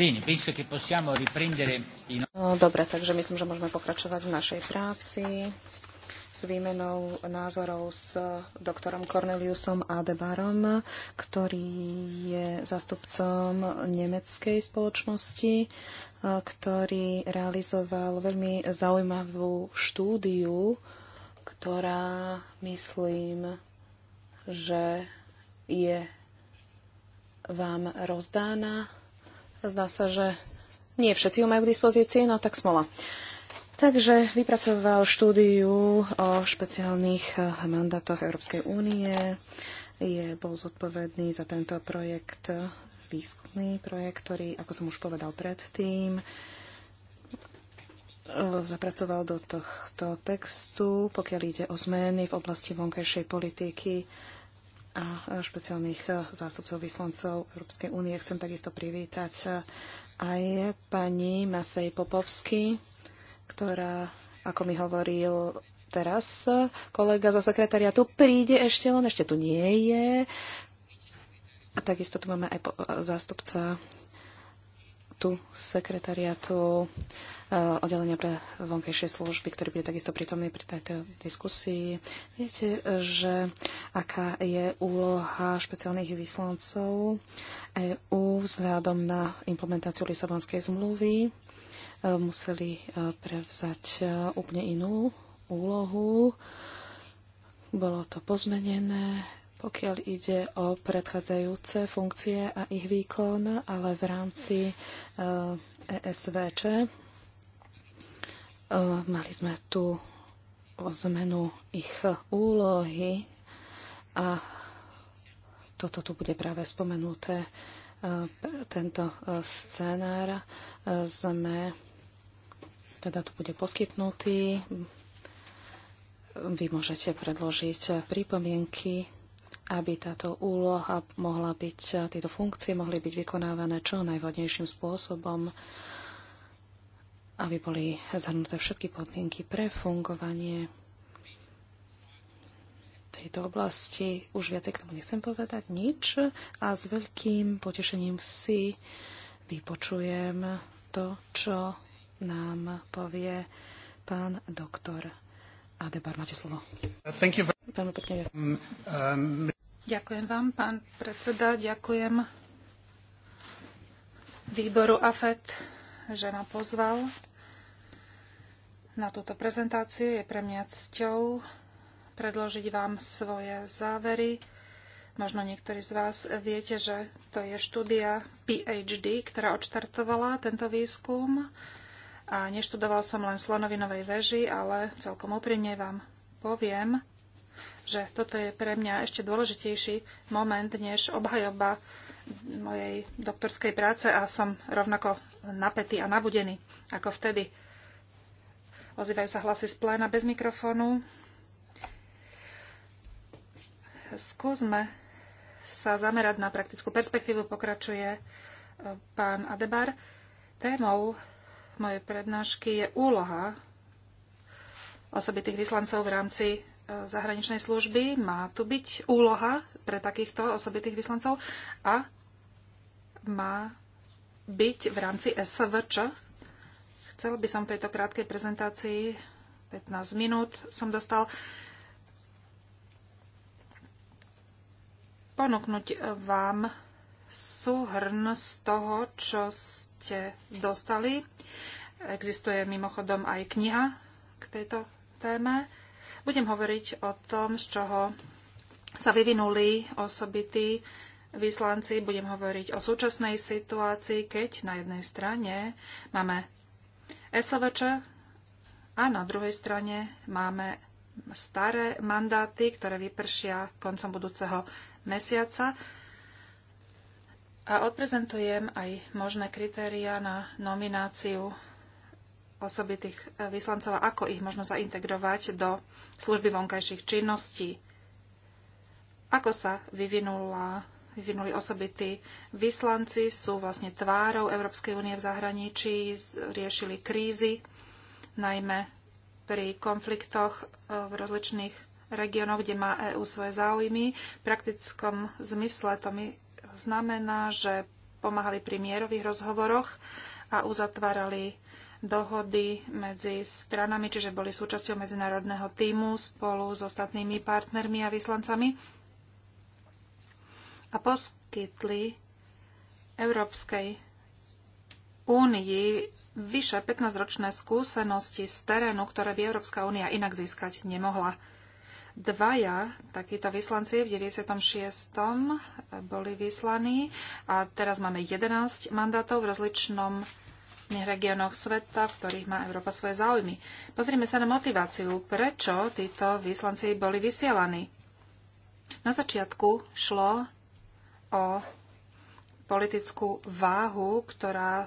No- no, dobre, takže myslím, že môžeme pokračovať v našej práci s výmenou názorov s doktorom Corneliusom Adebarom, ktorý je zastupcom nemeckej spoločnosti, eh, ktorý realizoval veľmi zaujímavú štúdiu, ktorá myslím, že je vám rozdána Zdá sa, že nie všetci ho majú k dispozícii, no tak smola. Takže vypracoval štúdiu o špeciálnych eh, mandátoch Európskej únie. Je, bol zodpovedný za tento projekt, výskumný projekt, ktorý, ako som už povedal predtým, eh, zapracoval do tohto textu, pokiaľ ide o zmeny v oblasti vonkajšej politiky a špeciálnych e, zástupcov vyslancov Európskej únie. Chcem takisto privítať e, aj pani Masej Popovsky, ktorá, ako mi hovoril teraz e, kolega zo sekretariatu, príde ešte, len ešte tu nie je. A takisto tu máme aj zástupca tu sekretariatu Eh, oddelenia pre vonkajšie služby, ktorý bude takisto prítomný pri tejto diskusii. Viete, že aká je úloha špeciálnych vyslancov EU vzhľadom na implementáciu Lisabonskej zmluvy? Eh, museli eh, prevzať úplne inú úlohu. Bolo to pozmenené, pokiaľ ide o predchádzajúce funkcie a ich výkon, ale v rámci ESVČ e Eh, mali sme tu zmenu ich úlohy a toto tu bude práve spomenuté. Eh, tento eh, scenár sme, teda tu bude poskytnutý. Vy môžete predložiť pripomienky, aby táto úloha mohla byť, tieto funkcie mohli byť vykonávané čo najvhodnejším spôsobom aby boli zahrnuté všetky podmienky pre fungovanie tejto oblasti. Už viacej k tomu nechcem povedať nič a s veľkým potešením si vypočujem to, čo nám povie pán doktor Adebar. Máte slovo. pekne. Um, um, ďakujem vám, pán predseda. Ďakujem výboru AFET že ma pozval na túto prezentáciu. Je pre mňa cťou predložiť vám svoje závery. Možno niektorí z vás viete, že to je štúdia PhD, ktorá odštartovala tento výskum. A neštudoval som len slonovinovej veži, ale celkom úprimne vám poviem, že toto je pre mňa ešte dôležitejší moment než obhajoba mojej doktorskej práce a som rovnako napätý a nabudený ako vtedy. Ozývajú sa hlasy z pléna bez mikrofónu. Skúsme sa zamerať na praktickú perspektívu, pokračuje e, pán Adebar. Témou mojej prednášky je úloha osobitých vyslancov v rámci e, zahraničnej služby. Má tu byť úloha pre takýchto osobitých vyslancov a má byť v rámci SVČ Chcel by som v tejto krátkej prezentácii, 15 minút som dostal, ponúknuť vám súhrn z toho, čo ste dostali. Existuje mimochodom aj kniha k tejto téme. Budem hovoriť o tom, z čoho sa vyvinuli osobití vyslanci. Budem hovoriť o súčasnej situácii, keď na jednej strane máme SOVČ a na druhej strane máme staré mandáty, ktoré vypršia koncom budúceho mesiaca. A odprezentujem aj možné kritéria na nomináciu osobitých eh, vyslancov ako ich možno zaintegrovať do služby vonkajších činností. Ako sa vyvinula vyvinuli osobití vyslanci, sú vlastne tvárou Európskej únie v zahraničí, riešili krízy, najmä pri konfliktoch e, v rozličných regiónoch, kde má EÚ svoje záujmy. V praktickom zmysle to mi znamená, že pomáhali pri mierových rozhovoroch a uzatvárali dohody medzi stranami, čiže boli súčasťou medzinárodného týmu spolu s ostatnými partnermi a vyslancami a poskytli Európskej únii vyše 15-ročné skúsenosti z terénu, ktoré by Európska únia inak získať nemohla. Dvaja takíto vyslanci v 96. boli vyslaní a teraz máme 11 mandátov v rozličnom regiónoch sveta, v ktorých má Európa svoje záujmy. Pozrime sa na motiváciu, prečo títo vyslanci boli vysielaní. Na začiatku šlo o politickú váhu, ktorá,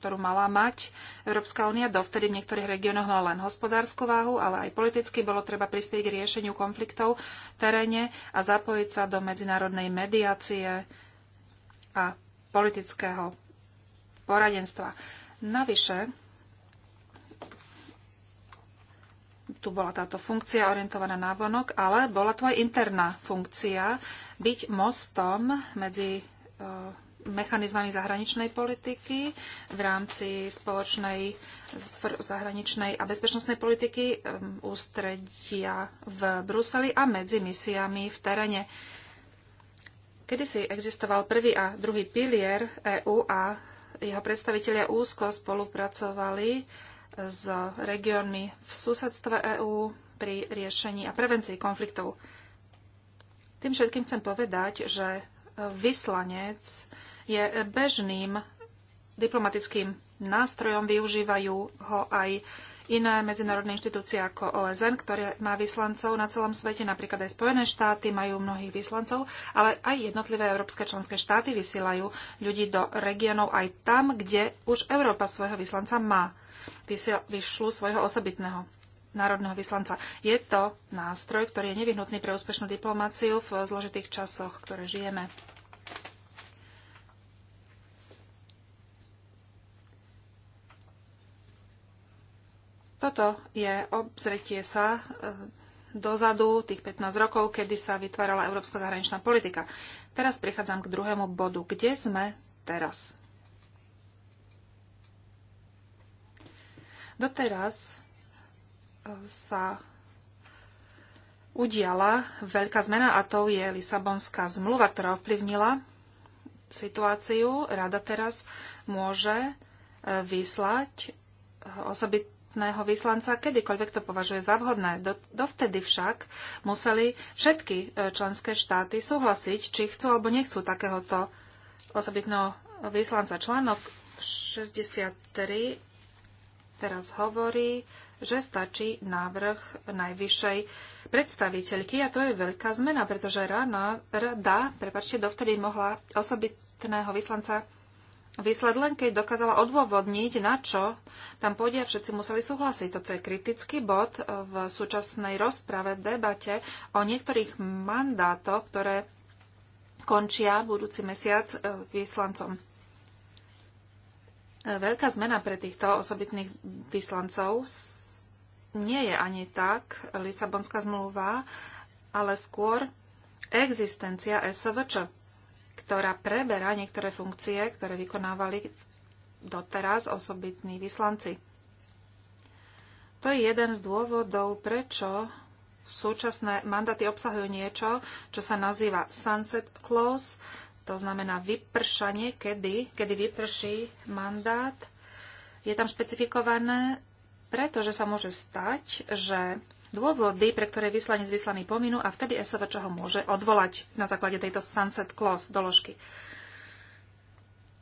ktorú mala mať Európska únia. Dovtedy v niektorých regiónoch mala len hospodárskú váhu, ale aj politicky bolo treba prispieť k riešeniu konfliktov v teréne a zapojiť sa do medzinárodnej mediácie a politického poradenstva. Navyše, tu bola táto funkcia orientovaná na vonok, ale bola tu aj interná funkcia byť mostom medzi e, mechanizmami zahraničnej politiky v rámci spoločnej zahraničnej a bezpečnostnej politiky e, ústredia v Bruseli a medzi misiami v teréne. Kedysi existoval prvý a druhý pilier EÚ a jeho predstavitelia úzko spolupracovali s regiónmi v susedstve EÚ pri riešení a prevencii konfliktov. Tým všetkým chcem povedať, že vyslanec je bežným diplomatickým nástrojom, využívajú ho aj iné medzinárodné inštitúcie ako OSN, ktoré má vyslancov na celom svete, napríklad aj Spojené štáty majú mnohých vyslancov, ale aj jednotlivé európske členské štáty vysielajú ľudí do regiónov aj tam, kde už Európa svojho vyslanca má vyšlu svojho osobitného národného vyslanca. Je to nástroj, ktorý je nevyhnutný pre úspešnú diplomáciu v zložitých časoch, ktoré žijeme. Toto je obzretie sa e, dozadu, tých 15 rokov, kedy sa vytvárala európska zahraničná politika. Teraz prichádzam k druhému bodu. Kde sme teraz? Doteraz e, sa udiala veľká zmena a to je Lisabonská zmluva, ktorá ovplyvnila situáciu. Rada teraz môže e, vyslať e, osobitného vyslanca kedykoľvek to považuje za vhodné. Dovtedy však museli všetky členské štáty súhlasiť, či chcú alebo nechcú takéhoto osobitného vyslanca. Článok 63 teraz hovorí, že stačí návrh najvyššej predstaviteľky a to je veľká zmena, pretože rána, rada prepačte, dovtedy mohla osobitného vyslanca vyslať len, keď dokázala odôvodniť, na čo tam pôjde a všetci museli súhlasiť. Toto je kritický bod v súčasnej rozprave, debate o niektorých mandátoch, ktoré končia budúci mesiac eh, vyslancom veľká zmena pre týchto osobitných vyslancov nie je ani tak Lisabonská zmluva, ale skôr existencia SVČ, ktorá preberá niektoré funkcie, ktoré vykonávali doteraz osobitní vyslanci. To je jeden z dôvodov, prečo súčasné mandáty obsahujú niečo, čo sa nazýva sunset clause, to znamená vypršanie, kedy, kedy vyprší mandát. Je tam špecifikované, pretože sa môže stať, že dôvody, pre ktoré vyslanec vyslaný pominú a vtedy SVČ ho môže odvolať na základe tejto sunset clause doložky.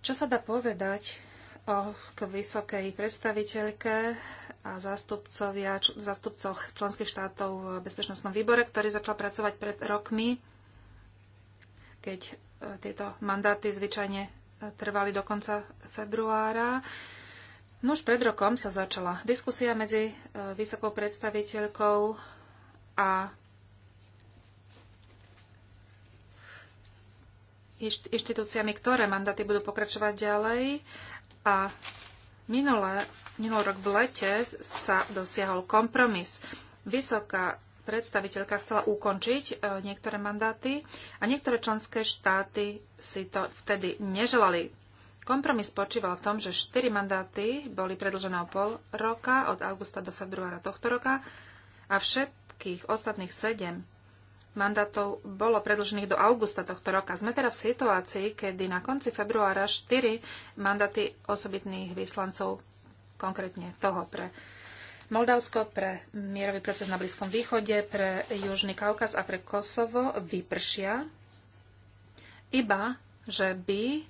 Čo sa dá povedať o k vysokej predstaviteľke a zástupcovia, zástupcoch členských štátov v Bezpečnostnom výbore, ktorý začal pracovať pred rokmi, keď tieto mandáty zvyčajne e, trvali do konca februára. No už pred rokom sa začala diskusia medzi e, vysokou predstaviteľkou a inštitúciami, ktoré mandáty budú pokračovať ďalej. A minulé, minulý rok v lete sa dosiahol kompromis. Vysoká predstaviteľka chcela ukončiť e, niektoré mandáty a niektoré členské štáty si to vtedy neželali. Kompromis spočíval v tom, že štyri mandáty boli predlžené o pol roka, od augusta do februára tohto roka a všetkých ostatných sedem mandátov bolo predlžených do augusta tohto roka. Sme teda v situácii, kedy na konci februára štyri mandáty osobitných vyslancov, konkrétne toho pre Moldavsko pre mierový proces na Blízkom východe, pre Južný Kaukaz a pre Kosovo vypršia, iba že by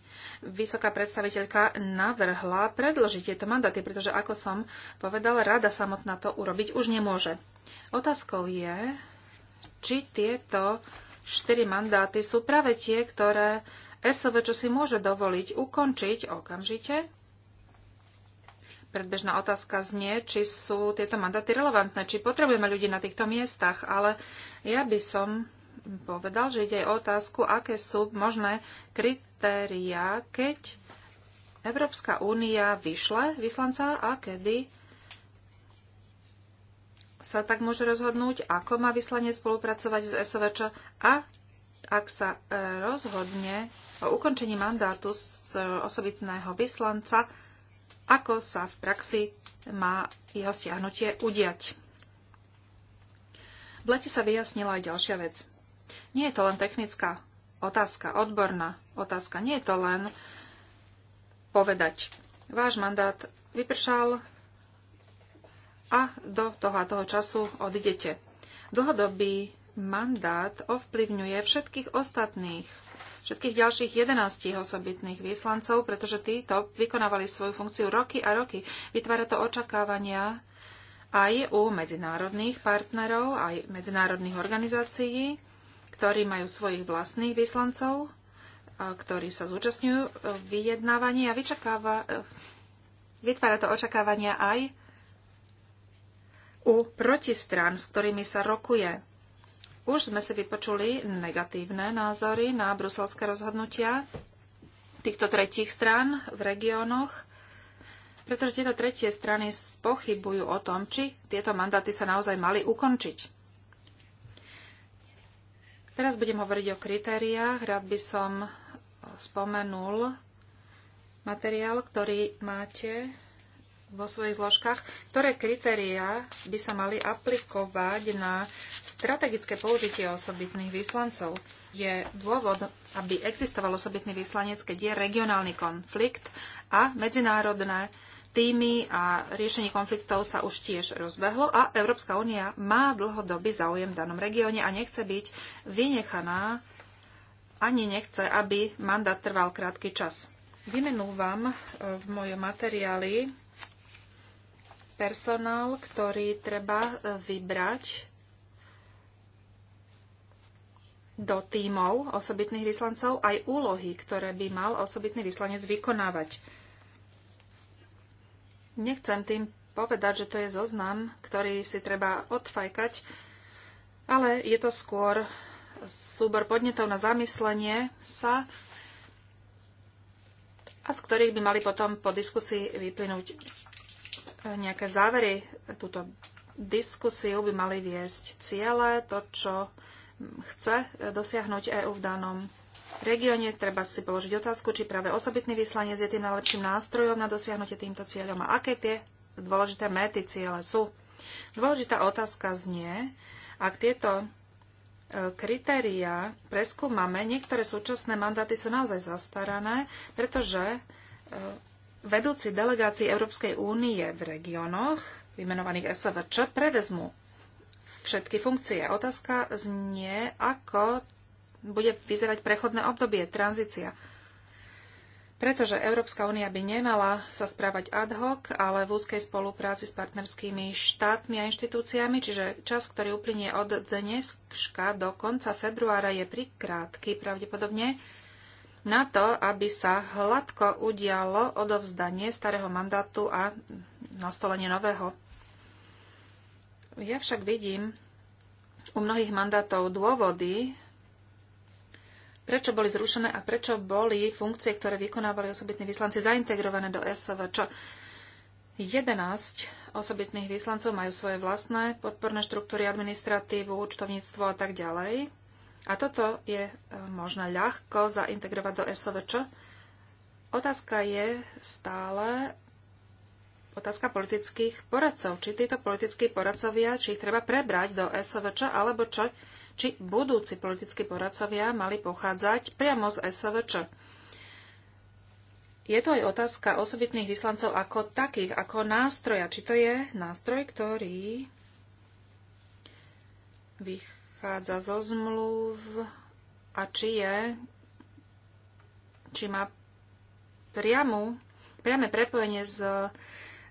vysoká predstaviteľka navrhla predložiť tieto mandáty, pretože ako som povedala, rada samotná to urobiť už nemôže. Otázkou je, či tieto štyri mandáty sú práve tie, ktoré SOV čo si môže dovoliť ukončiť okamžite predbežná otázka znie, či sú tieto mandáty relevantné, či potrebujeme ľudí na týchto miestach, ale ja by som povedal, že ide aj o otázku, aké sú možné kritériá, keď Európska únia vyšle vyslanca a kedy sa tak môže rozhodnúť, ako má vyslanie spolupracovať s SVČ a ak sa e, rozhodne o ukončení mandátu z osobitného vyslanca, ako sa v praxi má jeho stiahnutie udiať. V lete sa vyjasnila aj ďalšia vec. Nie je to len technická otázka, odborná otázka. Nie je to len povedať, váš mandát vypršal a do toho a toho času odidete. Dlhodobý mandát ovplyvňuje všetkých ostatných všetkých ďalších 11 osobitných výslancov, pretože títo vykonávali svoju funkciu roky a roky. Vytvára to očakávania aj u medzinárodných partnerov, aj medzinárodných organizácií, ktorí majú svojich vlastných vyslancov, ktorí sa zúčastňujú e, vyjednávaní a vyčakáva, e, vytvára to očakávania aj u protistrán, s ktorými sa rokuje. Už sme si vypočuli negatívne názory na bruselské rozhodnutia týchto tretích strán v regiónoch, pretože tieto tretie strany pochybujú o tom, či tieto mandáty sa naozaj mali ukončiť. Teraz budem hovoriť o kritériách. Rád by som spomenul materiál, ktorý máte vo svojich zložkách, ktoré kritériá by sa mali aplikovať na strategické použitie osobitných vyslancov. Je dôvod, aby existoval osobitný vyslanec, keď je regionálny konflikt a medzinárodné týmy a riešenie konfliktov sa už tiež rozbehlo a Európska únia má dlhodobý záujem v danom regióne a nechce byť vynechaná ani nechce, aby mandát trval krátky čas. Vymenúvam e, v mojom materiáli personál, ktorý treba e, vybrať do tímov osobitných vyslancov aj úlohy, ktoré by mal osobitný vyslanec vykonávať. Nechcem tým povedať, že to je zoznam, ktorý si treba odfajkať, ale je to skôr súbor podnetov na zamyslenie sa a z ktorých by mali potom po diskusii vyplynúť nejaké závery, túto diskusiu by mali viesť ciele, to, čo chce dosiahnuť EÚ v danom regióne. Treba si položiť otázku, či práve osobitný vyslanec je tým najlepším nástrojom na dosiahnutie týmto cieľom a aké tie dôležité mety ciele sú. Dôležitá otázka znie, ak tieto e, kritéria preskúmame, niektoré súčasné mandáty sú naozaj zastarané, pretože e, vedúci delegácií Európskej únie v regiónoch, vymenovaných SVČ, prevezmu všetky funkcie. Otázka znie, ako bude vyzerať prechodné obdobie, tranzícia. Pretože Európska únia by nemala sa správať ad hoc, ale v úzkej spolupráci s partnerskými štátmi a inštitúciami, čiže čas, ktorý uplynie od dneska do konca februára, je prikrátky pravdepodobne na to, aby sa hladko udialo odovzdanie starého mandátu a nastolenie nového. Ja však vidím u mnohých mandátov dôvody, prečo boli zrušené a prečo boli funkcie, ktoré vykonávali osobitní vyslanci, zaintegrované do čo 11 osobitných vyslancov majú svoje vlastné podporné štruktúry, administratívu, účtovníctvo a tak ďalej a toto je e, možno ľahko zaintegrovať do SOVČ. Otázka je stále otázka politických poradcov. Či títo politickí poradcovia, či ich treba prebrať do SOVČ, alebo čo, či budúci politickí poradcovia mali pochádzať priamo z SOVČ. Je to aj otázka osobitných vyslancov ako takých, ako nástroja. Či to je nástroj, ktorý vych vychádza zo zmluv a či je, či má priamu, priame prepojenie s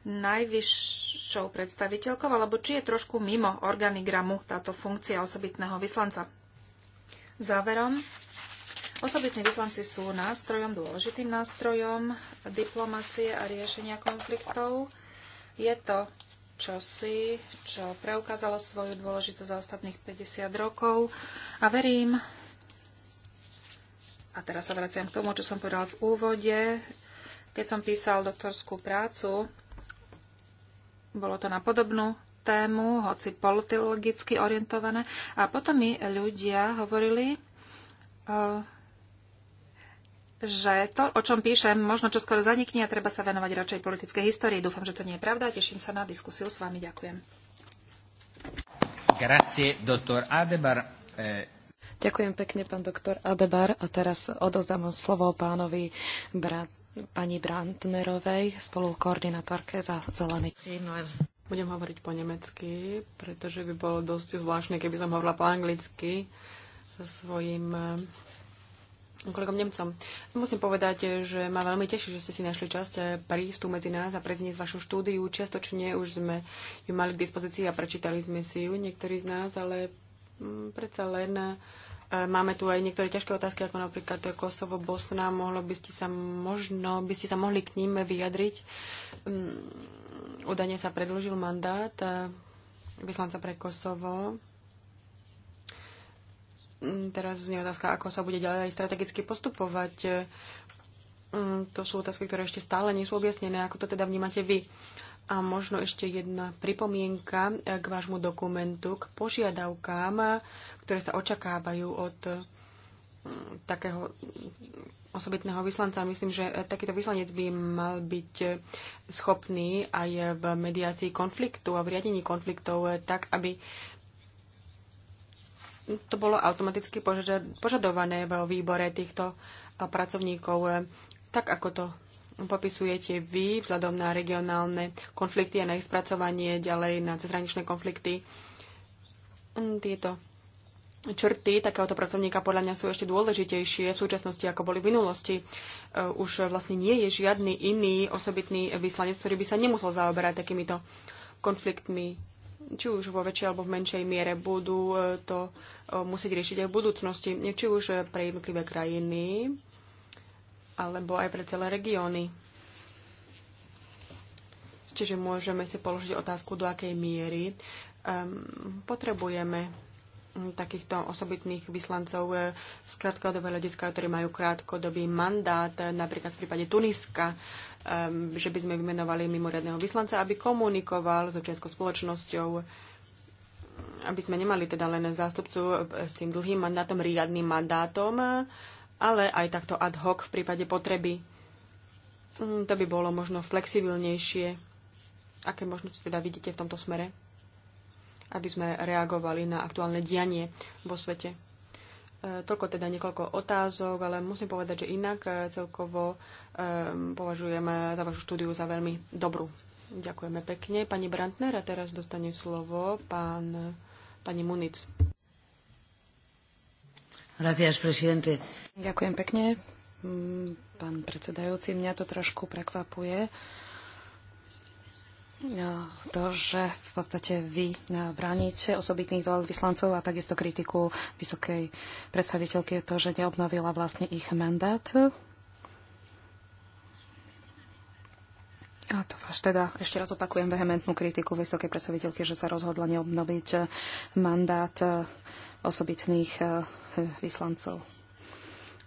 najvyššou predstaviteľkou, alebo či je trošku mimo organigramu táto funkcia osobitného vyslanca. Záverom, osobitní vyslanci sú nástrojom, dôležitým nástrojom diplomacie a riešenia konfliktov. Je to čosi, čo preukázalo svoju dôležitosť za ostatných 50 rokov a verím, a teraz sa vraciam k tomu, čo som povedala v úvode, keď som písal doktorskú prácu, bolo to na podobnú tému, hoci politologicky orientované. A potom mi ľudia hovorili, eh, že to, o čom píšem, možno čo skoro zanikne a treba sa venovať radšej politickej histórii. Dúfam, že to nie je pravda. Teším sa na diskusiu s vami. Ďakujem. Grazie, doktor Adebar. Eh, Ďakujem pekne, pán doktor Adebar. A teraz odozdám slovo pánovi brat, pani Brandnerovej, spolukoordinátorke za Zelený. Budem hovoriť po nemecky, pretože by bolo dosť zvláštne, keby som hovorila po anglicky so kolegom Nemcom. Musím povedať, že ma veľmi teší, že ste si našli časť eh, prísť tu medzi nás a predniesť vašu štúdiu. Čiastočne už sme ju mali k dispozícii a prečítali sme si ju niektorí z nás, ale mm, predsa len eh, máme tu aj niektoré ťažké otázky, ako napríklad Kosovo, Bosna. Mohlo by ste sa možno, by ste sa mohli k ním vyjadriť. Mm, udane sa predlžil mandát eh, vyslanca pre Kosovo Mm, teraz znie otázka, ako sa bude ďalej strategicky postupovať. Mm, to sú otázky, ktoré ešte stále nie sú objasnené. Ako to teda vnímate vy? A možno ešte jedna pripomienka eh, k vášmu dokumentu, k požiadavkám, ktoré sa očakávajú od mm, takého osobitného vyslanca. Myslím, že eh, takýto vyslanec by mal byť eh, schopný aj v mediácii konfliktu a v riadení konfliktov tak, aby to bolo automaticky požadované vo výbore týchto pracovníkov. Tak ako to popisujete vy vzhľadom na regionálne konflikty a na ich spracovanie ďalej na cezhraničné konflikty. Mm, tieto črty takéhoto pracovníka podľa mňa sú ešte dôležitejšie v súčasnosti, ako boli v minulosti. E, už vlastne nie je žiadny iný osobitný vyslanec, ktorý by sa nemusel zaoberať takýmito konfliktmi či už vo väčšej alebo v menšej miere budú e, to e, musieť riešiť aj v budúcnosti, či už e, pre jednotlivé krajiny alebo aj pre celé regióny. Čiže môžeme si položiť otázku, do akej miery um, potrebujeme takýchto osobitných vyslancov e, z krátkodobého hľadiska, ktorí majú krátkodobý mandát, e, napríklad v prípade Tuniska, e, že by sme vymenovali mimoriadného vyslanca, aby komunikoval s občianskou spoločnosťou, aby sme nemali teda len zástupcu s tým dlhým mandátom, riadným mandátom, ale aj takto ad hoc v prípade potreby. Mm, to by bolo možno flexibilnejšie. Aké možnosti teda vidíte v tomto smere? aby sme reagovali na aktuálne dianie vo svete. E, toľko teda niekoľko otázok, ale musím povedať, že inak e, celkovo e, považujem za vašu štúdiu za veľmi dobrú. Ďakujeme pekne. Pani Brantner a teraz dostane slovo pán, pani Munic. Gracias, presidente. Ďakujem pekne. Pán predsedajúci, mňa to trošku prekvapuje No, to, že v podstate vy no, bránite osobitných veľvyslancov a takisto kritiku vysokej predstaviteľky je to, že neobnovila vlastne ich mandát. A to vás teda, ešte raz opakujem vehementnú kritiku vysokej predstaviteľky, že sa rozhodla neobnoviť mandát osobitných eh, vyslancov.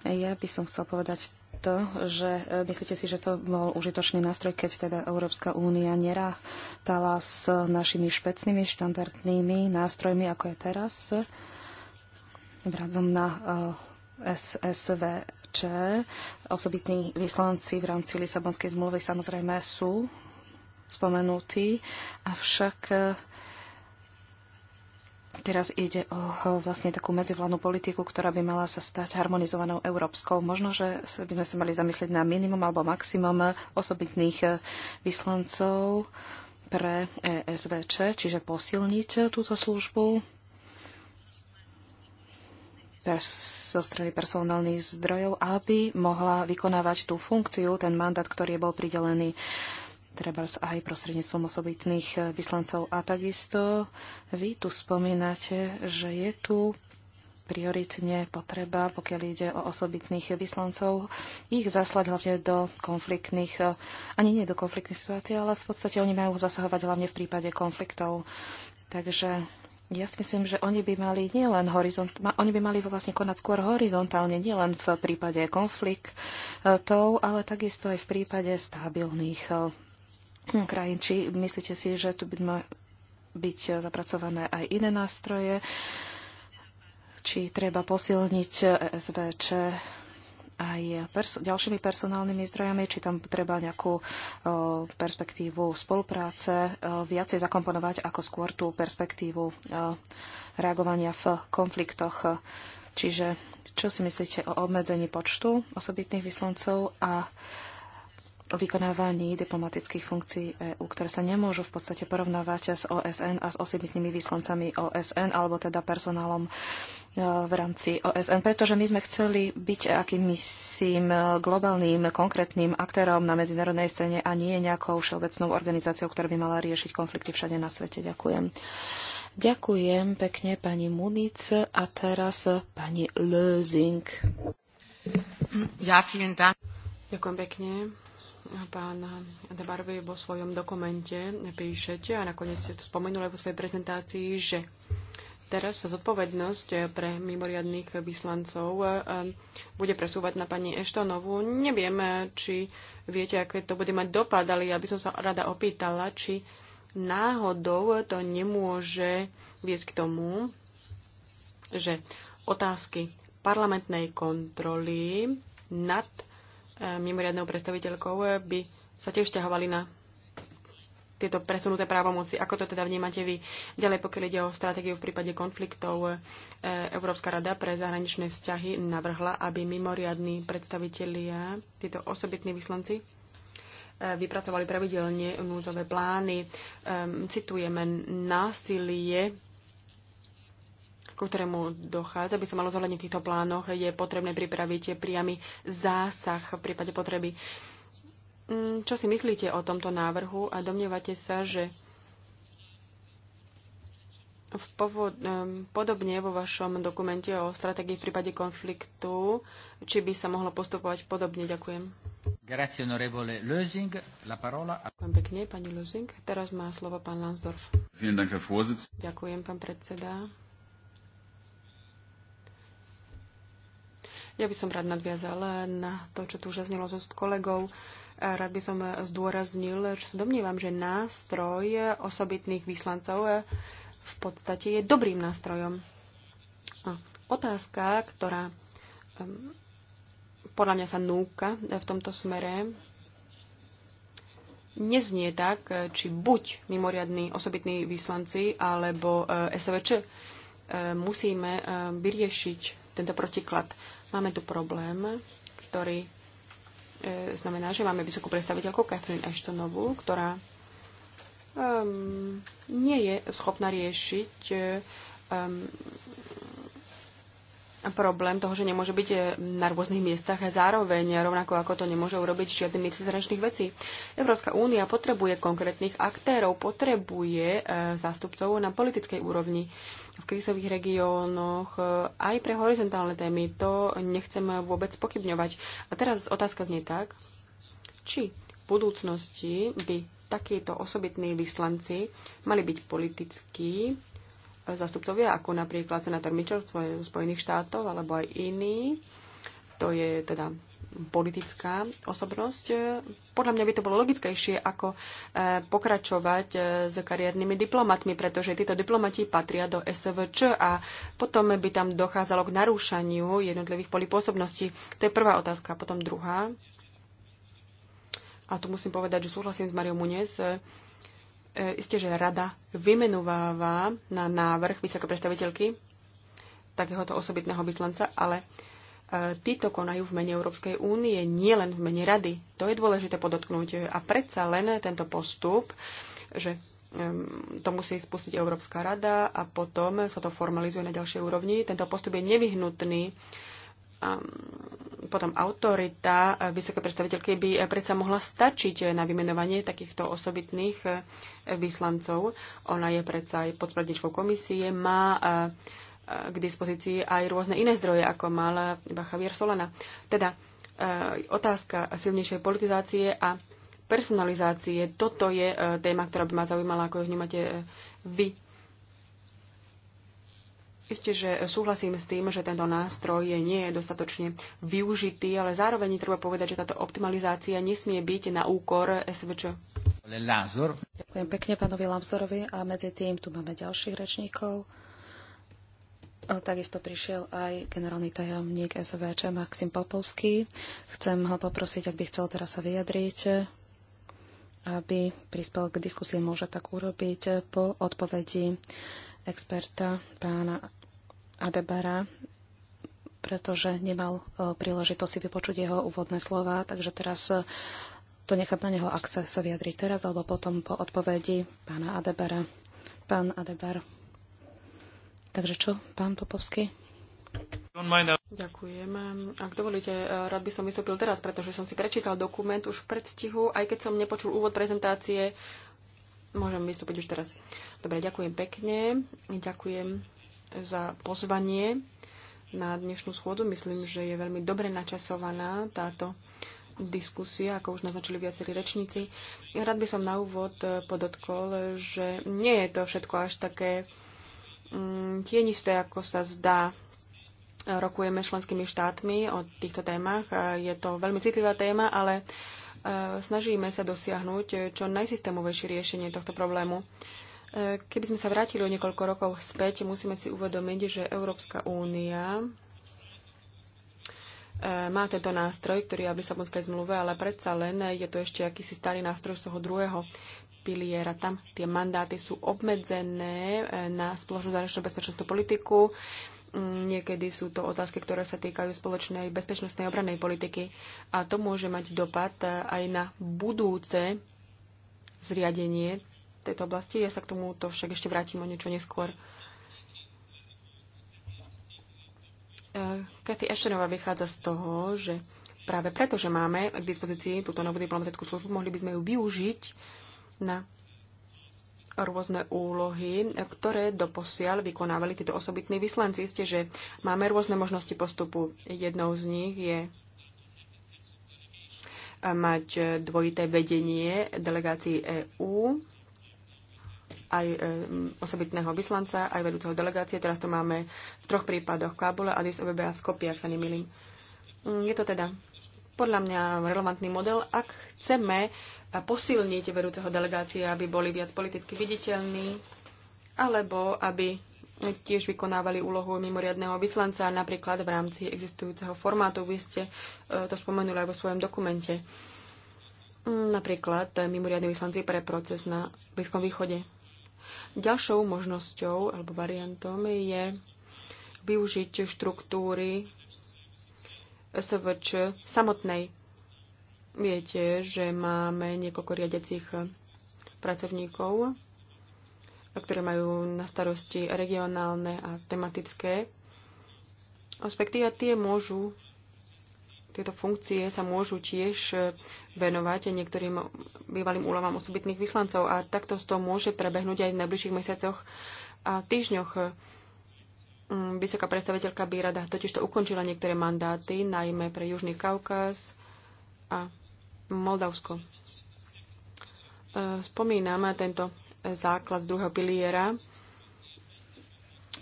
Ja by som chcel povedať to, že e, myslíte si, že to bol užitočný nástroj, keď teda Európska únia nerátala s našimi špecnými štandardnými nástrojmi, ako je teraz, vradzom na e, SSVČ. Osobitní vyslanci v rámci Lisabonskej zmluvy samozrejme sú spomenutí, avšak e, Teraz ide o vlastne takú medzivládnu politiku, ktorá by mala sa stať harmonizovanou európskou. Možno, že by sme sa mali zamyslieť na minimum alebo maximum osobitných eh, vyslancov pre ESVČ, eh, čiže posilniť eh, túto službu zo strany personálnych zdrojov, aby mohla vykonávať tú funkciu, ten mandát, ktorý bol pridelený treba aj prostredníctvom osobitných e, vyslancov. A takisto vy tu spomínate, že je tu prioritne potreba, pokiaľ ide o osobitných vyslancov, ich zaslať hlavne do konfliktných, e, ani nie do konfliktných situácií, ale v podstate oni majú zasahovať hlavne v prípade konfliktov. Takže ja si myslím, že oni by mali nielen horizont, oni by mali vlastne konať skôr horizontálne, nielen v prípade konfliktov, ale takisto aj v prípade stabilných e, krajín. Či myslíte si, že tu by mali byť zapracované aj iné nástroje? Či treba posilniť SVČ aj perso- ďalšími personálnymi zdrojami, či tam treba nejakú o, perspektívu spolupráce o, viacej zakomponovať ako skôr tú perspektívu o, reagovania v konfliktoch. Čiže čo si myslíte o obmedzení počtu osobitných vyslancov a o vykonávaní diplomatických funkcií EÚ, ktoré sa nemôžu v podstate porovnávať s OSN a s osobitnými výslancami OSN alebo teda personálom e, v rámci OSN, pretože my sme chceli byť akýmsím globálnym, konkrétnym aktérom na medzinárodnej scéne a nie nejakou všeobecnou organizáciou, ktorá by mala riešiť konflikty všade na svete. Ďakujem. Ďakujem pekne pani Munic a teraz pani Lözing. Ja, vielen Dank. Ďakujem pekne pán Dabarvi vo svojom dokumente píšete a nakoniec ste to spomenuli vo svojej prezentácii, že teraz sa zodpovednosť pre mimoriadných vyslancov eh, bude presúvať na pani Eštonovú. Neviem, či viete, aké to bude mať dopad, ale ja by som sa rada opýtala, či náhodou to nemôže viesť k tomu, že otázky parlamentnej kontroly nad E, mimoriadnou predstaviteľkou e, by sa tiež ťahovali na tieto presunuté právomoci. Ako to teda vnímate vy? Ďalej, pokiaľ ide o stratégiu v prípade konfliktov, e, Európska rada pre zahraničné vzťahy navrhla, aby mimoriadní predstavitelia, títo osobitní vyslanci, vypracovali pravidelne núdzové plány. Citujeme, násilie ku ktorému dochádza, by sa malo zohľadniť v týchto plánoch, je potrebné pripraviť priamy zásah v prípade potreby. Mm, čo si myslíte o tomto návrhu a domnievate sa, že v povod, podobne vo vašom dokumente o stratégii v prípade konfliktu, či by sa mohlo postupovať podobne. Ďakujem. Grazie, onorevole Lösing. La parola... Ďakujem pekne, pani Lösing. Teraz má slovo pán Lansdorf. Ďakujem, pán predseda. Ja by som rád nadviazala na to, čo tu už zaznelo so kolegov. Rád by som zdôraznil, že sa domnievam, že nástroj osobitných vyslancov e, v podstate je dobrým nástrojom. A Otázka, ktorá podľa mňa sa núka v tomto smere, neznie tak, či buď mimoriadní osobitní vyslanci alebo e, SVČ. E, musíme vyriešiť tento protiklad. Máme tu problém, ktorý e, znamená, že máme vysokú predstaviteľku Catherine Ashtonovú, ktorá um, nie je schopná riešiť um, problém toho, že nemôže byť e, na rôznych miestach a zároveň rovnako ako to nemôže urobiť žiadny mix zračných vecí. Európska únia potrebuje konkrétnych aktérov, potrebuje e, zástupcov na politickej úrovni. E, v krízových regiónoch, e, aj pre horizontálne témy. To nechcem vôbec pokybňovať. A teraz otázka znie tak, či v budúcnosti by takíto osobitní vyslanci mali byť politickí e, zastupcovia, ako napríklad senátor Mitchell z Spojených štátov alebo aj iní. To je teda politická osobnosť. Podľa mňa by to bolo logickejšie, ako eh, pokračovať eh, s kariérnymi diplomatmi, pretože títo diplomati patria do SVČ a potom by tam dochádzalo k narúšaniu jednotlivých polipôsobností. To je prvá otázka. Potom druhá. A tu musím povedať, že súhlasím s Mariou Munes. Eh, Isté, že rada vymenováva na návrh vysoké predstaviteľky takéhoto osobitného vyslanca, ale uh, títo konajú v mene Európskej únie, nie len v mene Rady. To je dôležité podotknúť. A predsa len tento postup, že to musí spustiť Európska rada a potom sa to formalizuje na ďalšej úrovni. Tento postup je nevyhnutný. A potom autorita eh, vysoké predstaviteľky by eh, predsa mohla stačiť eh, na vymenovanie takýchto osobitných vyslancov. Ona je predsa aj podpredničkou komisie, má k dispozícii aj rôzne iné zdroje, ako mal iba Javier Solana. Teda e, otázka silnejšej politizácie a personalizácie. Toto je e, téma, ktorá by ma zaujímala, ako ju vnímate e, vy. Isté, že súhlasím s tým, že tento nástroj nie je dostatočne využitý, ale zároveň treba povedať, že táto optimalizácia nesmie byť na úkor SVČ. Lázor. Ďakujem pekne pánovi Lamsorovi a medzi tým tu máme ďalších rečníkov. Takisto prišiel aj generálny tajomník SVČ Maxim Popovský. Chcem ho poprosiť, ak by chcel teraz sa vyjadriť, aby prispel k diskusii, môže tak urobiť po odpovedi experta pána Adebara, pretože nemal e, príležitosť si vypočuť jeho úvodné slova, takže teraz e, to nechám na neho, ak chce sa vyjadriť teraz, alebo potom po odpovedi pána Adebara. Pán Adebar. Takže čo, pán Popovský? Ďakujem. Ak dovolíte, rád by som vystúpil teraz, pretože som si prečítal dokument už v predstihu, aj keď som nepočul úvod prezentácie. Môžem vystúpiť už teraz. Dobre, ďakujem pekne. Ďakujem za pozvanie na dnešnú schôdzu. Myslím, že je veľmi dobre načasovaná táto diskusia, ako už naznačili viacerí rečníci. Rád by som na úvod podotkol, že nie je to všetko až také Mm, tienisté, ako sa zdá. Rokujeme členskými štátmi o týchto témach. E, je to veľmi citlivá téma, ale e, snažíme sa dosiahnuť čo najsystémovejšie riešenie tohto problému. E, keby sme sa vrátili o niekoľko rokov späť, musíme si uvedomiť, že Európska únia má tento nástroj, ktorý je v Lisabonskej zmluve, ale predsa len je to ešte akýsi starý nástroj z toho druhého piliera. Tam tie mandáty sú obmedzené e, na spoločnú zahraničnú bezpečnostnú politiku. Mm, Niekedy sú to otázky, ktoré sa týkajú spoločnej bezpečnostnej obranej politiky. A to môže mať dopad e, aj na budúce zriadenie tejto oblasti. Ja sa k tomuto však ešte vrátim o niečo neskôr. E, Kathy Ashtonová vychádza z toho, že práve preto, že máme k dispozícii túto novú diplomatickú službu, mohli by sme ju využiť na rôzne úlohy, ktoré doposiaľ vykonávali títo osobitní vyslanci. Ste, že máme rôzne možnosti postupu. Jednou z nich je eh, mať eh, dvojité vedenie delegácií EÚ, aj eh, osobitného vyslanca, aj vedúceho delegácie. Teraz to máme v troch prípadoch v Kábule, Addis Abebe a v Skopie, ak sa nemýlim. Mm, je to teda podľa mňa relevantný model, ak chceme a posilniť vedúceho delegácie, aby boli viac politicky viditeľní, alebo aby tiež vykonávali úlohu mimoriadného vyslanca, napríklad v rámci existujúceho formátu. Vy ste e, to spomenuli aj vo svojom dokumente. Mm, napríklad mimoriadne vyslanci pre proces na Blízkom východe. Ďalšou možnosťou alebo variantom je využiť štruktúry SVČ samotnej Viete, že máme niekoľko riadiacich pracovníkov, ktoré majú na starosti regionálne a tematické aspekty a tie môžu, tieto funkcie sa môžu tiež venovať niektorým bývalým úlovám osobitných vyslancov a takto to môže prebehnúť aj v najbližších mesiacoch a týždňoch. Mm, vysoká predstaviteľka by rada totiž to ukončila niektoré mandáty, najmä pre Južný Kaukaz a Moldavsko. E, spomínam tento základ z druhého piliera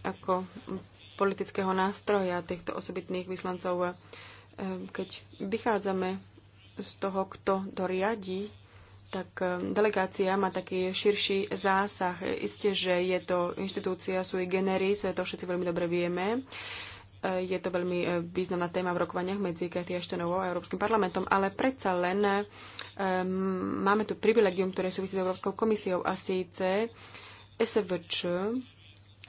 ako politického nástroja týchto osobitných vyslancov. E, keď vychádzame z toho, kto to riadi, tak e, delegácia má taký širší zásah. Isté, že je to inštitúcia sui generis, to všetci veľmi dobre vieme. Uh, je to veľmi e, významná téma v rokovaniach medzi Cathy Ashtonovou a Európskym parlamentom, ale predsa len e, máme tu privilegium, ktoré súvisí s Európskou komisiou a síce SVČ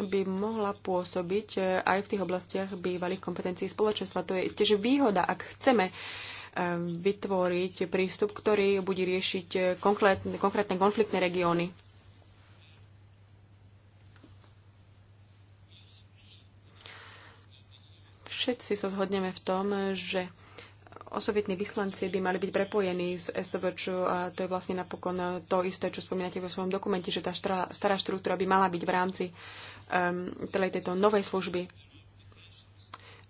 by mohla pôsobiť e, aj v tých oblastiach bývalých kompetencií spoločenstva. To je isté, že výhoda, ak chceme vytvoriť prístup, ktorý bude riešiť konkrétne, konkrétne konfliktné regióny. Všetci sa zhodneme v tom, že osobitní vyslanci by mali byť prepojení s SVČ a to je vlastne napokon to isté, čo spomínate vo svojom dokumente, že tá stará, stará štruktúra by mala byť v rámci um, tej, tejto novej služby.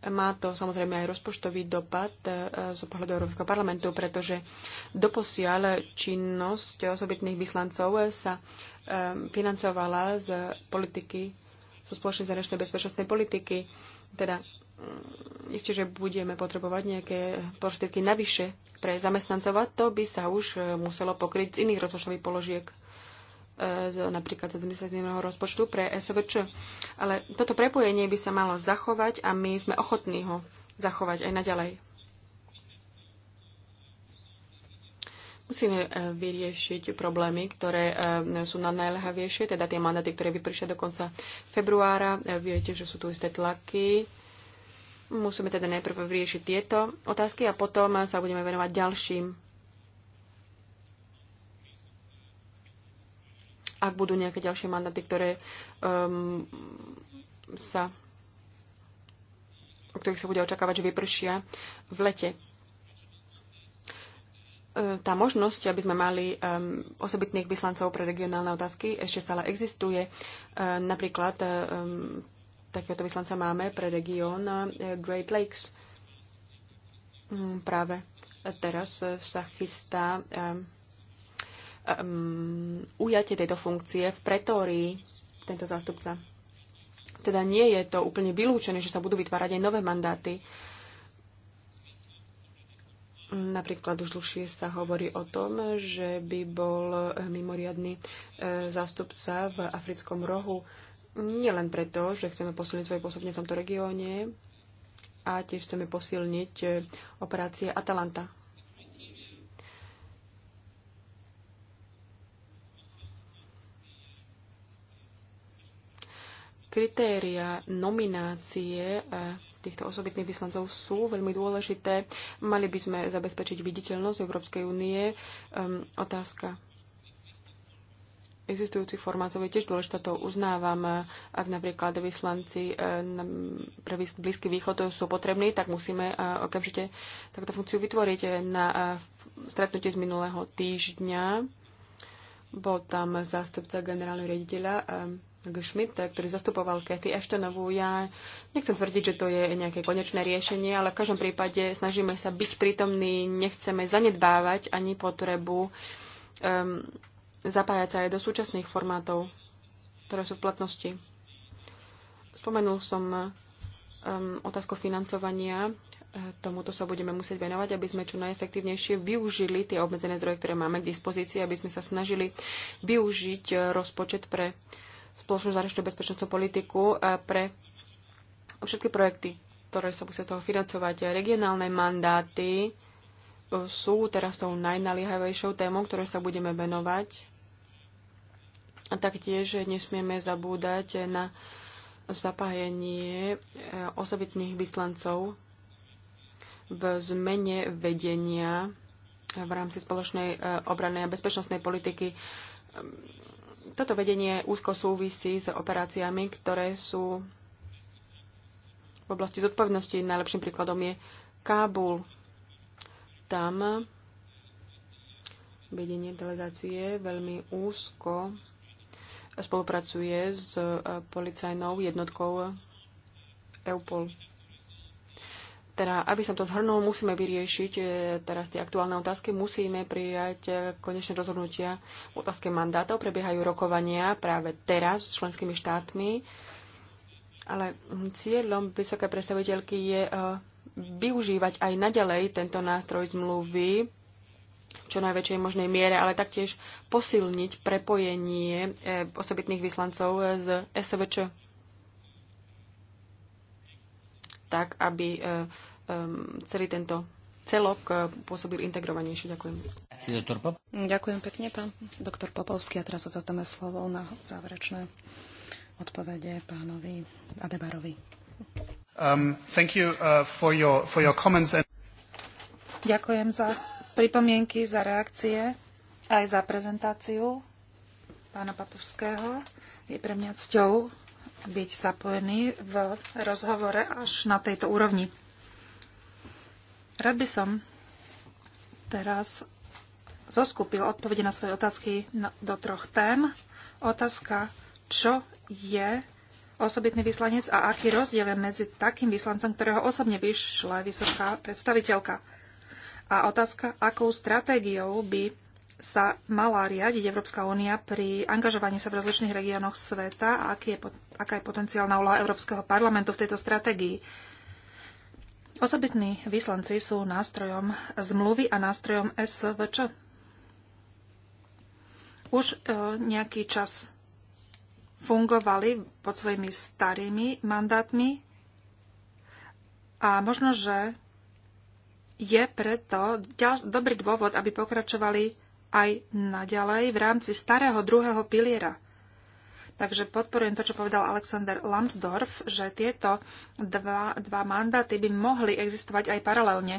Má to samozrejme aj rozpočtový dopad eh, z pohľadu Európskeho parlamentu, pretože doposiaľ činnosť osobitných vyslancov sa um, financovala z politiky, zo so spoločnej zahraničnej bezpečnostnej politiky. Teda Isté, že budeme potrebovať nejaké prostriedky navyše pre zamestnancov to by sa už e, muselo pokryť z iných rozpočtových položiek e, napríklad z administratívneho rozpočtu pre SVČ. Ale toto prepojenie by sa malo zachovať a my sme ochotní ho zachovať aj naďalej. Musíme e, vyriešiť problémy, ktoré sú na najlehavejšie, teda tie mandaty, ktoré vypršia do konca februára. Viete, že sú tu isté tlaky Musíme teda najprv vyriešiť tieto otázky a potom sa budeme venovať ďalším. Ak budú nejaké ďalšie mandáty, ktoré um, sa o ktorých sa bude očakávať, že vypršia v lete. E, tá možnosť, aby sme mali um, osobitných vyslancov pre regionálne otázky, ešte stále existuje. E, napríklad e, um, takéhoto vyslanca máme pre región eh, Great Lakes. Mm, práve teraz sa chystá um, ujatie tejto funkcie v pretórii tento zástupca. Teda nie je to úplne vylúčené, že sa budú vytvárať aj nové mandáty. Napríklad už dlhšie sa hovorí o tom, že by bol eh, mimoriadný eh, zástupca v africkom rohu len preto, že chceme posilniť svoje pôsobenie v tomto regióne a tiež chceme posilniť e, operácie Atalanta. Kritéria nominácie e, týchto osobitných vyslancov sú veľmi dôležité. Mali by sme zabezpečiť viditeľnosť Európskej únie. otázka existujúci formátov je tiež dôležité, to uznávam. Ak napríklad vyslanci eh, pre Blízky východ sú potrební, tak musíme eh, okamžite takto funkciu vytvoriť. Na eh, stretnutie z minulého týždňa bol tam zástupca generálneho riaditeľa Schmidt, ktorý zastupoval Kathy Ashtonovú. Ja nechcem tvrdiť, že to je nejaké konečné riešenie, ale v každom prípade snažíme sa byť prítomní, nechceme zanedbávať ani potrebu um, zapájať sa aj do súčasných formátov, ktoré sú v platnosti. Spomenul som um, otázku financovania. E, tomuto sa budeme musieť venovať, aby sme čo najefektívnejšie využili tie obmedzené zdroje, ktoré máme k dispozícii, aby sme sa snažili využiť e, rozpočet pre spoločnú zahraničnú bezpečnostnú politiku a pre všetky projekty, ktoré sa musia z toho financovať. Regionálne mandáty e, sú teraz tou najnaliehavejšou témou, ktoré sa budeme venovať a taktiež nesmieme zabúdať na zapájenie eh, osobitných vyslancov v zmene vedenia eh, v rámci spoločnej eh, obrannej a bezpečnostnej politiky. Ehm, toto vedenie úzko súvisí s operáciami, ktoré sú v oblasti zodpovednosti. Najlepším príkladom je Kábul. Tam vedenie delegácie veľmi úzko spolupracuje s e, policajnou jednotkou EUPOL. Teda, aby som to zhrnul, musíme vyriešiť e, teraz tie aktuálne otázky, musíme prijať e, konečné rozhodnutia v otázke mandátov. Prebiehajú rokovania práve teraz s členskými štátmi, ale hm, cieľom vysokej predstaviteľky je využívať aj naďalej tento nástroj zmluvy čo najväčšej možnej miere, ale taktiež posilniť prepojenie eh, osobitných vyslancov z SVČ. Tak, aby eh, eh, celý tento celok pôsobil integrovanejšie. Ďakujem. Ďakujem pekne, pán doktor Popovský. A teraz odozdáme slovo na záverečné odpovede pánovi Adebarovi. Um, thank you, uh, for your, for your comments and... Ďakujem za pripomienky, za reakcie, aj za prezentáciu pána Papovského. Je pre mňa cťou byť zapojený v rozhovore až na tejto úrovni. Rád by som teraz zoskupil odpovede na svoje otázky do troch tém. Otázka, čo je osobitný vyslanec a aký rozdiel je medzi takým vyslancom, ktorého osobne vyšla vysoká predstaviteľka. A otázka, akou stratégiou by sa mala riadiť Európska únia pri angažovaní sa v rozličných regiónoch sveta a aký je, aká je potenciálna úloha Európskeho parlamentu v tejto stratégii. Osobitní vyslanci sú nástrojom zmluvy a nástrojom SVČ. Už e, nejaký čas fungovali pod svojimi starými mandátmi a možno, že je preto dobrý dôvod, aby pokračovali aj naďalej v rámci starého druhého piliera. Takže podporujem to, čo povedal Alexander Lambsdorff, že tieto dva, dva mandáty by mohli existovať aj paralelne.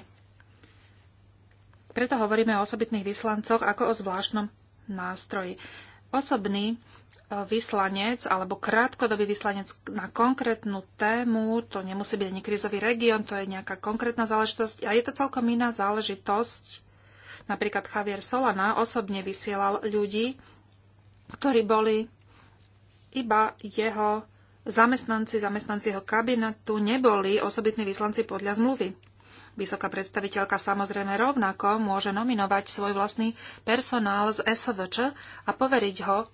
Preto hovoríme o osobitných vyslancoch ako o zvláštnom nástroji. Osobný E, vyslanec alebo krátkodobý vyslanec na konkrétnu tému, to nemusí byť ani krizový región, to je nejaká konkrétna záležitosť a je to celkom iná záležitosť. Napríklad Javier Solana osobne vysielal ľudí, ktorí boli iba jeho zamestnanci, zamestnanci jeho kabinetu, neboli osobitní vyslanci podľa zmluvy. Vysoká predstaviteľka samozrejme rovnako môže nominovať svoj vlastný personál z SVČ a poveriť ho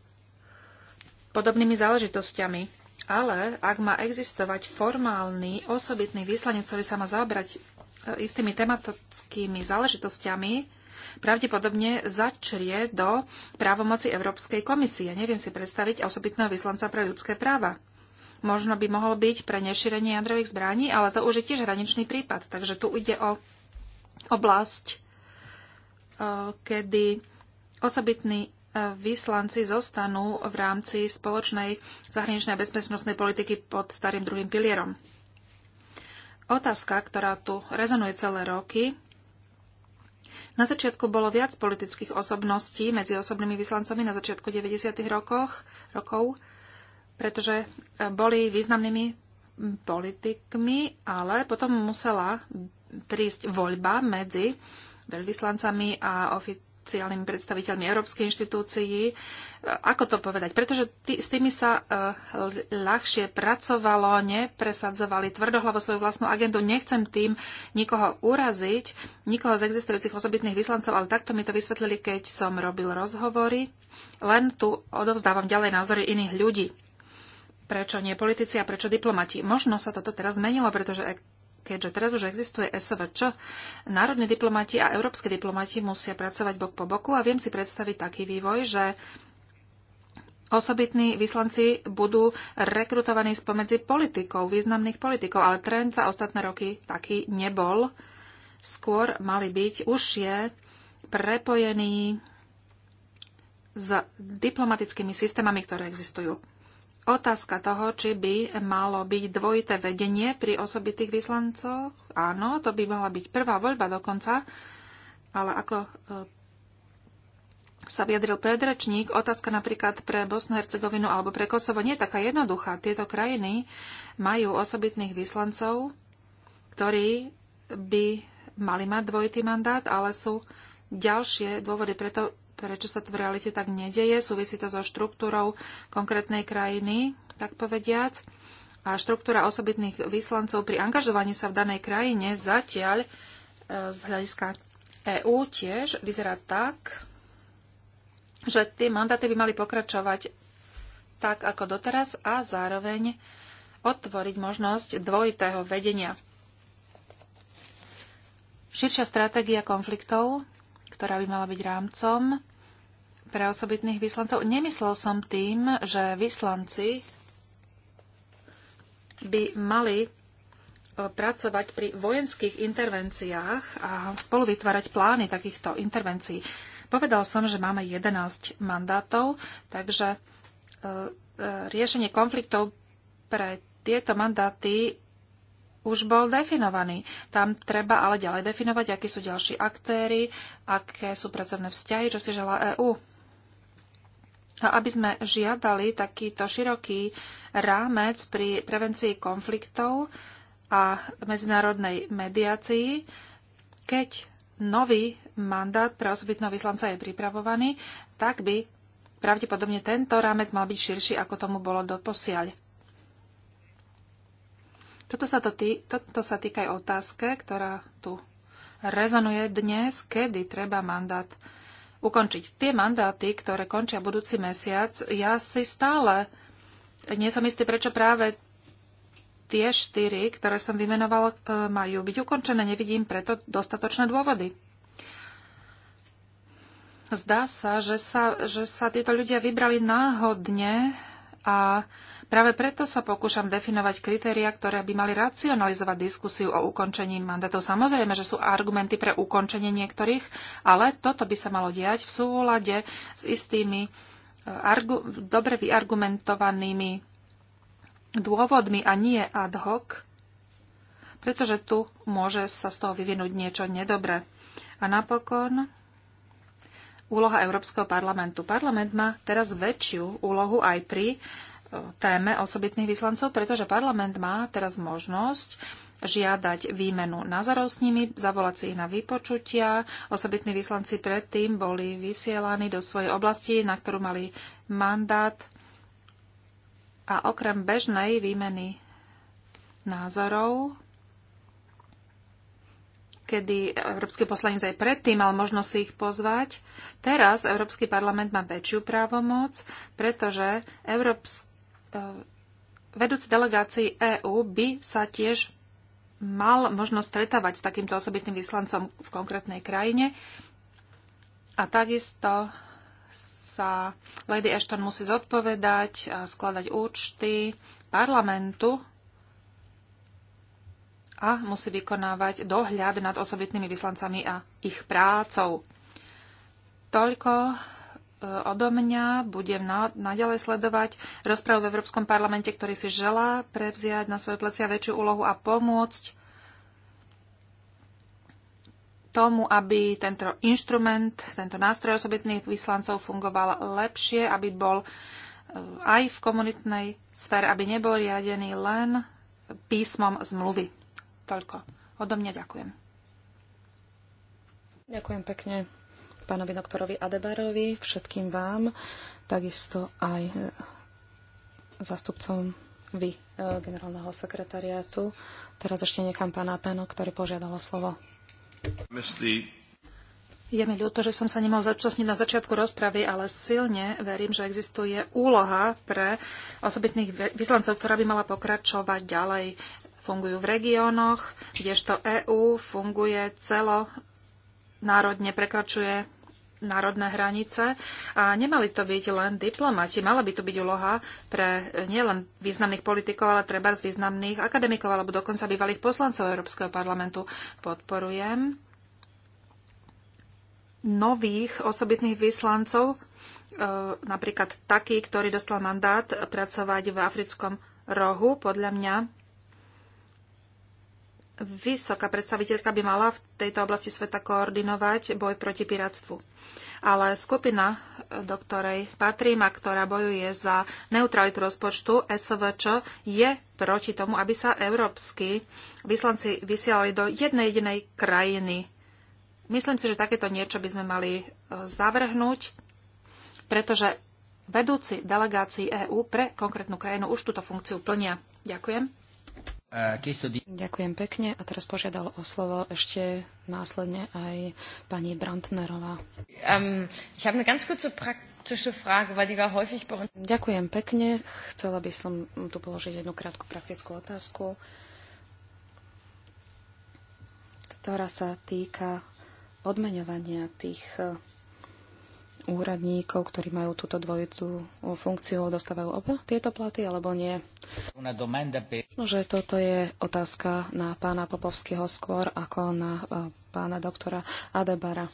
podobnými záležitosťami. Ale ak má existovať formálny, osobitný vyslanec, ktorý sa má zaobrať e, istými tematickými záležitosťami, pravdepodobne začrie do právomoci Európskej komisie. Neviem si predstaviť osobitného vyslanca pre ľudské práva. Možno by mohol byť pre nešírenie jadrových zbraní, ale to už je tiež hraničný prípad. Takže tu ide o oblasť, e, kedy osobitný vyslanci zostanú v rámci spoločnej zahraničnej a bezpečnostnej politiky pod starým druhým pilierom. Otázka, ktorá tu rezonuje celé roky, na začiatku bolo viac politických osobností medzi osobnými vyslancami na začiatku 90. Rokoch, rokov, pretože e, boli významnými politikmi, ale potom musela prísť voľba medzi veľvyslancami a ofi- oficiálnymi predstaviteľmi európskej inštitúcií. Ako to povedať? Pretože tý, s tými sa uh, ľahšie pracovalo, nepresadzovali tvrdohlavo svoju vlastnú agendu. Nechcem tým nikoho uraziť, nikoho z existujúcich osobitných vyslancov, ale takto mi to vysvetlili, keď som robil rozhovory. Len tu odovzdávam ďalej názory iných ľudí. Prečo nie politici a prečo diplomati? Možno sa toto teraz zmenilo, pretože keďže teraz už existuje SVČ, národní diplomati a európske diplomati musia pracovať bok po boku a viem si predstaviť taký vývoj, že Osobitní vyslanci budú rekrutovaní spomedzi politikov, významných politikov, ale trend za ostatné roky taký nebol. Skôr mali byť užšie prepojení s diplomatickými systémami, ktoré existujú. Otázka toho, či by malo byť dvojité vedenie pri osobitých vyslancoch, áno, to by mala byť prvá voľba dokonca, ale ako e, sa vyjadril predrečník, otázka napríklad pre Bosnu, Hercegovinu alebo pre Kosovo nie je taká jednoduchá. Tieto krajiny majú osobitných vyslancov, ktorí by mali mať dvojitý mandát, ale sú ďalšie dôvody preto, prečo sa to v realite tak nedeje. Súvisí to so štruktúrou konkrétnej krajiny, tak povediac. A štruktúra osobitných vyslancov pri angažovaní sa v danej krajine zatiaľ e, z hľadiska EÚ tiež vyzerá tak, že tie mandáty by mali pokračovať tak ako doteraz a zároveň otvoriť možnosť dvojitého vedenia. Širšia stratégia konfliktov, ktorá by mala byť rámcom pre osobitných vyslancov. Nemyslel som tým, že vyslanci by mali e, pracovať pri vojenských intervenciách a spolu vytvárať plány takýchto intervencií. Povedal som, že máme 11 mandátov, takže e, e, riešenie konfliktov pre tieto mandáty už bol definovaný. Tam treba ale ďalej definovať, akí sú ďalší aktéry, aké sú pracovné vzťahy, čo si želá EÚ. A aby sme žiadali takýto široký rámec pri prevencii konfliktov a medzinárodnej mediácii, keď nový mandát pre osobitného vyslanca je pripravovaný, tak by pravdepodobne tento rámec mal byť širší, ako tomu bolo doposiaľ. Toto sa, to tý, toto sa týka aj otázke, ktorá tu rezonuje dnes, kedy treba mandát ukončiť. Tie mandáty, ktoré končia budúci mesiac, ja si stále nie som istý, prečo práve tie štyri, ktoré som vymenoval, e, majú byť ukončené. Nevidím preto dostatočné dôvody. Zdá sa, že sa, že sa títo ľudia vybrali náhodne a Práve preto sa pokúšam definovať kritéria, ktoré by mali racionalizovať diskusiu o ukončení mandátov. Samozrejme, že sú argumenty pre ukončenie niektorých, ale toto by sa malo diať v súlade s istými e, argu- dobre vyargumentovanými dôvodmi a nie ad hoc, pretože tu môže sa z toho vyvinúť niečo nedobré. A napokon úloha Európskeho parlamentu. Parlament má teraz väčšiu úlohu aj pri téme osobitných vyslancov, pretože parlament má teraz možnosť žiadať výmenu názorov s nimi, zavolať si ich na vypočutia. Osobitní vyslanci predtým boli vysielaní do svojej oblasti, na ktorú mali mandát. A okrem bežnej výmeny názorov, kedy Európsky poslanec aj predtým mal možnosť ich pozvať, teraz Európsky parlament má väčšiu právomoc, pretože Európsky Eh, vedúci delegácií EÚ by sa tiež mal možno stretávať s takýmto osobitným vyslancom v konkrétnej krajine. A takisto sa Lady Ashton musí zodpovedať a skladať účty parlamentu a musí vykonávať dohľad nad osobitnými vyslancami a ich prácou. Toľko E, odo mňa. Budem naďalej sledovať rozpravu v Európskom parlamente, ktorý si želá prevziať na svoje plecia väčšiu úlohu a pomôcť tomu, aby tento inštrument, tento nástroj osobitných vyslancov fungoval lepšie, aby bol e, aj v komunitnej sfére, aby nebol riadený len písmom zmluvy. Toľko. Odo mňa ďakujem. Ďakujem pekne pánovi doktorovi Adebarovi, všetkým vám, takisto aj e, zástupcom vy, e, generálneho sekretariátu. Teraz ešte nechám pána Tano, ktorý požiadal slovo. Je mi ľúto, že som sa nemal zúčastniť na začiatku rozpravy, ale silne verím, že existuje úloha pre osobitných vyslancov, ktorá by mala pokračovať ďalej. Fungujú v regiónoch, kdežto EÚ funguje celo národne prekračuje národné hranice. A nemali to byť len diplomati, mala by to byť úloha pre nielen významných politikov, ale treba z významných akademikov alebo dokonca bývalých poslancov Európskeho parlamentu. Podporujem nových osobitných vyslancov, e, napríklad taký, ktorý dostal mandát pracovať v africkom rohu. Podľa mňa Vysoká predstaviteľka by mala v tejto oblasti sveta koordinovať boj proti piráctvu. Ale skupina, eh, do ktorej patrím a ktorá bojuje za neutralitu rozpočtu SVČ, je proti tomu, aby sa európsky vyslanci vysielali do jednej jedinej krajiny. Myslím si, že takéto niečo by sme mali eh, zavrhnúť, pretože vedúci delegácii EÚ pre konkrétnu krajinu už túto funkciu plnia. Ďakujem. Ďakujem pekne a teraz požiadal o slovo ešte následne aj pani Brandnerová. Um, Ďakujem pekne. Chcela by som tu položiť jednu krátku praktickú otázku, ktorá sa týka odmeňovania tých úradníkov, ktorí majú túto dvojicu funkciu, dostávajú oba tieto platy alebo nie? No, že toto je otázka na pána Popovského skôr ako na e, pána doktora Adebara.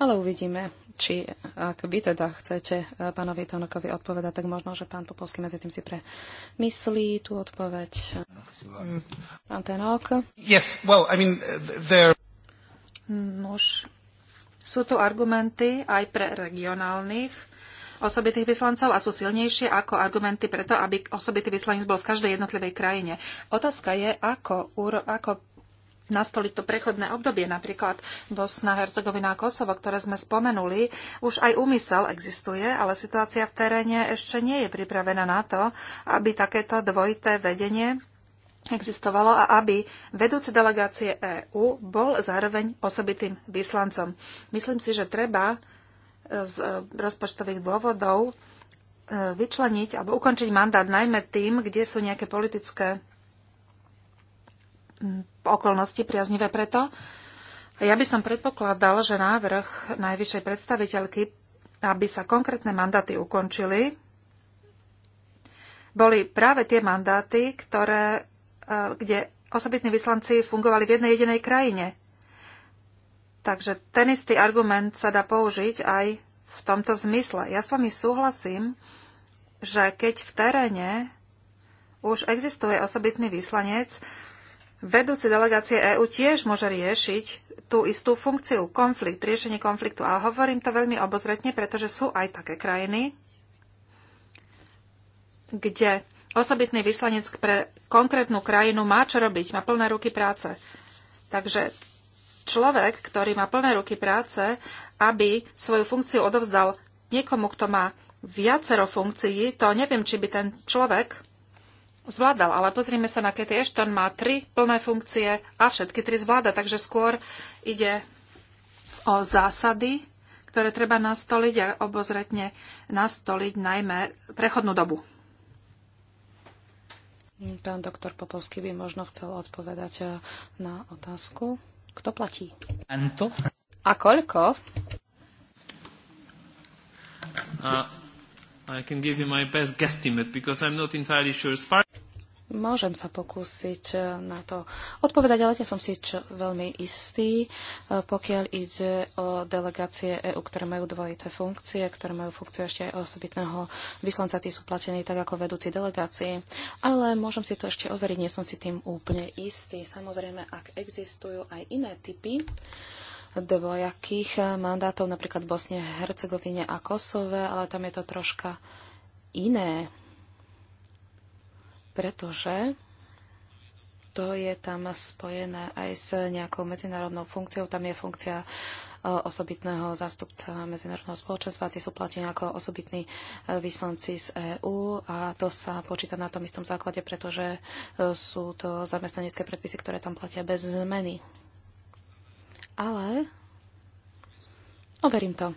Ale uvidíme, či ak vy teda chcete e, pánovi Tonokovi odpovedať, tak možno, že pán Popovský medzi tým si premyslí tú odpoveď. Mm. Pán Tenok. Yes, well, I mean, there... Nož, sú tu argumenty aj pre regionálnych osobitých vyslancov a sú silnejšie ako argumenty preto, aby osobitý vyslanec bol v každej jednotlivej krajine. Otázka je, ako, ako nastoliť to prechodné obdobie, napríklad Bosna, Hercegovina a Kosovo, ktoré sme spomenuli. Už aj úmysel existuje, ale situácia v teréne ešte nie je pripravená na to, aby takéto dvojité vedenie existovalo a aby vedúci delegácie EÚ bol zároveň osobitým vyslancom. Myslím si, že treba e, z e, rozpočtových dôvodov e, vyčleniť alebo ukončiť mandát najmä tým, kde sú nejaké politické okolnosti priaznivé preto. Ja by som predpokladal, že návrh najvyššej predstaviteľky, aby sa konkrétne mandáty ukončili, boli práve tie mandáty, ktoré kde osobitní vyslanci fungovali v jednej jedinej krajine. Takže ten istý argument sa dá použiť aj v tomto zmysle. Ja s vami súhlasím, že keď v teréne už existuje osobitný vyslanec, vedúci delegácie EÚ tiež môže riešiť tú istú funkciu, konflikt, riešenie konfliktu. Ale hovorím to veľmi obozretne, pretože sú aj také krajiny, kde osobitný vyslanec pre konkrétnu krajinu má čo robiť, má plné ruky práce. Takže človek, ktorý má plné ruky práce, aby svoju funkciu odovzdal niekomu, kto má viacero funkcií, to neviem, či by ten človek zvládal. Ale pozrime sa na Katie Ashton, má tri plné funkcie a všetky tri zvláda, takže skôr ide o zásady, ktoré treba nastoliť a obozretne nastoliť najmä prechodnú dobu. Pán doktor Popovský by možno chcel odpovedať e, na otázku. Kto platí? Anto. A koľko? Uh, I can give you my best guesstimate because I'm not entirely sure. Spark- Môžem sa pokúsiť eh, na to odpovedať, ale ja som si čo, veľmi istý, eh, pokiaľ ide o delegácie EU, ktoré majú dvojité funkcie, ktoré majú funkciu ešte aj osobitného vyslanca, tí sú platení tak ako vedúci delegácii. Ale môžem si to ešte overiť, nie som si tým úplne istý. Samozrejme, ak existujú aj iné typy, dvojakých eh, mandátov, napríklad v Bosne, Hercegovine a Kosove, ale tam je to troška iné pretože to je tam spojené aj s nejakou medzinárodnou funkciou. Tam je funkcia e, osobitného zástupca medzinárodného spoločenstva. Tie sú platení ako osobitní e, vyslanci z EÚ a to sa počíta na tom istom základe, pretože e, sú to zamestnanecké predpisy, ktoré tam platia bez zmeny. Ale overím no, to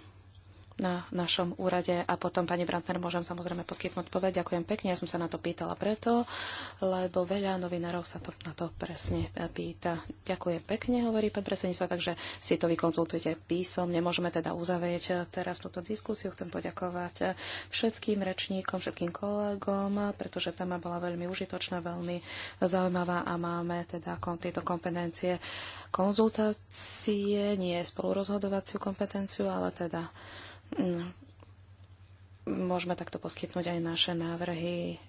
na našom úrade a potom, pani Brantner, môžem samozrejme poskytnúť povedť. Ďakujem pekne, ja som sa na to pýtala preto, lebo veľa novinárov sa to, na to presne e, pýta. Ďakujem pekne, hovorí pán predsedníctva, takže si to vykonzultujte písom. Nemôžeme teda uzavrieť e, teraz túto diskusiu. Chcem poďakovať e, všetkým rečníkom, všetkým kolegom, pretože téma bola veľmi užitočná, veľmi zaujímavá a máme teda tieto kompetencie konzultácie, nie spolurozhodovaciu kompetenciu, ale teda No. Môžeme takto poskytnúť aj naše návrhy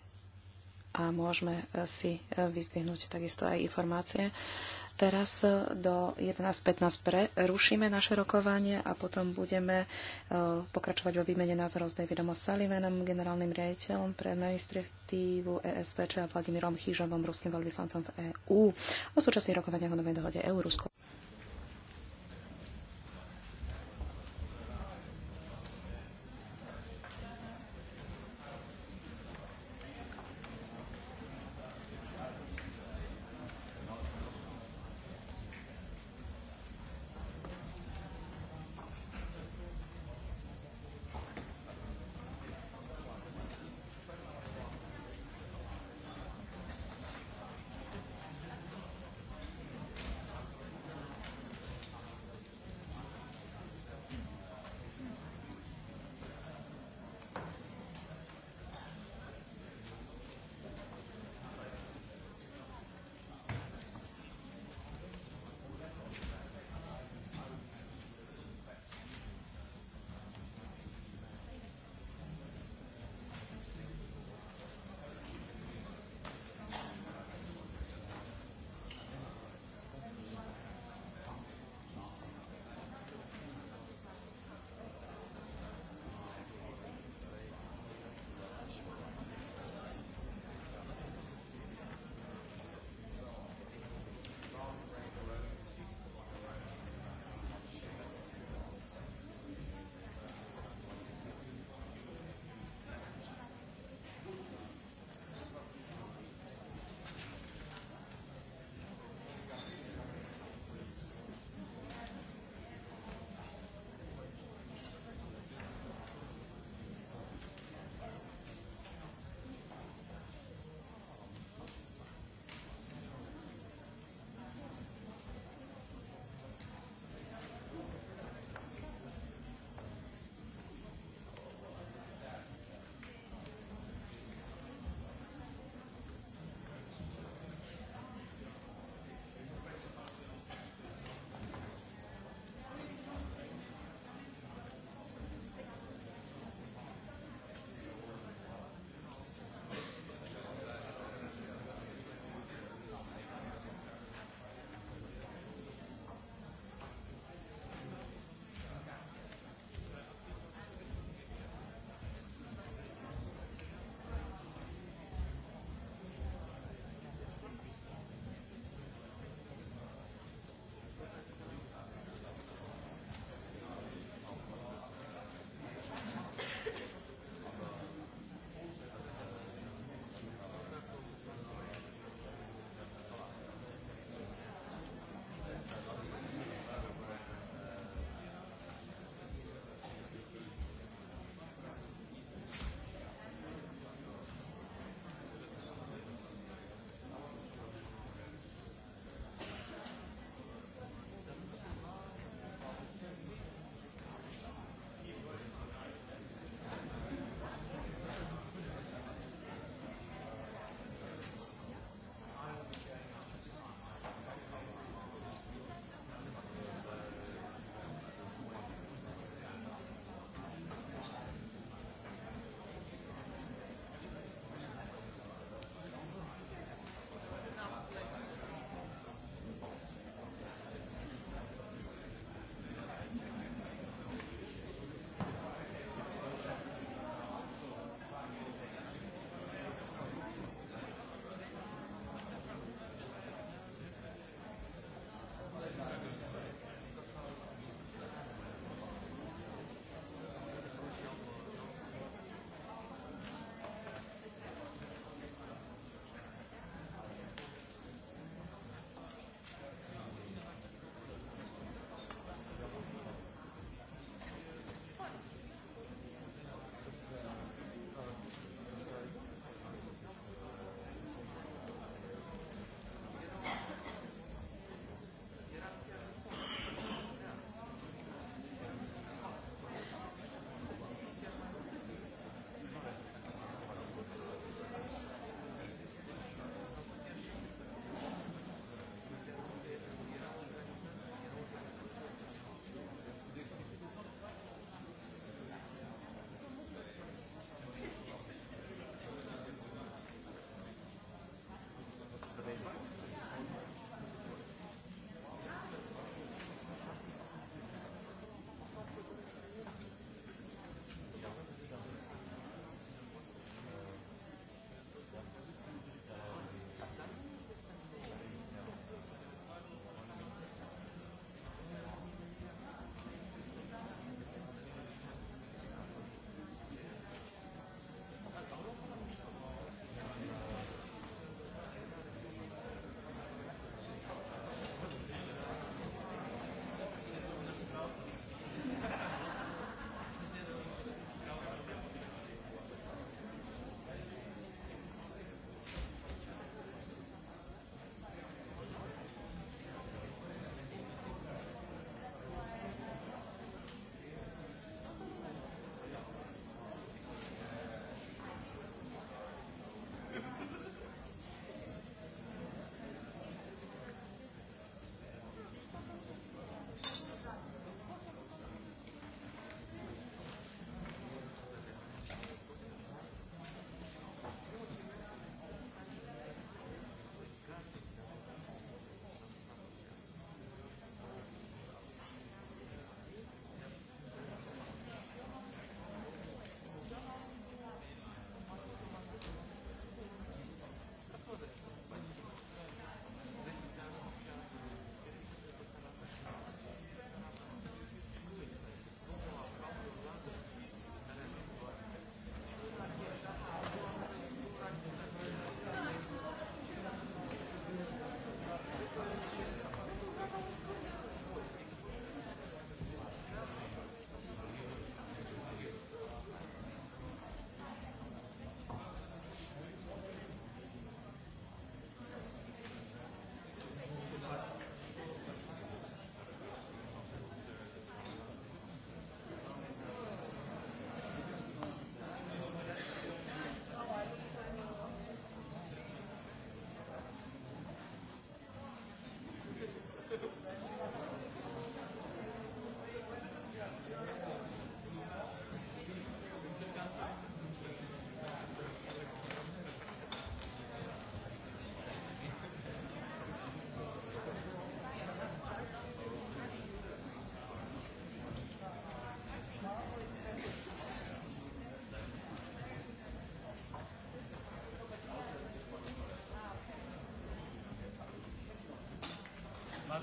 a môžeme eh, si eh, vyzdvihnúť takisto aj informácie. Teraz eh, do 11.15 prerušíme naše rokovanie a potom budeme pokračovať vo výmene názorov s Davidom Salivenom, generálnym riaditeľom pre administratívu ESVČ a Vladimírom Chýžovom, ruským veľvyslancom v EÚ o súčasných rokovaniach o novej dohode EU-Rusko.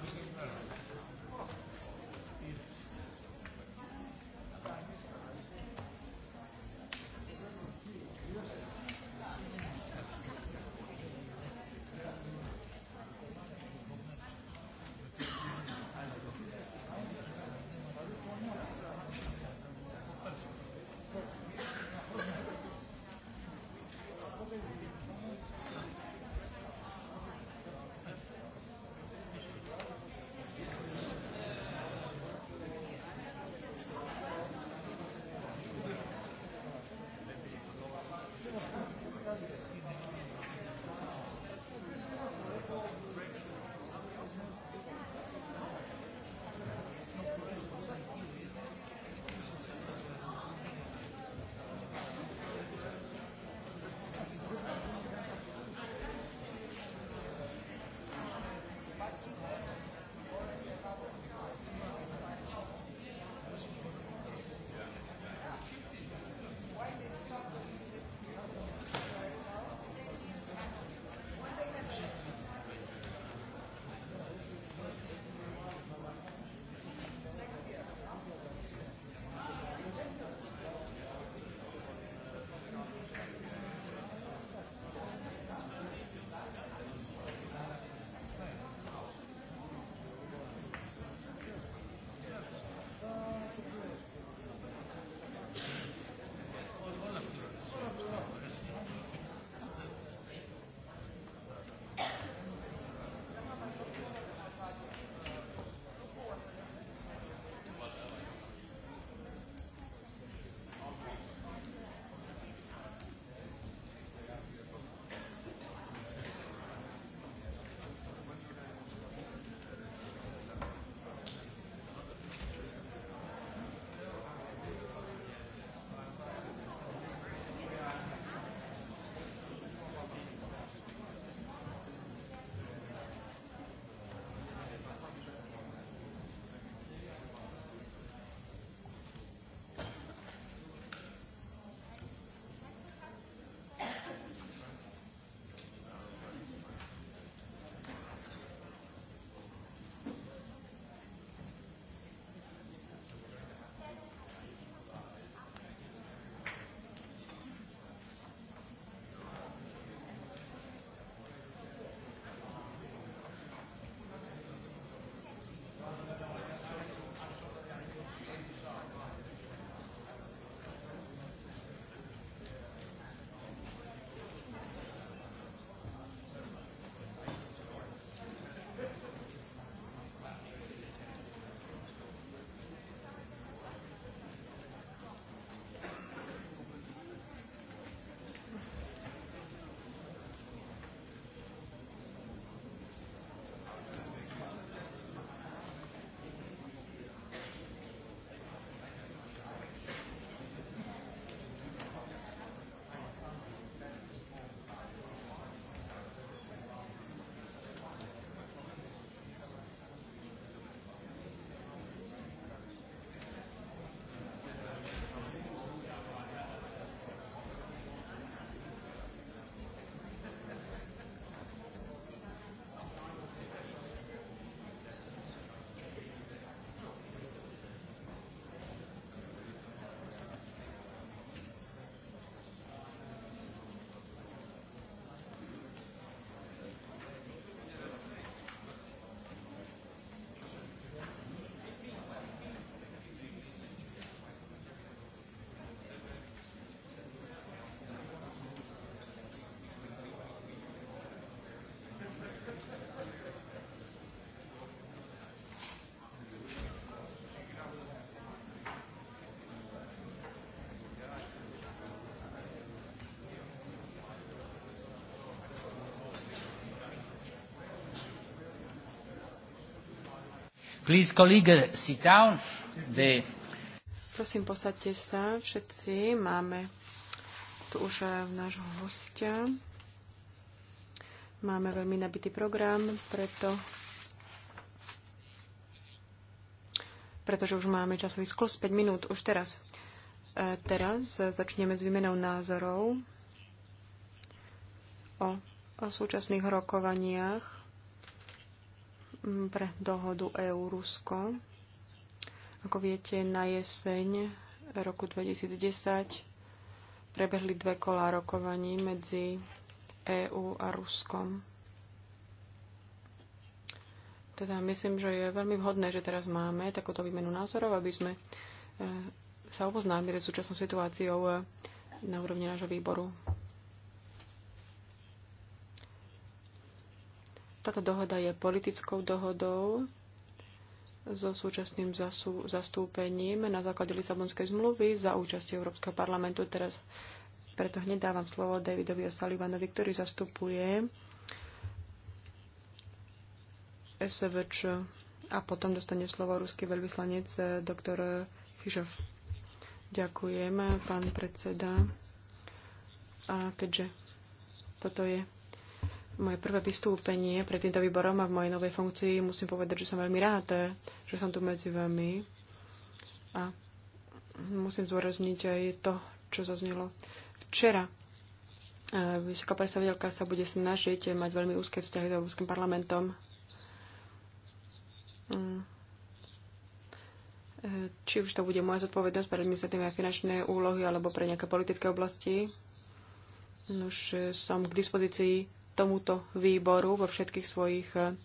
aby sme Please, colleague, sit down. The... Prosím, posaďte sa všetci. Máme tu už eh, nášho hostia. Máme veľmi nabitý program, preto pretože už máme časový sklus 5 minút, už teraz. E, teraz začneme s výmenou názorov o, o súčasných rokovaniach Mm, pre dohodu EU-Rusko. Ako viete, na jeseň roku 2010 prebehli dve kolá rokovaní medzi EÚ a Ruskom. Teda myslím, že je veľmi vhodné, že teraz máme takúto výmenu názorov, aby sme e, sa oboznámili s súčasnou situáciou e, na úrovni nášho výboru. Táto dohoda je politickou dohodou so súčasným zastúpením na základe Lisabonskej zmluvy za účasti Európskeho parlamentu. Teraz preto hneď dávam slovo Davidovi Salivanovi, ktorý zastupuje SVČ a potom dostane slovo ruský veľvyslanec eh, doktor eh, Chyžov. Ďakujem, eh, pán predseda. A keďže toto je moje prvé vystúpenie pred týmto výborom a v mojej novej funkcii musím povedať, že som veľmi rád, že som tu medzi vami. A musím zdôrazniť aj to, čo zaznelo včera. Vysoká predstaviteľka sa bude snažiť mať veľmi úzke vzťahy s Európskym parlamentom. Mm. Či už to bude moja zodpovednosť pre administratívne a finančné úlohy alebo pre nejaké politické oblasti. Už som k dispozícii tomuto výboru vo všetkých svojich eh,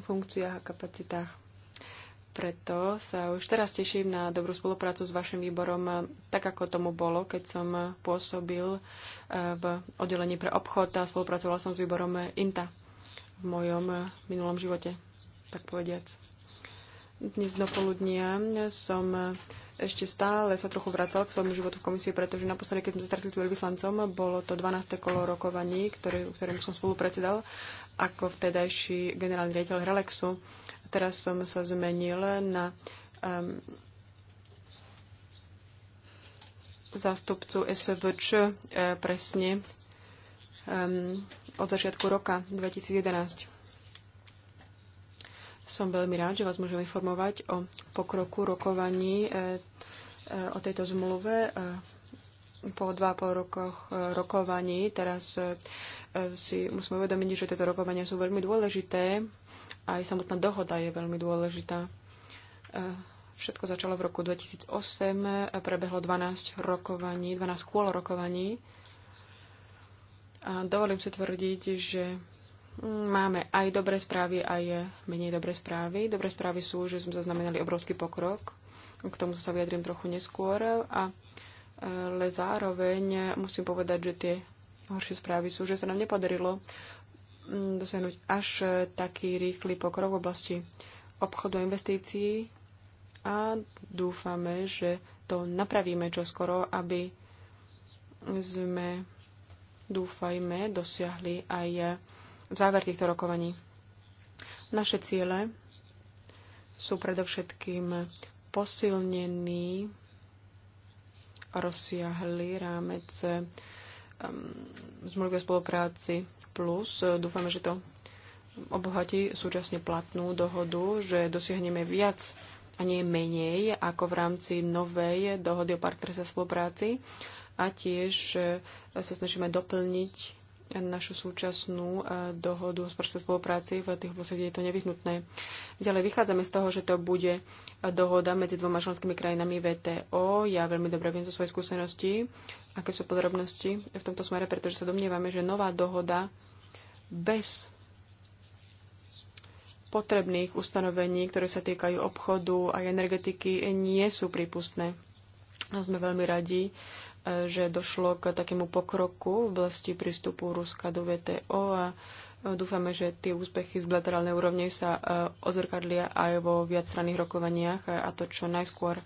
funkciách a kapacitách. Preto sa už teraz teším na dobrú spoluprácu s vašim výborom, eh, tak ako tomu bolo, keď som eh, pôsobil v oddelení pre obchod a spolupracovala som s výborom INTA v mojom minulom živote, tak povediac. Dnes do poludnia som ešte stále sa trochu vracal k svojmu životu v komisii, pretože naposledy, keď sme sa stretli s veľvyslancom, bolo to 12. kolo rokovaní, ktoré, ktorým som spolu predsedal ako vtedajší generálny riaditeľ Relexu. Teraz som sa zmenil na um, zástupcu SVČ e, eh, presne um, od začiatku roka 2011. Som veľmi rád, že vás môžem informovať o pokroku rokovaní e, e, o tejto zmluve. E, po dva pol rokoch rokovaní teraz si musíme uvedomiť, že tieto rokovania sú veľmi dôležité. Aj samotná dohoda je veľmi dôležitá. Všetko začalo v roku 2008, prebehlo 12 rokovaní, 12 kôl rokovaní. A dovolím si tvrdiť, že Máme aj dobré správy, aj menej dobré správy. Dobré správy sú, že sme zaznamenali obrovský pokrok. K tomu sa vyjadrím trochu neskôr. A, ale e, zároveň musím povedať, že tie horšie správy sú, že sa nám nepodarilo mm, dosiahnuť až e, taký rýchly pokrok v oblasti obchodu a investícií a dúfame, že to napravíme čoskoro, aby sme, dúfajme, dosiahli aj v záver týchto rokovaní. Naše ciele sú predovšetkým posilnený a rozsiahlý rámec um, zmluvy o spolupráci plus. Dúfame, že to obohatí súčasne platnú dohodu, že dosiahneme viac a nie menej ako v rámci novej dohody o partnerstve spolupráci a tiež eh, sa snažíme doplniť našu súčasnú e, dohodu o sprostej spolupráci v tých oblastiach, kde je to nevyhnutné. Ďalej vychádzame z toho, že to bude e, dohoda medzi dvoma členskými krajinami VTO. Ja veľmi dobre viem zo svojej skúsenosti, aké sú podrobnosti v tomto smere, pretože sa domnievame, že nová dohoda bez potrebných ustanovení, ktoré sa týkajú obchodu a energetiky, nie sú prípustné. A sme veľmi radi, že došlo k takému pokroku v oblasti prístupu Ruska do VTO a e, dúfame, že tie úspechy z bilaterálnej úrovne sa e, ozrkadlia aj vo viacstranných rokovaniach a to čo najskôr.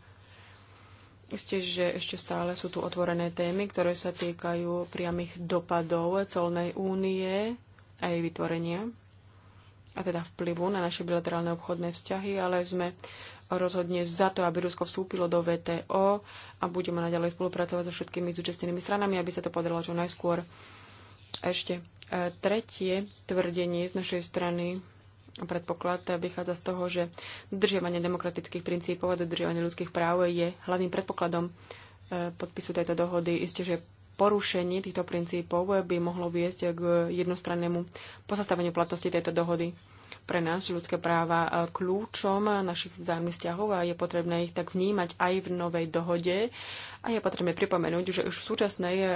Isté, že ešte stále sú tu otvorené témy, ktoré sa týkajú priamých dopadov celnej únie a jej vytvorenia a teda vplyvu na naše bilaterálne obchodné vzťahy, ale sme rozhodne za to, aby Rusko vstúpilo do VTO a budeme naďalej spolupracovať so všetkými zúčastnenými stranami, aby sa to podarilo čo najskôr. Ešte e, tretie tvrdenie z našej strany predpoklad vychádza z toho, že dodržiavanie demokratických princípov a dodržiavanie ľudských práv je hlavným predpokladom e, podpisu tejto dohody. Isté, že porušenie týchto princípov by mohlo viesť k jednostrannému pozastaveniu platnosti tejto dohody pre nás ľudské práva e, kľúčom našich vzájomných vzťahov a je potrebné ich tak vnímať aj v novej dohode. A je potrebné pripomenúť, že už v súčasnej e,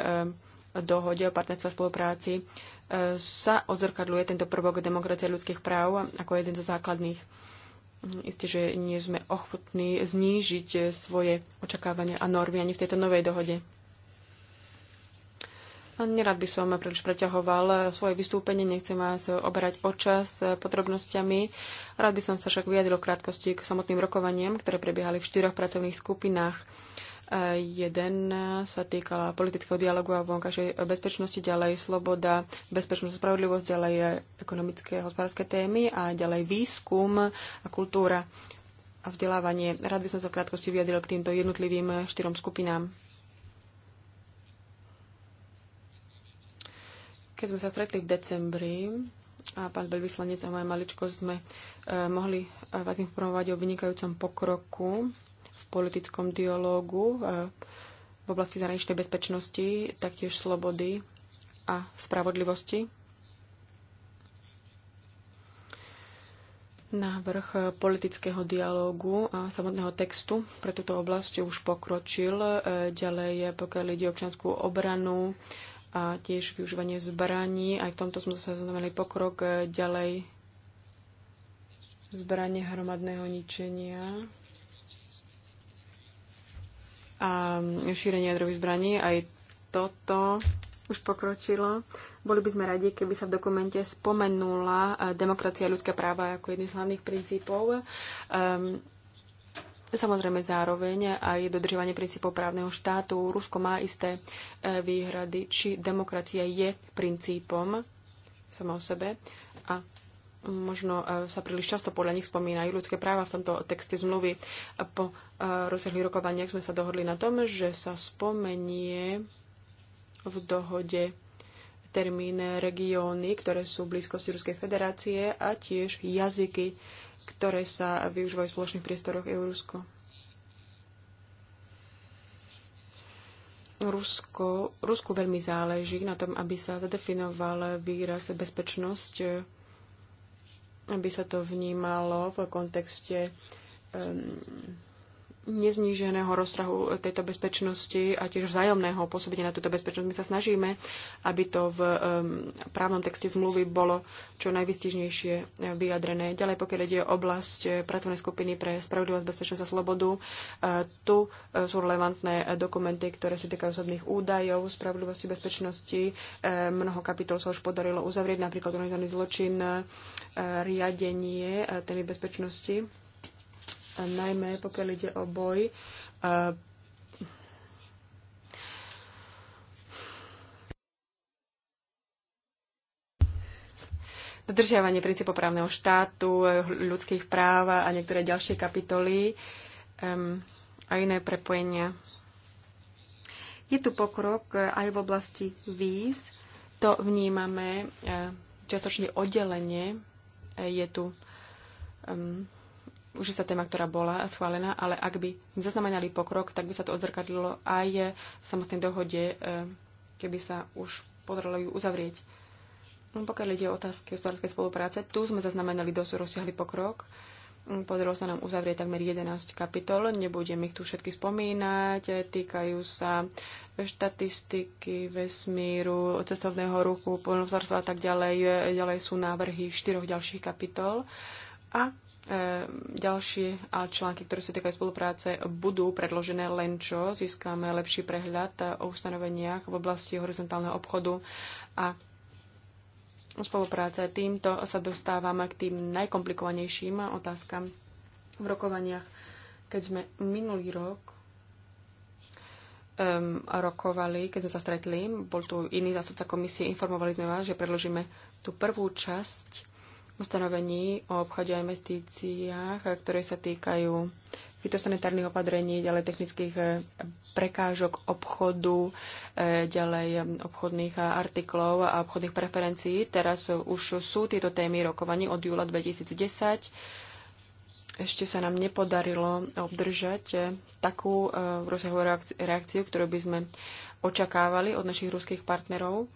dohode o partnerstve a spolupráci e, sa odzrkadľuje tento prvok demokracie ľudských práv ako jeden zo základných. Mm, isté, že nie sme ochotní znížiť svoje očakávania a normy ani v tejto novej dohode. Nerad by som príliš preťahoval svoje vystúpenie, nechcem vás oberať o čas podrobnosťami. Rád by som sa však vyjadril krátkosti k samotným rokovaniam, ktoré prebiehali v štyroch pracovných skupinách. E, jeden sa týkala politického dialogu a vonkajšej bezpečnosti, ďalej sloboda, bezpečnosť, spravodlivosť, ďalej ekonomické a hospodárske témy a ďalej výskum a kultúra a vzdelávanie. Rád by som sa v krátkosti vyjadril k týmto jednotlivým štyrom skupinám. Keď sme sa stretli v decembri a pán veľvyslanec a moja maličko sme e, mohli e, vás informovať o vynikajúcom pokroku v politickom dialógu e, v oblasti zahraničnej bezpečnosti, taktiež slobody a spravodlivosti. Návrh politického dialógu a samotného textu pre túto oblasť už pokročil. E, ďalej, e, pokiaľ ide občianskú obranu, a tiež využívanie zbraní. Aj v tomto sme sa znamenali pokrok e, ďalej zbranie hromadného ničenia a šírenie jadrových zbraní. Aj toto už pokročilo. Boli by sme radi, keby sa v dokumente spomenula e, demokracia a ľudské práva ako jedný z hlavných princípov. Um, Samozrejme zároveň aj dodržovanie princípov právneho štátu. Rusko má isté e, výhrady, či demokracia je princípom sama o sebe a možno e, sa príliš často podľa nich spomínajú ľudské práva v tomto texte zmluvy. Po e, rozsiahlých rokovaniach sme sa dohodli na tom, že sa spomenie v dohode termín regióny, ktoré sú v blízkosti Ruskej federácie a tiež jazyky ktoré sa využívajú v spoločných priestoroch EU-Rusko. Rusko, Rusku veľmi záleží na tom, aby sa zadefinoval výraz bezpečnosť, aby sa to vnímalo v kontexte um, nezníženého rozsahu tejto bezpečnosti a tiež vzájomného pôsobenia na túto bezpečnosť. My sa snažíme, aby to v um, právnom texte zmluvy bolo čo najvystižnejšie eh, vyjadrené. Ďalej, pokiaľ ide o oblasť eh, pracovnej skupiny pre spravodlivosť, bezpečnosť a slobodu, uh, tu uh, sú relevantné dokumenty, ktoré sa týkajú osobných údajov, spravodlivosti, bezpečnosti. Uh, mnoho kapitol sa už podarilo uzavrieť, napríklad organizovaný zločin, uh, riadenie uh, témy bezpečnosti a najmä pokiaľ ide o boj a dodržiavanie princípov právneho štátu, ľudských práv a niektoré ďalšie kapitoly um, a iné prepojenia. Je tu pokrok aj v oblasti víz. To vnímame e, Častočne oddelenie. E, je tu um, už sa téma, ktorá bola schválená, ale ak by sme zaznamenali pokrok, tak by sa to odzrkadlilo aj v samotnej dohode, e, keby sa už podarilo ju uzavrieť. No, pokiaľ ide o otázky hospodárskej spolupráce, tu sme zaznamenali dosť rozsiahly pokrok. Mm, podarilo sa nám uzavrieť takmer 11 kapitol, nebudem ich tu všetky spomínať, týkajú sa štatistiky, vesmíru, cestovného ruchu, poľnohospodárstva a tak ďalej. Ďalej sú návrhy štyroch ďalších kapitol. A E, ďalšie články, ktoré sa týkajú spolupráce, budú predložené len čo získame lepší prehľad o ustanoveniach v oblasti horizontálneho obchodu a spolupráce. Týmto sa dostávame k tým najkomplikovanejším otázkam v rokovaniach. Keď sme minulý rok um, rokovali, keď sme sa stretli, bol tu iný zástupca komisie, informovali sme vás, že predložíme tú prvú časť ustanovení o obchode a investíciách, ktoré sa týkajú fitosanitárnych opatrení, ďalej technických eh, prekážok obchodu, eh, ďalej eh, obchodných artiklov a obchodných preferencií. Teraz už sú tieto témy rokovaní od júla 2010. Ešte sa nám nepodarilo obdržať takú rozsahovú reakciu, ktorú by sme očakávali od našich ruských partnerov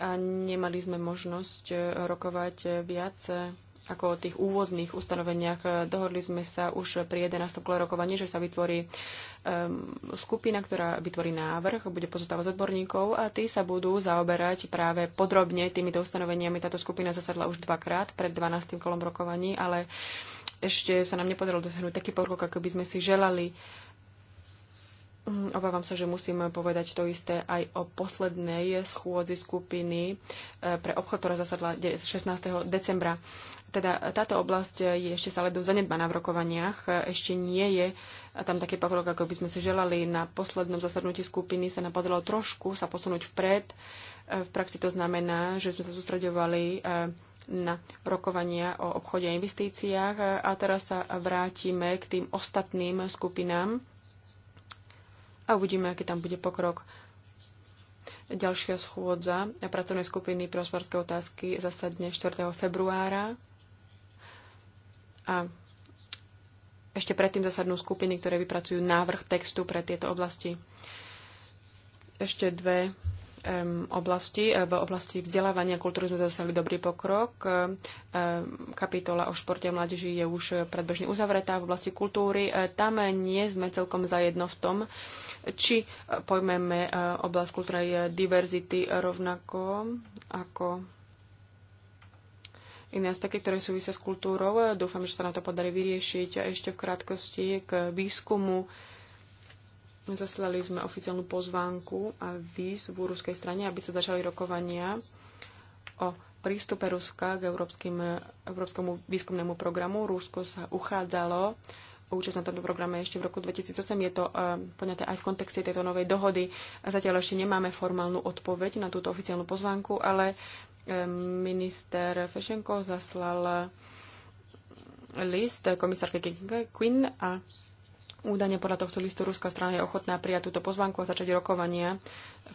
a nemali sme možnosť e, rokovať e, viac e, ako o tých úvodných ustanoveniach. Dohodli sme sa už pri 11. kole rokovaní, že sa vytvorí um, skupina, ktorá vytvorí návrh, bude pozostávať z odborníkov a tí sa budú zaoberať práve podrobne týmito ustanoveniami. Táto skupina zasadla už dvakrát pred 12. kolom rokovaní, ale ešte sa nám nepodarilo dosiahnuť taký pokrok, ako by sme si želali. Uh, Mm, obávam sa, že musím povedať to isté aj o poslednej schôdzi skupiny e, pre obchod, ktorá zasadla 16. decembra. Teda táto oblasť je ešte stále dosť zanedbaná v rokovaniach. E, ešte nie je tam taký pokrok, ako by sme si želali. Na poslednom zasadnutí skupiny sa nám trošku sa posunúť vpred. E, v praxi to znamená, že sme sa sústredovali na rokovania o obchode a investíciách. A teraz sa vrátime k tým ostatným skupinám a uvidíme, aký tam bude pokrok. Ďalšia schôdza a pracovnej skupiny pre hospodárske otázky zasadne 4. februára. A ešte predtým zasadnú skupiny, ktoré vypracujú návrh textu pre tieto oblasti. Ešte dve um, oblasti. V oblasti vzdelávania kultúry sme dosiahli dobrý pokrok. Um, kapitola o športe a mládeži je už predbežne uzavretá. V oblasti kultúry tam nie sme celkom zajedno v tom, či pojmeme e, oblasť kultúrnej diverzity rovnako ako iné aspekty, ktoré súvisia s kultúrou. Dúfam, že sa nám to podarí vyriešiť. A ešte v krátkosti k výskumu zaslali sme oficiálnu pozvánku a výzvu ruskej strane, aby sa začali rokovania o prístupe Ruska k európskym, európskemu výskumnému programu. Rusko sa uchádzalo účasť na tomto programe ešte v roku 2008. Je to eh, poňaté aj v kontexte tejto novej dohody. Zatiaľ ešte nemáme formálnu odpoveď na túto oficiálnu pozvánku, ale eh, minister Fešenko zaslal list komisárke Quinn a Údajne podľa tohto listu ruská strana je ochotná prijať túto pozvánku a začať rokovania.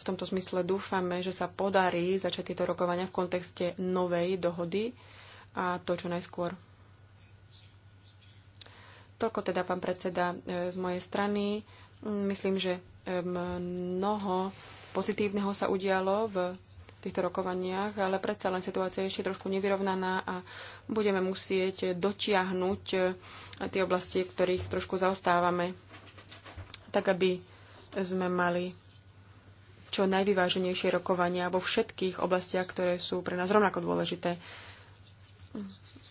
V tomto smysle dúfame, že sa podarí začať tieto rokovania v kontexte novej dohody a to čo najskôr. Toľko teda, pán predseda, e, z mojej strany. Myslím, že e, mnoho pozitívneho sa udialo v týchto rokovaniach, ale predsa len situácia je ešte trošku nevyrovnaná a budeme musieť dotiahnuť e, tie oblasti, ktorých trošku zaostávame, tak aby sme mali čo najvyváženejšie rokovania vo všetkých oblastiach, ktoré sú pre nás rovnako dôležité.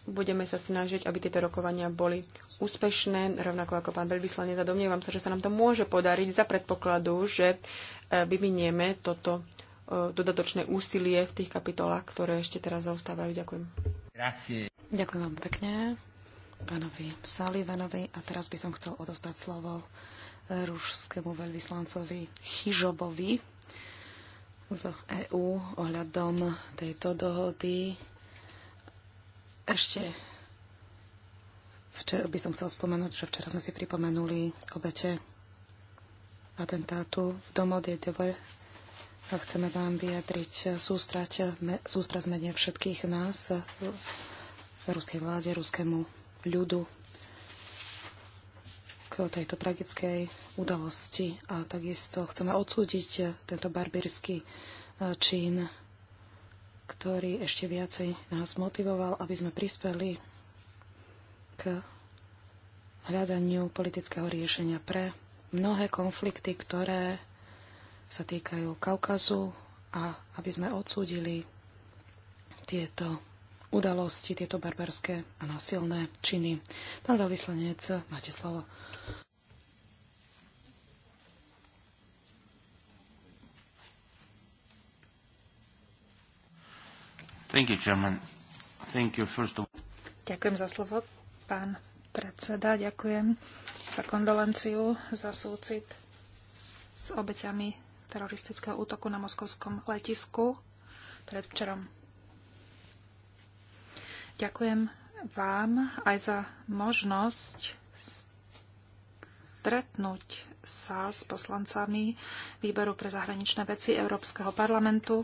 Budeme sa snažiť, aby tieto rokovania boli úspešné, rovnako ako pán veľvyslanec. A domnievam sa, že sa nám to môže podariť za predpokladu, že e, vyvinieme toto e, dodatočné úsilie v tých kapitolách, ktoré ešte teraz zaostávajú. Ďakujem. Grazie. Ďakujem vám pekne pánovi Salivanovi a teraz by som chcel odovzdať slovo rúžskému veľvyslancovi Chyžobovi v EÚ ohľadom tejto dohody ešte Včer by som chcel spomenúť, že včera sme si pripomenuli obete atentátu v Domodiedeve a chceme vám vyjadriť sústrať, sústrať všetkých nás, ruskej vláde, ruskému ľudu k tejto tragickej udalosti a takisto chceme odsúdiť tento barbírsky eh, čin ktorý ešte viacej nás motivoval, aby sme prispeli k hľadaniu politického riešenia pre mnohé konflikty, ktoré sa týkajú Kaukazu a aby sme odsúdili tieto udalosti, tieto barbarské a násilné činy. Pán veľvyslanec, máte slovo. Thank you, Chairman. Thank you, first of... Ďakujem za slovo, pán predseda. Ďakujem za kondolenciu, za súcit s obeťami teroristického útoku na moskovskom letisku predvčerom. Ďakujem vám aj za možnosť stretnúť sa s poslancami Výboru pre zahraničné veci Európskeho parlamentu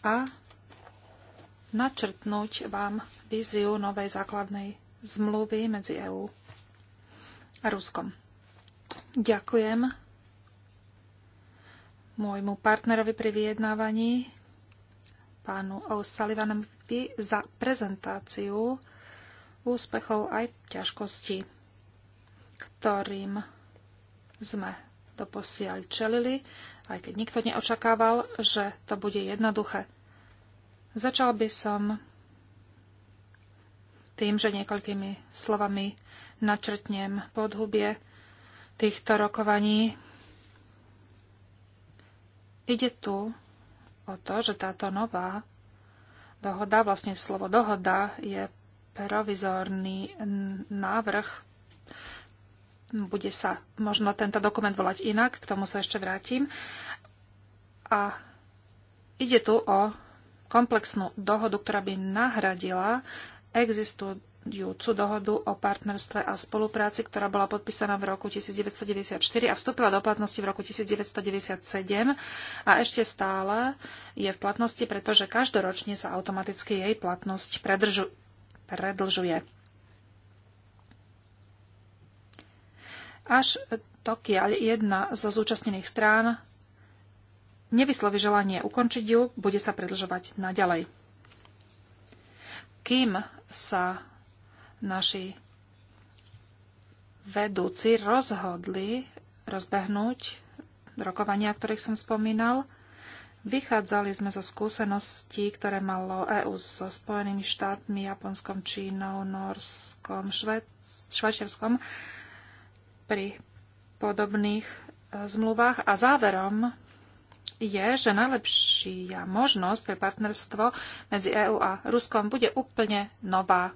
a načrtnúť vám víziu novej základnej zmluvy medzi EÚ a Ruskom. Ďakujem môjmu partnerovi pri vyjednávaní, pánu O'Sullivanovi, za prezentáciu úspechov aj ťažkostí, ktorým sme doposiaľ čelili, aj keď nikto neočakával, že to bude jednoduché. Začal by som tým, že niekoľkými slovami načrtnem podhubie týchto rokovaní. Ide tu o to, že táto nová dohoda, vlastne slovo dohoda je provizórny návrh. Bude sa možno tento dokument volať inak, k tomu sa ešte vrátim. A ide tu o komplexnú dohodu, ktorá by nahradila existujúcu dohodu o partnerstve a spolupráci, ktorá bola podpísaná v roku 1994 a vstúpila do platnosti v roku 1997 a ešte stále je v platnosti, pretože každoročne sa automaticky jej platnosť predržu, predlžuje. Až dokiaľ jedna zo zúčastnených strán nevyslovi želanie ukončiť ju, bude sa predlžovať naďalej. Kým sa naši vedúci rozhodli rozbehnúť rokovania, ktorých som spomínal, Vychádzali sme zo skúseností, ktoré malo EÚ so Spojenými štátmi, Japonskom, Čínou, Norskom, Švajčiarskom pri podobných e, zmluvách a záverom je, že najlepšia možnosť pre partnerstvo medzi EÚ a Ruskom bude úplne nová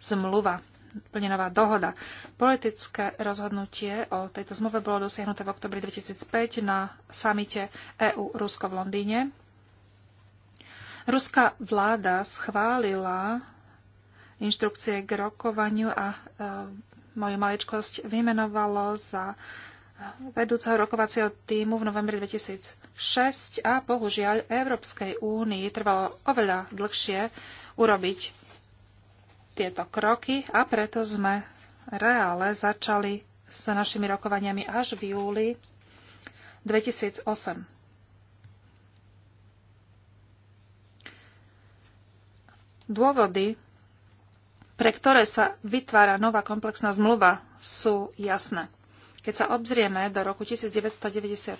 zmluva, úplne nová dohoda. Politické rozhodnutie o tejto zmluve bolo dosiahnuté v oktobri 2005 na samite EÚ-Rusko v Londýne. Ruská vláda schválila inštrukcie k rokovaniu a e, moju maličkosť vymenovalo za e, vedúceho rokovacieho týmu v novembri 2006 a bohužiaľ Európskej únii trvalo oveľa dlhšie urobiť tieto kroky a preto sme reále začali s našimi rokovaniami až v júli 2008. Dôvody, pre ktoré sa vytvára nová komplexná zmluva, sú jasné. Keď sa obzrieme do roku 1994,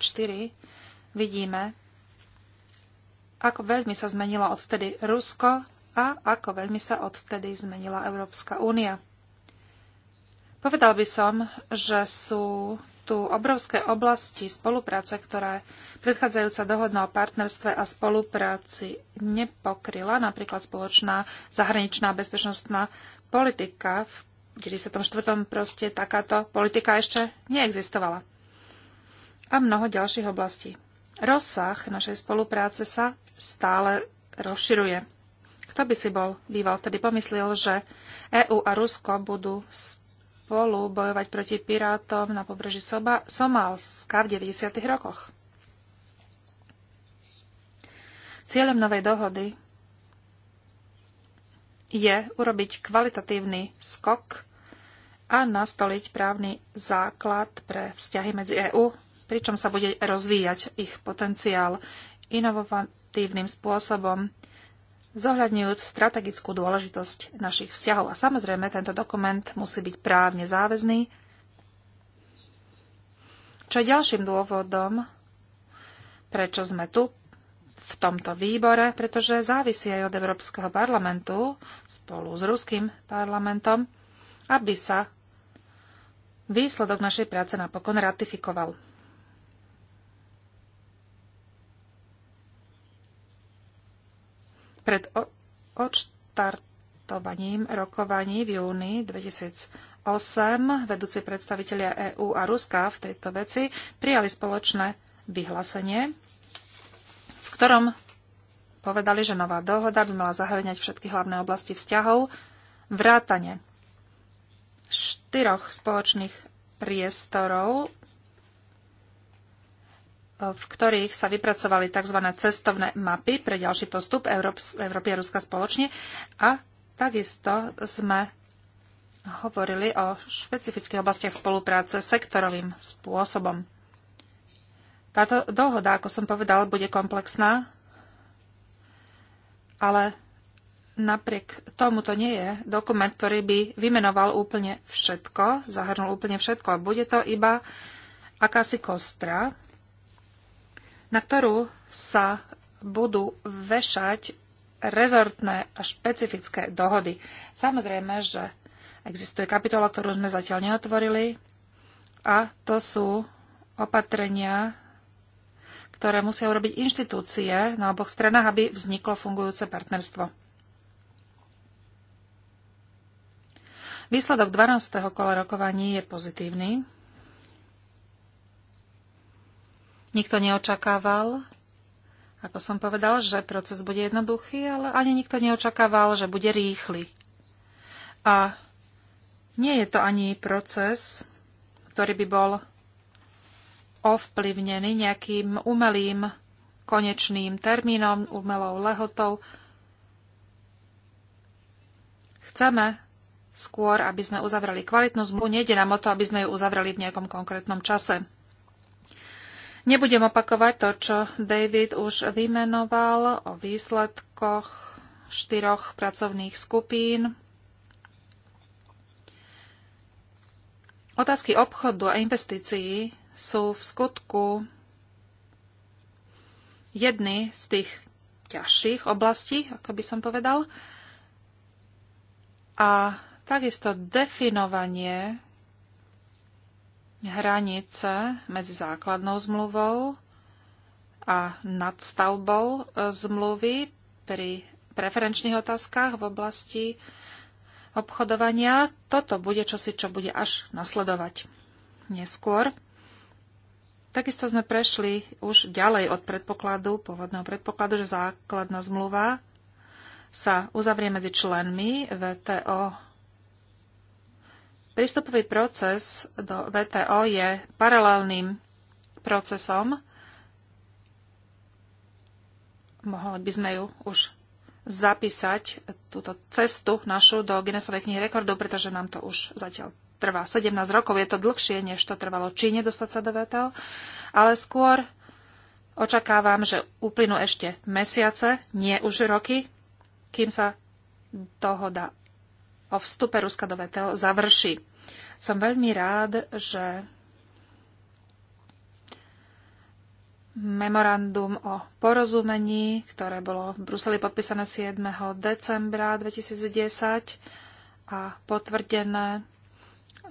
vidíme, ako veľmi sa zmenilo odvtedy Rusko a ako veľmi sa odvtedy zmenila Európska únia. Povedal by som, že sú tu obrovské oblasti spolupráce, ktoré predchádzajúca dohodná o partnerstve a spolupráci nepokryla, napríklad spoločná zahraničná bezpečnostná politika v 94. proste takáto politika ešte neexistovala. A mnoho ďalších oblastí. Rozsah našej spolupráce sa stále rozširuje. Kto by si bol býval tedy pomyslel, že EÚ a Rusko budú spolu bojovať proti pirátom na pobreží Soba, Somálska v 90. rokoch. Cieľom novej dohody je urobiť kvalitatívny skok a nastoliť právny základ pre vzťahy medzi EÚ, pričom sa bude rozvíjať ich potenciál inovatívnym spôsobom, zohľadňujúc strategickú dôležitosť našich vzťahov. A samozrejme, tento dokument musí byť právne záväzný, čo je ďalším dôvodom, prečo sme tu, v tomto výbore, pretože závisí aj od Európskeho parlamentu spolu s ruským parlamentom, aby sa výsledok našej práce napokon ratifikoval. Pred odštartovaním rokovaní v júni 2008 vedúci predstavitelia EÚ a Ruska v tejto veci prijali spoločné vyhlásenie ktorom povedali, že nová dohoda by mala zahrňať všetky hlavné oblasti vzťahov, vrátane štyroch spoločných priestorov, v ktorých sa vypracovali tzv. cestovné mapy pre ďalší postup Európy a Ruska spoločne a takisto sme hovorili o špecifických oblastiach spolupráce sektorovým spôsobom. Táto dohoda, ako som povedal, bude komplexná, ale napriek tomu to nie je dokument, ktorý by vymenoval úplne všetko, zahrnul úplne všetko. a Bude to iba akási kostra, na ktorú sa budú vešať rezortné a špecifické dohody. Samozrejme, že existuje kapitola, ktorú sme zatiaľ neotvorili a to sú opatrenia ktoré musia urobiť inštitúcie na oboch stranách, aby vzniklo fungujúce partnerstvo. Výsledok 12. kola rokovaní je pozitívny. Nikto neočakával, ako som povedal, že proces bude jednoduchý, ale ani nikto neočakával, že bude rýchly. A nie je to ani proces, ktorý by bol ovplyvnený nejakým umelým konečným termínom, umelou lehotou. Chceme skôr, aby sme uzavreli kvalitnú zmluvu. Nejde nám o to, aby sme ju uzavreli v nejakom konkrétnom čase. Nebudem opakovať to, čo David už vymenoval o výsledkoch štyroch pracovných skupín. Otázky obchodu a investícií sú v skutku jedny z tých ťažších oblastí, ako by som povedal. A takisto definovanie hranice medzi základnou zmluvou a nadstavbou e, zmluvy pri preferenčných otázkach v oblasti obchodovania. Toto bude čosi, čo bude až nasledovať neskôr. Takisto sme prešli už ďalej od predpokladu, pôvodného predpokladu, že základná zmluva sa uzavrie medzi členmi VTO. Prístupový proces do VTO je paralelným procesom. Mohli by sme ju už zapísať, túto cestu našu do Guinnessovej knihy rekordov, pretože nám to už zatiaľ trvá 17 rokov, je to dlhšie, než to trvalo Číne dostať sa do VTO, ale skôr očakávam, že uplynú ešte mesiace, nie už roky, kým sa dohoda o vstupe Ruska do VTO završí. Som veľmi rád, že memorandum o porozumení, ktoré bolo v Bruseli podpísané 7. decembra 2010 a potvrdené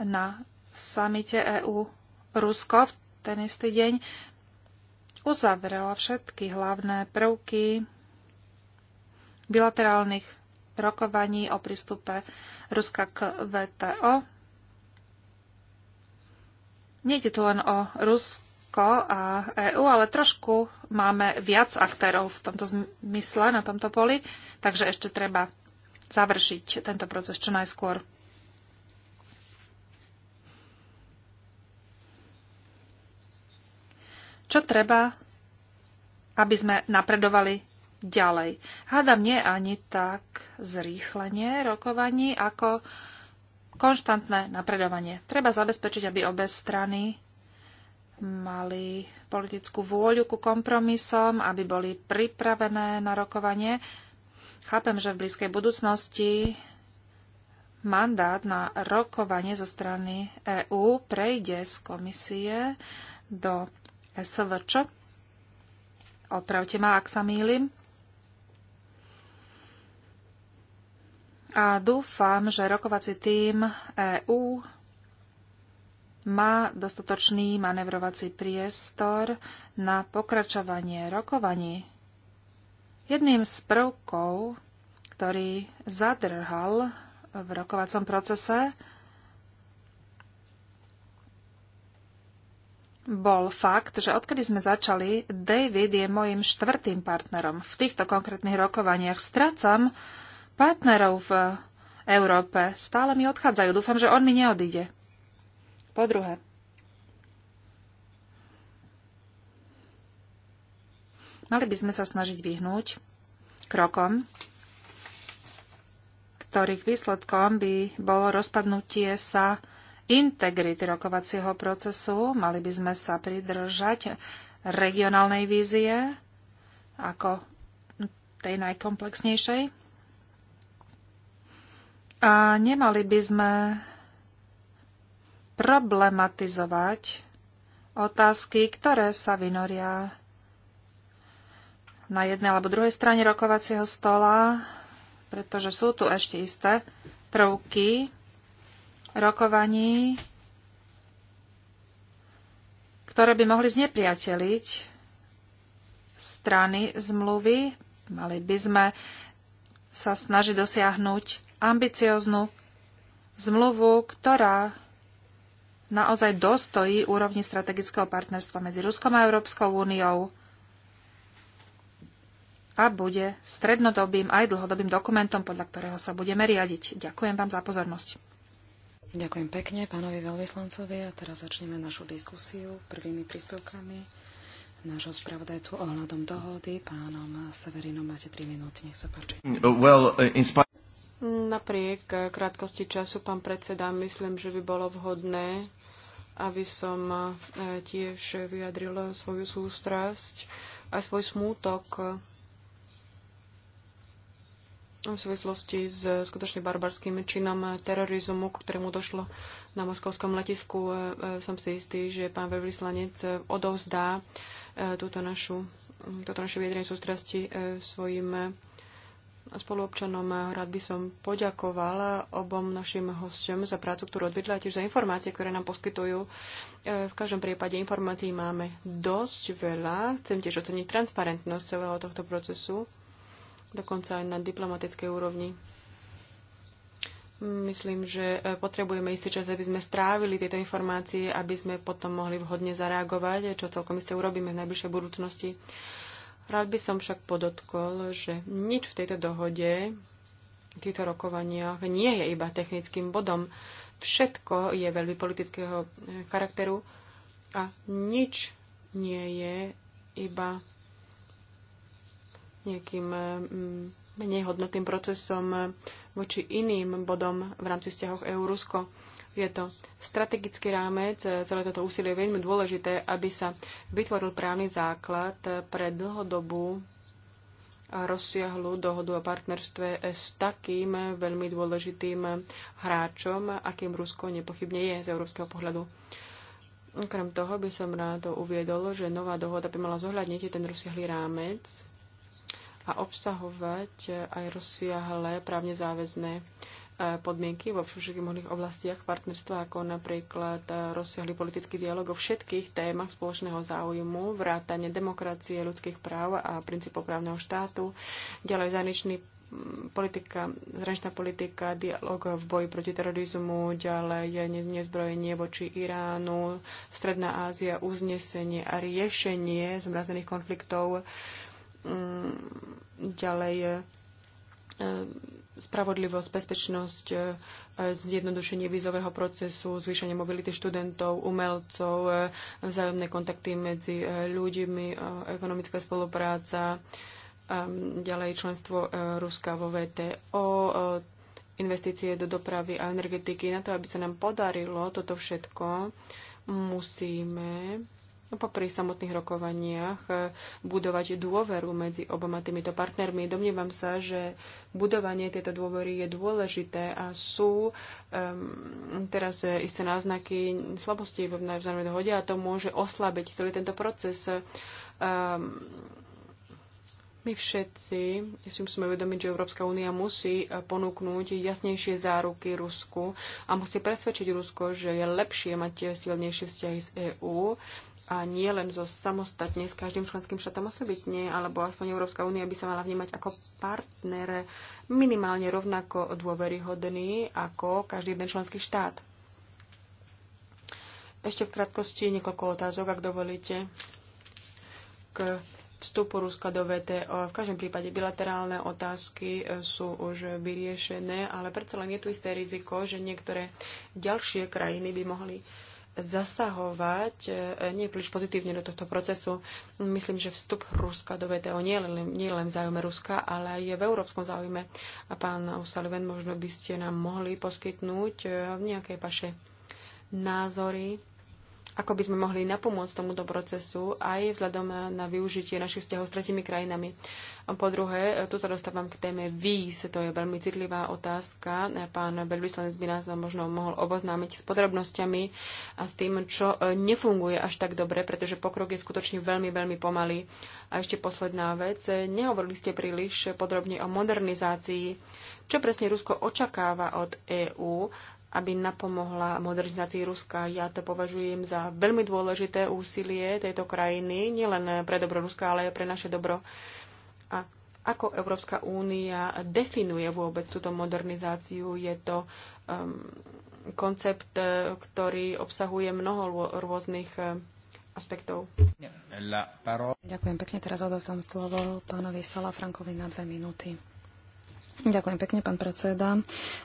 na samite EU Rusko v ten istý deň uzavrela všetky hlavné prvky bilaterálnych rokovaní o prístupe Ruska k VTO. Nejde tu len o Rusko a EU, ale trošku máme viac aktérov v tomto zmysle, na tomto poli, takže ešte treba završiť tento proces čo najskôr. Čo treba, aby sme napredovali ďalej? Hádam nie ani tak zrýchlenie rokovaní, ako konštantné napredovanie. Treba zabezpečiť, aby obe strany mali politickú vôľu ku kompromisom, aby boli pripravené na rokovanie. Chápem, že v blízkej budúcnosti mandát na rokovanie zo strany EÚ prejde z komisie do SVČ. Opravte ma, ak sa mýlim. A dúfam, že rokovací tým EÚ má dostatočný manevrovací priestor na pokračovanie rokovaní. Jedným z prvkov, ktorý zadrhal v rokovacom procese, bol fakt, že odkedy sme začali, David je mojim štvrtým partnerom. V týchto konkrétnych rokovaniach strácam partnerov v Európe. Stále mi odchádzajú. Dúfam, že on mi neodíde. Po druhé. Mali by sme sa snažiť vyhnúť krokom, ktorých výsledkom by bolo rozpadnutie sa integrity rokovacieho procesu. Mali by sme sa pridržať regionálnej vízie ako tej najkomplexnejšej. A nemali by sme problematizovať otázky, ktoré sa vynoria na jednej alebo druhej strane rokovacieho stola, pretože sú tu ešte isté prvky, rokovaní, ktoré by mohli znepriateliť strany zmluvy. Mali by sme sa snažiť dosiahnuť ambicioznú zmluvu, ktorá naozaj dostojí úrovni strategického partnerstva medzi Ruskom a Európskou úniou a bude strednodobým aj dlhodobým dokumentom, podľa ktorého sa budeme riadiť. Ďakujem vám za pozornosť. Ďakujem pekne pánovi veľvyslancovi a teraz začneme našu diskusiu prvými príspevkami nášho spravodajcu ohľadom dohody. Pánom Severinom máte 3 minúty, nech sa páči. Well, uh, Napriek krátkosti času, pán predseda, myslím, že by bolo vhodné, aby som eh, tiež vyjadril svoju sústrasť a svoj smútok v súvislosti s skutočne barbarským činom terorizmu, k ktorému došlo na moskovskom letisku. E, e, som si istý, že pán veľvyslanec odovzdá e, túto našu, toto naše vyjadrenie sústrasti svojim spoluobčanom. Rád by som poďakoval obom našim hostom za prácu, ktorú odvedla, tiež za informácie, ktoré nám poskytujú. V každom prípade informácií máme dosť veľa. Chcem tiež oceniť transparentnosť celého tohto procesu dokonca aj na diplomatickej úrovni. Myslím, že e, potrebujeme istý čas, aby sme strávili tieto informácie, aby sme potom mohli vhodne zareagovať, čo celkom isté urobíme v najbližšej budúcnosti. Rád by som však podotkol, že nič v tejto dohode, v týchto rokovaniach nie je iba technickým bodom. Všetko je veľmi politického e, charakteru a nič nie je iba nejakým mm, menej hodnotným procesom voči iným bodom v rámci vzťahov EU-Rusko. Je to strategický rámec, celé toto úsilie je veľmi dôležité, aby sa vytvoril právny základ pre dlhodobú rozsiahlu dohodu o partnerstve s takým veľmi dôležitým hráčom, akým Rusko nepochybne je z európskeho pohľadu. Okrem toho by som rád uviedol, že nová dohoda by mala zohľadniť ten rozsiahlý rámec a obsahovať e, aj rozsiahle právne záväzné e, podmienky vo všetkých možných oblastiach partnerstva, ako napríklad e, rozsiahly politický dialog o všetkých témach spoločného záujmu, vrátanie demokracie, ľudských práv a princípov právneho štátu, ďalej zahraničný politika, zraničná politika, dialog v boji proti terorizmu, ďalej nezbrojenie voči Iránu, Stredná Ázia, uznesenie a riešenie zmrazených konfliktov, Mm, ďalej e, e, spravodlivosť, bezpečnosť, e, zjednodušenie vízového procesu, zvýšenie mobility študentov, umelcov, vzájomné kontakty medzi ľuďmi, ekonomická spolupráca, ďalej členstvo Ruska vo VTO, investície do dopravy a energetiky. Na to, aby sa nám podarilo toto všetko, musíme No, popri samotných rokovaniach e, budovať dôveru medzi oboma týmito partnermi. Domnievam sa, že budovanie tejto dôvery je dôležité a sú um, teraz e, isté náznaky slabosti v vzájomnej dohode a to môže oslabiť celý tento proces. Um, my všetci si musíme uvedomiť, že Európska únia musí e, ponúknuť jasnejšie záruky Rusku a musí presvedčiť Rusko, že je lepšie mať silnejšie vzťahy z EÚ a nie len zo samostatne s každým členským štátom osobitne, alebo aspoň Európska únia by sa mala vnímať ako partner minimálne rovnako dôveryhodný ako každý jeden členský štát. Ešte v krátkosti niekoľko otázok, ak dovolíte, k vstupu Ruska do VTO. V každom prípade bilaterálne otázky e, sú už vyriešené, ale predsa len je tu isté riziko, že niektoré ďalšie krajiny by mohli uh, zasahovať e, nie príliš pozitívne do tohto procesu. Myslím, že vstup Ruska do VTO nie je len, nie je len v záujme Ruska, ale aj v európskom záujme. A pán O'Sullivan, možno by ste nám mohli poskytnúť e, nejaké vaše názory ako by sme mohli napomôcť tomuto procesu aj vzhľadom na, využitie našich vzťahov s tretimi krajinami. A po druhé, tu sa dostávam k téme víz. To je veľmi citlivá otázka. Pán veľvyslanec by nás možno mohol oboznámiť s podrobnosťami a s tým, čo nefunguje až tak dobre, pretože pokrok je skutočne veľmi, veľmi pomalý. A ešte posledná vec. Nehovorili ste príliš podrobne o modernizácii. Čo presne Rusko očakáva od EÚ aby napomohla modernizácii Ruska. Ja to považujem za veľmi dôležité úsilie tejto krajiny, nielen pre dobro Ruska, ale aj pre naše dobro. A ako Európska únia definuje vôbec túto modernizáciu? Je to um, koncept, eh, ktorý obsahuje mnoho rôznych eh, aspektov. Ďakujem pekne. Teraz odozdám slovo pánovi Sala Frankovi na dve minúty. Ďakujem pekne, pán predseda.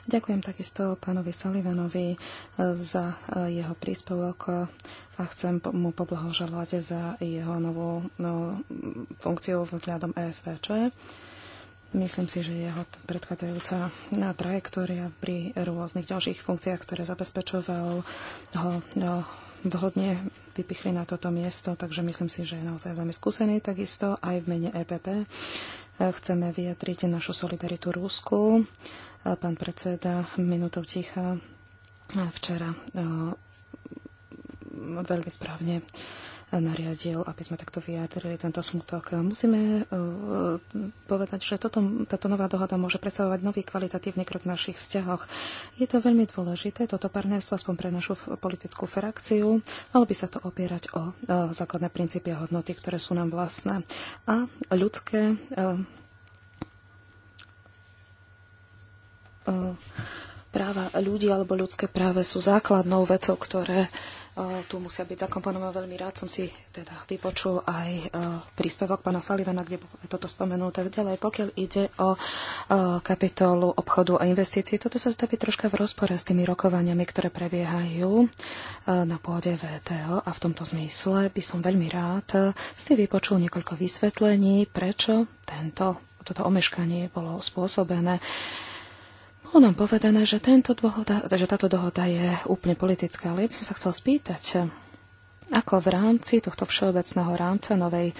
Ďakujem takisto pánovi Salivanovi eh, za eh, jeho príspevok a chcem mu poblahoželať za jeho novú no, funkciu vzhľadom ESVČ. Myslím si, že jeho predchádzajúca eh, trajektória pri rôznych ďalších funkciách, ktoré zabezpečoval ho no, vhodne vypichli na toto miesto, takže myslím si, že je naozaj veľmi skúsený takisto aj v mene EPP. Chceme vyjadriť našu solidaritu Rusku. Pán predseda, minutou ticha včera veľmi správne nariadil, aby sme takto vyjadrili tento smutok. Musíme e, povedať, že toto, táto nová dohoda môže predstavovať nový kvalitatívny krok v našich vzťahoch. Je to veľmi dôležité, toto partnerstvo aspoň pre našu politickú frakciu, Malo by sa to opierať o e, základné princípy a hodnoty, ktoré sú nám vlastné. A ľudské e, práva ľudí alebo ľudské práve sú základnou vecou, ktoré tu musia byť zakomponované. Veľmi rád som si teda vypočul aj príspevok pána Salivana, kde toto spomenul tak ďalej. Pokiaľ ide o kapitolu obchodu a investícií, toto sa zdá byť troška v rozpore s tými rokovaniami, ktoré prebiehajú na pôde VTO a v tomto zmysle by som veľmi rád si vypočul niekoľko vysvetlení, prečo tento, toto omeškanie bolo spôsobené. Uh, bolo nám povedané, že, tento dohoda, že táto dohoda je úplne politická, ale ja by som sa chcel spýtať, ako v rámci tohto všeobecného rámca novej e,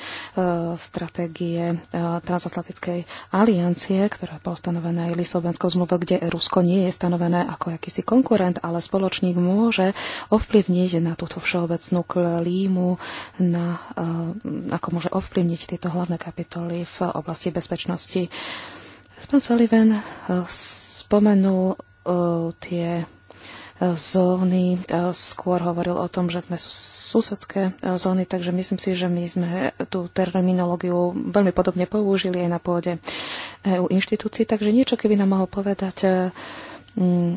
stratégie e, transatlantickej aliancie, ktorá bola stanovená aj Lisabonskou zmluvou, kde Rusko nie je stanovené ako akýsi konkurent, ale spoločník môže ovplyvniť na túto všeobecnú klímu, na, e, ako môže ovplyvniť tieto hlavné kapitoly v oblasti bezpečnosti. E, Pán Sullivan eh, spomenul eh, tie eh, zóny. Skôr hovoril o tom, že sme susedské zóny, takže myslím si, že my sme tú terminológiu veľmi podobne použili aj na pôde EU inštitúcií. Takže niečo, keby nám mohol povedať mm,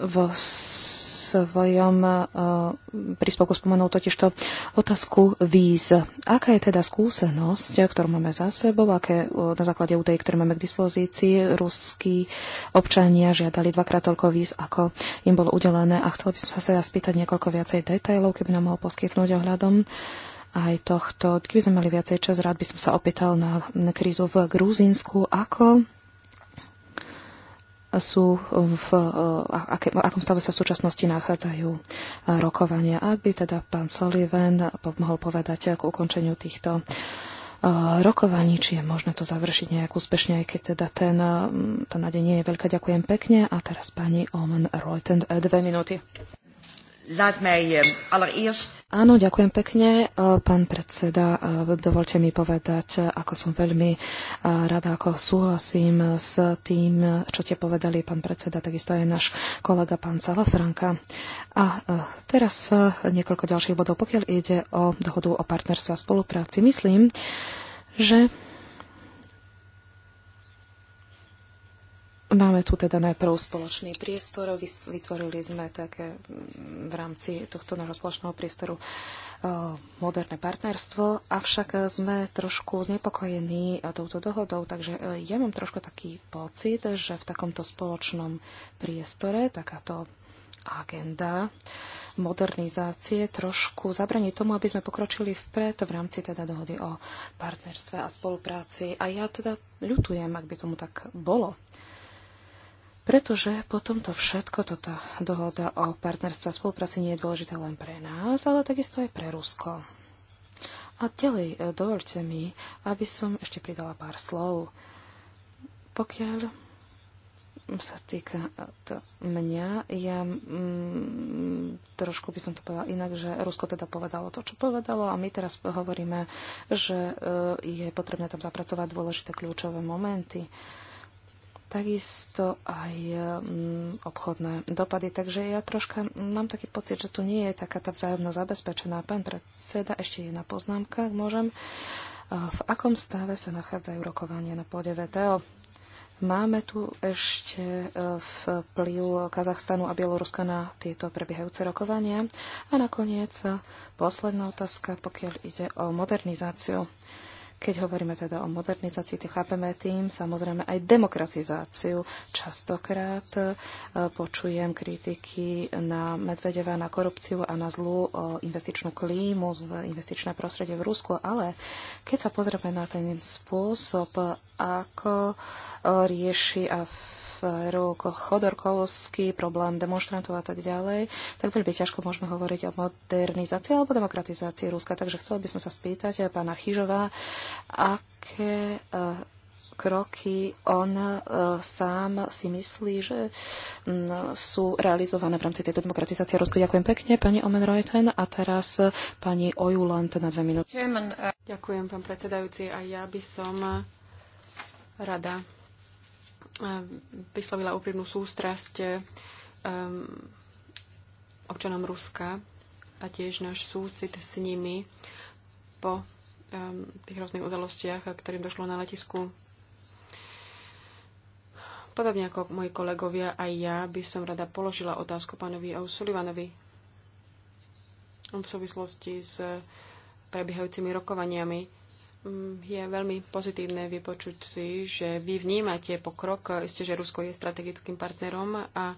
v svojom e, príspevku spomenul totižto otázku víz. Aká je teda skúsenosť, ktorú máme za sebou, aké e, na základe údej, ktoré máme k dispozícii, ruskí občania žiadali dvakrát toľko víz, ako im bolo udelené. A chcel by som sa teda spýtať niekoľko viacej detailov, keby nám mohol poskytnúť ohľadom aj tohto. Keby sme mali viacej čas, rád by som sa opýtal na krízu v Gruzínsku. Ako sú v, e, v akom stave sa v súčasnosti nachádzajú e, rokovania. Ak by teda pán Sullivan mohol povedať e, k ukončeniu týchto rokovaní, či je možné to završiť nejak úspešne, aj keď teda ten, nádej nie je veľká. Ďakujem pekne. A teraz pani Omen Reutend, dve minúty. Ehm, Áno, ďakujem pekne. Pán predseda, dovolte mi povedať, ako som veľmi rada, ako súhlasím s tým, čo ste povedali, pán predseda, takisto aj náš kolega, pán Salafranka. A teraz niekoľko ďalších bodov, pokiaľ ide o dohodu o partnerstve a spolupráci. Myslím, že Máme tu teda najprv spoločný priestor, vytvorili sme také mm, v rámci tohto nášho spoločného priestoru e, moderné partnerstvo, avšak sme trošku znepokojení e, touto dohodou, takže e, ja mám trošku taký pocit, že v takomto spoločnom priestore takáto agenda modernizácie trošku zabraní tomu, aby sme pokročili vpred v rámci teda dohody o partnerstve a spolupráci. A ja teda ľutujem, ak by tomu tak bolo pretože potom to všetko, toto dohoda o partnerstve a spolupráci nie je dôležitá len pre nás, ale takisto aj pre Rusko. A ďalej, e, dovolte mi, aby som ešte pridala pár slov. Pokiaľ sa týka e, to mňa, ja mm, trošku by som to povedala inak, že Rusko teda povedalo to, čo povedalo a my teraz hovoríme, že e, je potrebné tam zapracovať dôležité kľúčové momenty. E, takisto aj mm, obchodné dopady. Takže ja troška mám taký pocit, že tu nie je taká tá vzájomná zabezpečená. Pán predseda, ešte jedna poznámka, ak môžem. V akom stave sa nachádzajú rokovania na pôde VTO? Máme tu ešte e, vplyv Kazachstanu a Bieloruska na tieto prebiehajúce rokovania. A nakoniec e, posledná otázka, pokiaľ ide o modernizáciu keď hovoríme teda o modernizácii, to chápeme tým samozrejme aj demokratizáciu. Častokrát e, počujem kritiky na Medvedeva, na korupciu a na zlú e, investičnú klímu, investičné prostredie v Rusku, ale keď sa pozrieme na ten spôsob, ako e, rieši a Farúk Chodorkovský, problém demonstrantov a tak ďalej, tak veľmi ťažko môžeme hovoriť o modernizácii alebo demokratizácii Ruska. Takže chcel by som sa spýtať aj pána Chyžová, aké e, kroky on e, sám si myslí, že sú realizované v rámci tejto demokratizácie Rusku. Ďakujem pekne, pani Omen Reuten a teraz e, pani Ojulant na dve minúty. Ďakujem, pán predsedajúci, a ja by som rada vyslovila úprimnú sústrasť e, občanom Ruska a tiež náš súcit s nimi po tých rôznych udalostiach, ktorým došlo na letisku. Podobne ako moji kolegovia, aj ja by som rada položila otázku pánovi O'Sullivanovi v súvislosti s prebiehajúcimi rokovaniami Mm, je veľmi pozitívne vypočuť si, že vy vnímate pokrok. Isté, že Rusko je strategickým partnerom a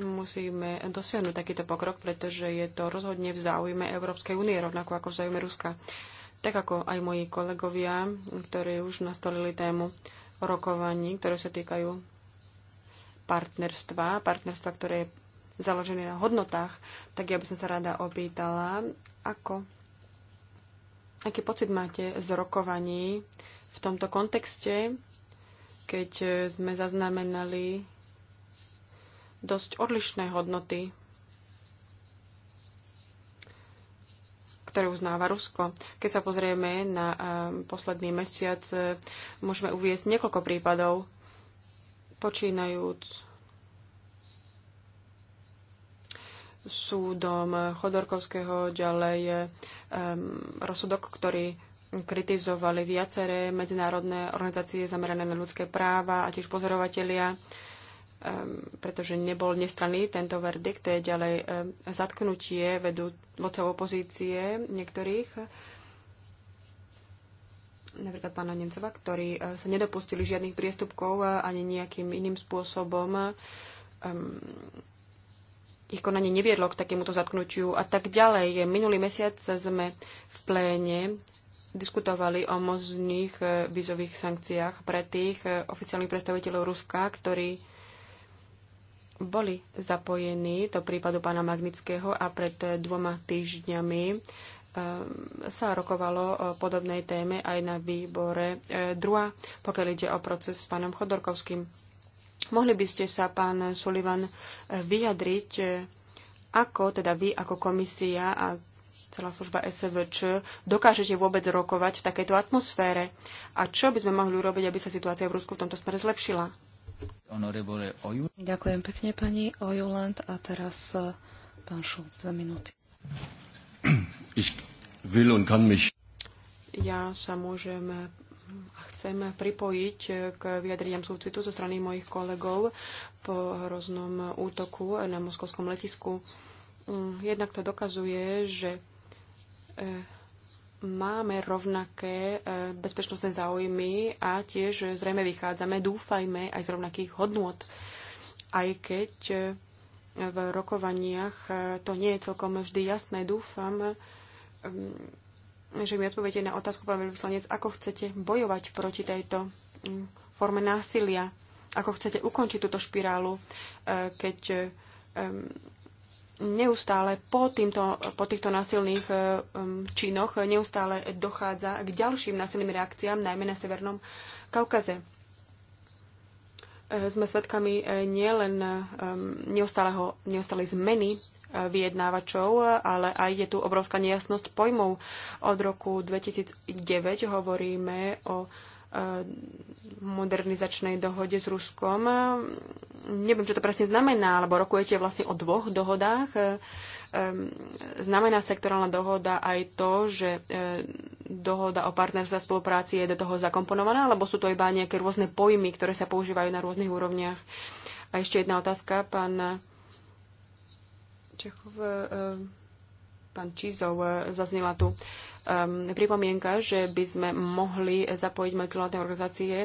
musíme dosiahnuť takýto pokrok, pretože je to rozhodne v záujme Európskej únie, rovnako ako v záujme Ruska. Tak ako aj moji kolegovia, ktorí už nastolili tému rokovaní, ktoré sa týkajú partnerstva, partnerstva, ktoré je založené na hodnotách, tak ja by som sa rada opýtala, ako Aký pocit máte z rokovaní v tomto kontexte, keď sme zaznamenali dosť odlišné hodnoty, ktoré uznáva Rusko. Keď sa pozrieme na eh, posledný mesiac, eh, môžeme uviezť niekoľko prípadov, počínajúc súdom Chodorkovského, ďalej eh, rozsudok, ktorý kritizovali viaceré medzinárodné organizácie zamerané na ľudské práva a tiež pozorovatelia, pretože nebol nestranný tento verdikt, je ďalej zatknutie vedú vodcov opozície niektorých, napríklad pána Nemcova, ktorí eh, sa nedopustili žiadnych priestupkov eh, ani nejakým iným spôsobom ich konanie neviedlo k takémuto zatknutiu a tak ďalej. Minulý mesiac sme v pléne diskutovali o možných e, vízových sankciách pre tých e, oficiálnych predstaviteľov Ruska, ktorí boli zapojení do prípadu pána Magnického a pred e, dvoma týždňami sa rokovalo o podobnej téme aj na výbore druhá, pokiaľ ide o proces s pánom Chodorkovským. Mohli by ste sa, pán Sullivan, e, vyjadriť, e, ako teda vy ako komisia a celá služba SVČ dokážete vôbec rokovať v takejto atmosfére a čo by sme mohli urobiť, aby sa situácia v Rusku v tomto smere zlepšila? Ďakujem pekne, pani Ojuland. A teraz e, pán Šulc, dve minúty. Ja sa môžem a chcem pripojiť k vyjadreniam súcitu zo strany mojich kolegov po hroznom útoku na moskovskom letisku. Mm, jednak to dokazuje, že e, máme rovnaké e, bezpečnostné záujmy a tiež zrejme vychádzame, dúfajme, aj z rovnakých hodnôt, aj keď e, v rokovaniach to nie je celkom vždy jasné. Dúfam, že mi odpoviete na otázku, pán veľvyslanec, ako chcete bojovať proti tejto mm, forme násilia, ako chcete ukončiť túto špirálu, e, keď e, mm, neustále po, týmto, po týchto násilných e, mm, činoch neustále dochádza k ďalším násilným reakciám, najmä na Severnom Kaukaze. Sme svedkami nielen neustáleho, neustálej zmeny vyjednávačov, ale aj je tu obrovská nejasnosť pojmov. Od roku 2009 hovoríme o e, modernizačnej dohode s Ruskom. Neviem, čo to presne znamená, lebo rokujete vlastne o dvoch dohodách. E, e, znamená sektorálna dohoda aj to, že dohoda o partnerstve a spolupráci je do toho zakomponovaná, alebo sú to iba nejaké rôzne pojmy, ktoré sa používajú na rôznych úrovniach. A ešte jedna otázka, pán Čechov, e, pán Čízov, e, zaznela tu pripomienka, že by sme mohli zapojiť medzinárodné organizácie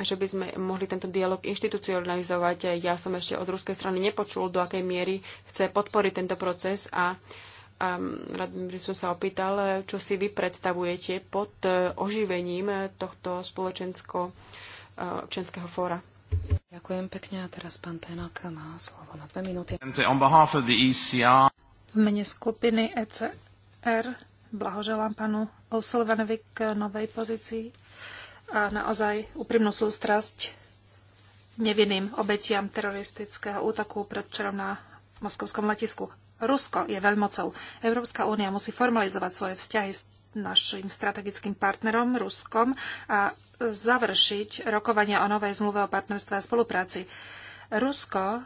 že by sme mohli tento dialog inštitucionalizovať. Ja som ešte od ruskej strany nepočul, do akej miery chce podporiť tento proces a, rád by som sa opýtal, čo si vy predstavujete pod e, oživením tohto spoločensko-občanského fóra. Ďakujem pekne a teraz pán Tenok má slovo na dve minúty. E v mene skupiny ECR blahoželám pánu O'Sullivanovi k novej pozícii a naozaj úprimnú sústrasť nevinným obetiam teroristického útoku predvčerom na moskovskom letisku. Rusko je veľmocou. Európska únia musí formalizovať svoje vzťahy s našim strategickým partnerom Ruskom a završiť rokovania o novej zmluve o partnerstve a spolupráci. Rusko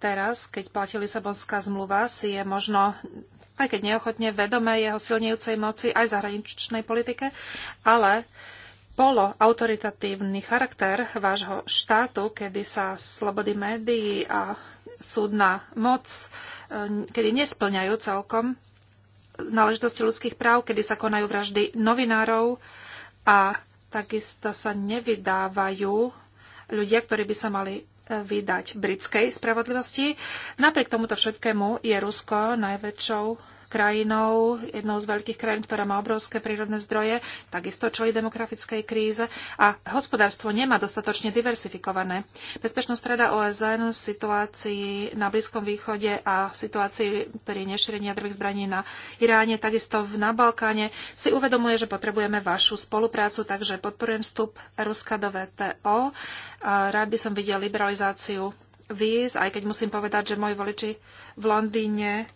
teraz, keď platí Lisabonská zmluva, si je možno, aj keď neochotne, vedomé jeho silnejúcej moci aj zahraničnej politike, ale poloautoritatívny charakter vášho štátu, kedy sa slobody médií a súdna moc, eh, kedy nesplňajú celkom náležitosti ľudských práv, kedy sa konajú vraždy novinárov a Takisto sa nevydávajú ľudia, ktorí by sa mali e, vydať britskej spravodlivosti. Napriek tomuto všetkému je Rusko najväčšou krajinou, jednou z veľkých krajín, ktorá má obrovské prírodné zdroje, takisto čeli demografickej kríze a hospodárstvo nemá dostatočne diversifikované. Bezpečnosť rada OSN v situácii na Blízkom východe a v situácii pri nešírení jadrových zbraní na Iráne, takisto na Balkáne, si uvedomuje, že potrebujeme vašu spoluprácu, takže podporujem vstup Ruska do VTO. Rád by som videl liberalizáciu víz, aj keď musím povedať, že moji voliči v Londýne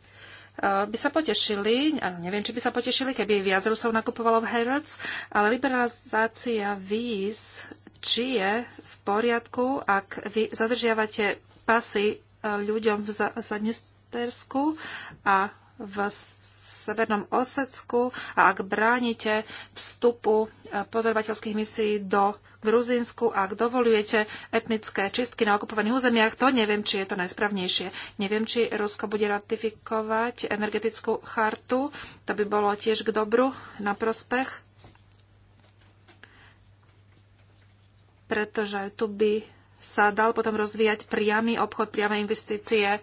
Eh, by sa potešili, a neviem, či by sa potešili, keby viac Rusov nakupovalo v Harrods, ale liberalizácia víz, či je v poriadku, ak vy zadržiavate pasy eh, ľuďom v Zadnestersku a v Severnom Osecku a ak bránite vstupu e, pozorovateľských misií do Gruzínsku, ak dovolujete etnické čistky na okupovaných územiach, to neviem, či je to najsprávnejšie. Neviem, či Rusko bude ratifikovať energetickú chartu. To by bolo tiež k dobru, na prospech. Pretože tu by sa dal potom rozvíjať priamy obchod, priame investície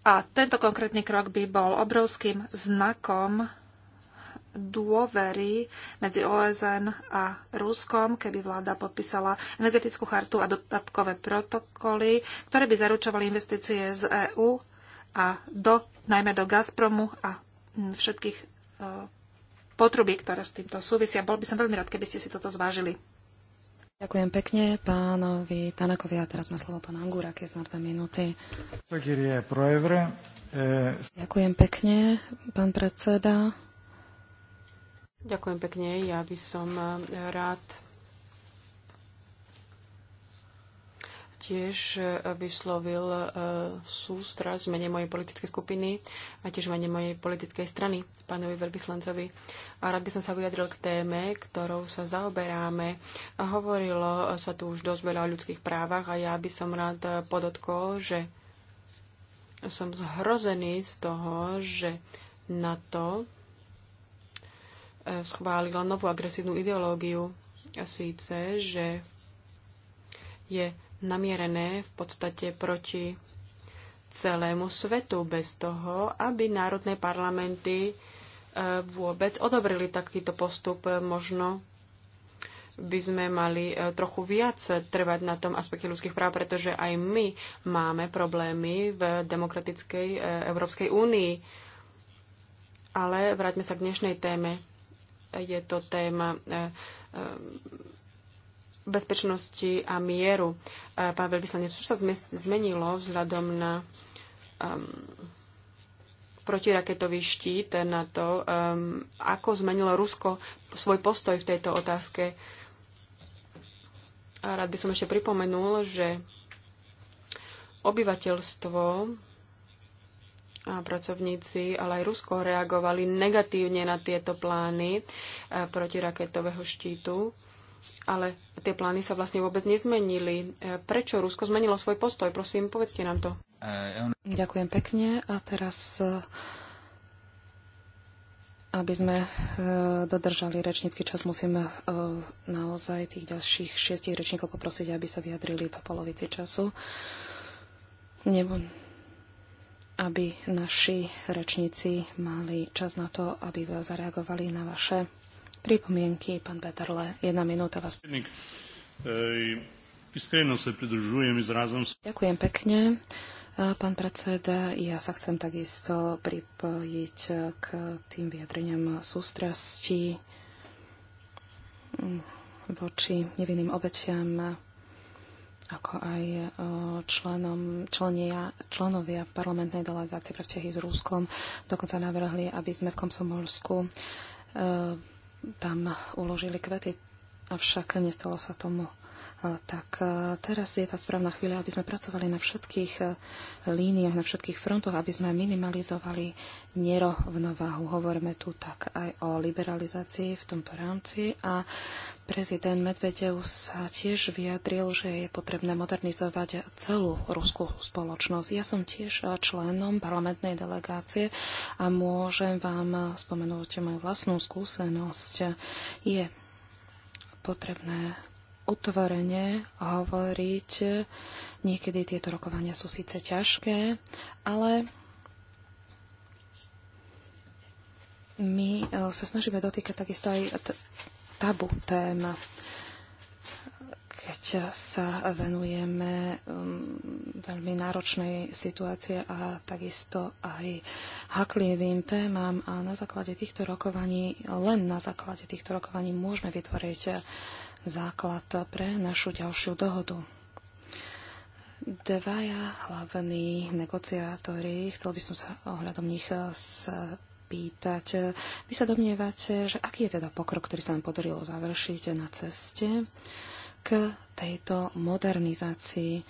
a tento konkrétny krok by bol obrovským znakom dôvery medzi OSN a Ruskom, keby vláda podpísala energetickú chartu a dodatkové protokoly, ktoré by zaručovali investície z EÚ a do, najmä do Gazpromu a všetkých e, potrubí, ktoré s týmto súvisia. Bol by som veľmi rád, keby ste si toto zvážili. Ďakujem pekne pánovi Tanakovi a teraz má slovo pán Angúra, keď na dve minúty. Ďakujem pekne, pán predseda. Ďakujem pekne. Ja by som rád tiež e, vyslovil e, sústrasť v mene mojej politickej skupiny a tiež v mene mojej politickej strany pánovi veľvyslancovi. A rád by som sa vyjadril k téme, ktorou sa zaoberáme. A hovorilo sa tu už dosť veľa o ľudských právach a ja by som rád podotkol, že som zhrozený z toho, že na to e, schválila novú agresívnu ideológiu. A síce, že je namierené v podstate proti celému svetu bez toho, aby národné parlamenty e, vôbec odobrili takýto postup. Možno by sme mali e, trochu viac trvať na tom aspekte ľudských práv, pretože aj my máme problémy v demokratickej e, Európskej únii. Ale vráťme sa k dnešnej téme. Je to téma bezpečnosti a mieru. E, pán veľvyslanec, čo sa zmenilo vzhľadom na um, protiraketový štít na to, um, ako zmenilo Rusko svoj postoj v tejto otázke. A rád by som ešte pripomenul, že obyvateľstvo a pracovníci, ale aj Rusko reagovali negatívne na tieto plány e, protiraketového štítu ale tie plány sa vlastne vôbec nezmenili. E, prečo Rusko zmenilo svoj postoj? Prosím, povedzte nám to. E, Ďakujem pekne. A teraz e, aby sme dodržali rečnícky čas, musíme naozaj tých ďalších šiestich rečníkov poprosiť, aby sa vyjadrili po polovici času. Nebo, aby naši rečníci mali čas na to, aby zareagovali na vaše pripomienky. Pán Peterle, jedna minúta vás. E, Ďakujem pekne. E, pán predseda, ja sa chcem takisto pripojiť k tým vyjadreniam sústrasti mm, voči nevinným obeťam ako aj e, členom, členia, členovia parlamentnej delegácie pre vzťahy s Rúskom dokonca navrhli, aby sme v Komsomorsku tam uložili kvety, avšak nestalo sa tomu E, tak e, teraz je tá správna chvíľa, aby sme pracovali na všetkých e, líniách, na všetkých frontoch, aby sme minimalizovali nerovnováhu. Hovoríme tu tak aj o liberalizácii v tomto rámci a prezident Medvedev sa tiež vyjadril, že je potrebné modernizovať celú ruskú spoločnosť. Ja som tiež členom parlamentnej delegácie a môžem vám spomenúť moju vlastnú skúsenosť. Je potrebné otvorene hovoriť. Niekedy tieto rokovania sú síce ťažké, ale my eh, sa snažíme dotýkať takisto aj tabu tém keď sa venujeme um, veľmi náročnej situácie a takisto aj haklivým témam a na základe týchto rokovaní, len na základe týchto rokovaní môžeme vytvoriť základ pre našu ďalšiu dohodu. Dvaja hlavní negociátori, chcel by som sa ohľadom nich eh, spýtať. Eh, vy sa domnievate, že aký je teda pokrok, ktorý sa nám podarilo završiť na ceste k tejto modernizácii.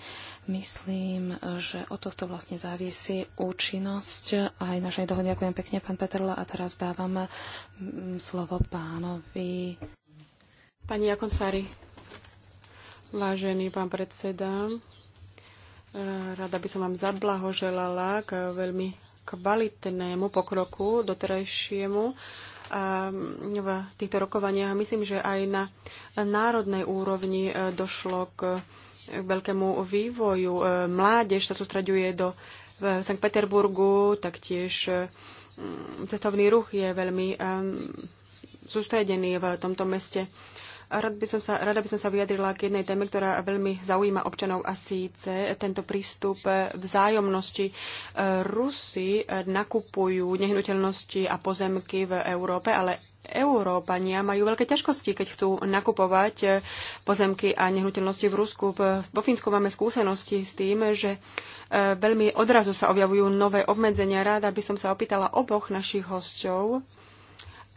Myslím, že od tohto vlastne závisí účinnosť aj našej dohody. Ďakujem pekne, pán Petrla. A teraz dávam mm, slovo pánovi Pani Jakonsári, vážený pán predseda, eh, rada by som vám zablahoželala k veľmi kvalitnému pokroku doterajšiemu mm, v týchto rokovaniach. Myslím, že aj na národnej úrovni eh, došlo eh, k veľkému vývoju. Mládež sa sústraďuje do Sankt Peterburgu, taktiež mm, cestovný ruch je veľmi sústredený v tomto meste. Rad by som sa, rada by som sa vyjadrila k jednej téme, ktorá veľmi zaujíma občanov a síce tento prístup vzájomnosti. Rusi nakupujú nehnuteľnosti a pozemky v Európe, ale Európania majú veľké ťažkosti, keď chcú nakupovať pozemky a nehnuteľnosti v Rusku. Vo Fínsku máme skúsenosti s tým, že e, veľmi odrazu sa objavujú nové obmedzenia. Ráda by som sa opýtala oboch našich hostov,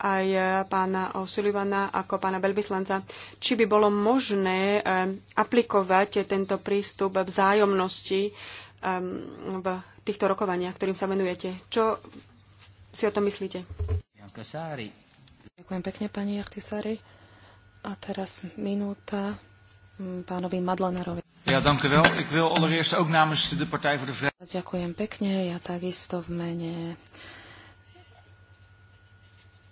aj e, pána Osulivana ako pána Belbyslanca, či by bolo možné e, aplikovať tento prístup vzájomnosti e, v týchto rokovaniach, ktorým sa venujete. Čo si o tom myslíte? Ďakujem pekne, pani Jachtisari. A teraz minúta pánovi Madlenerovi. Ja, dank wel. Ik wil allereerst ook namens de Partij voor de Vrijheid... Ďakujem pekne. Ja takisto v mene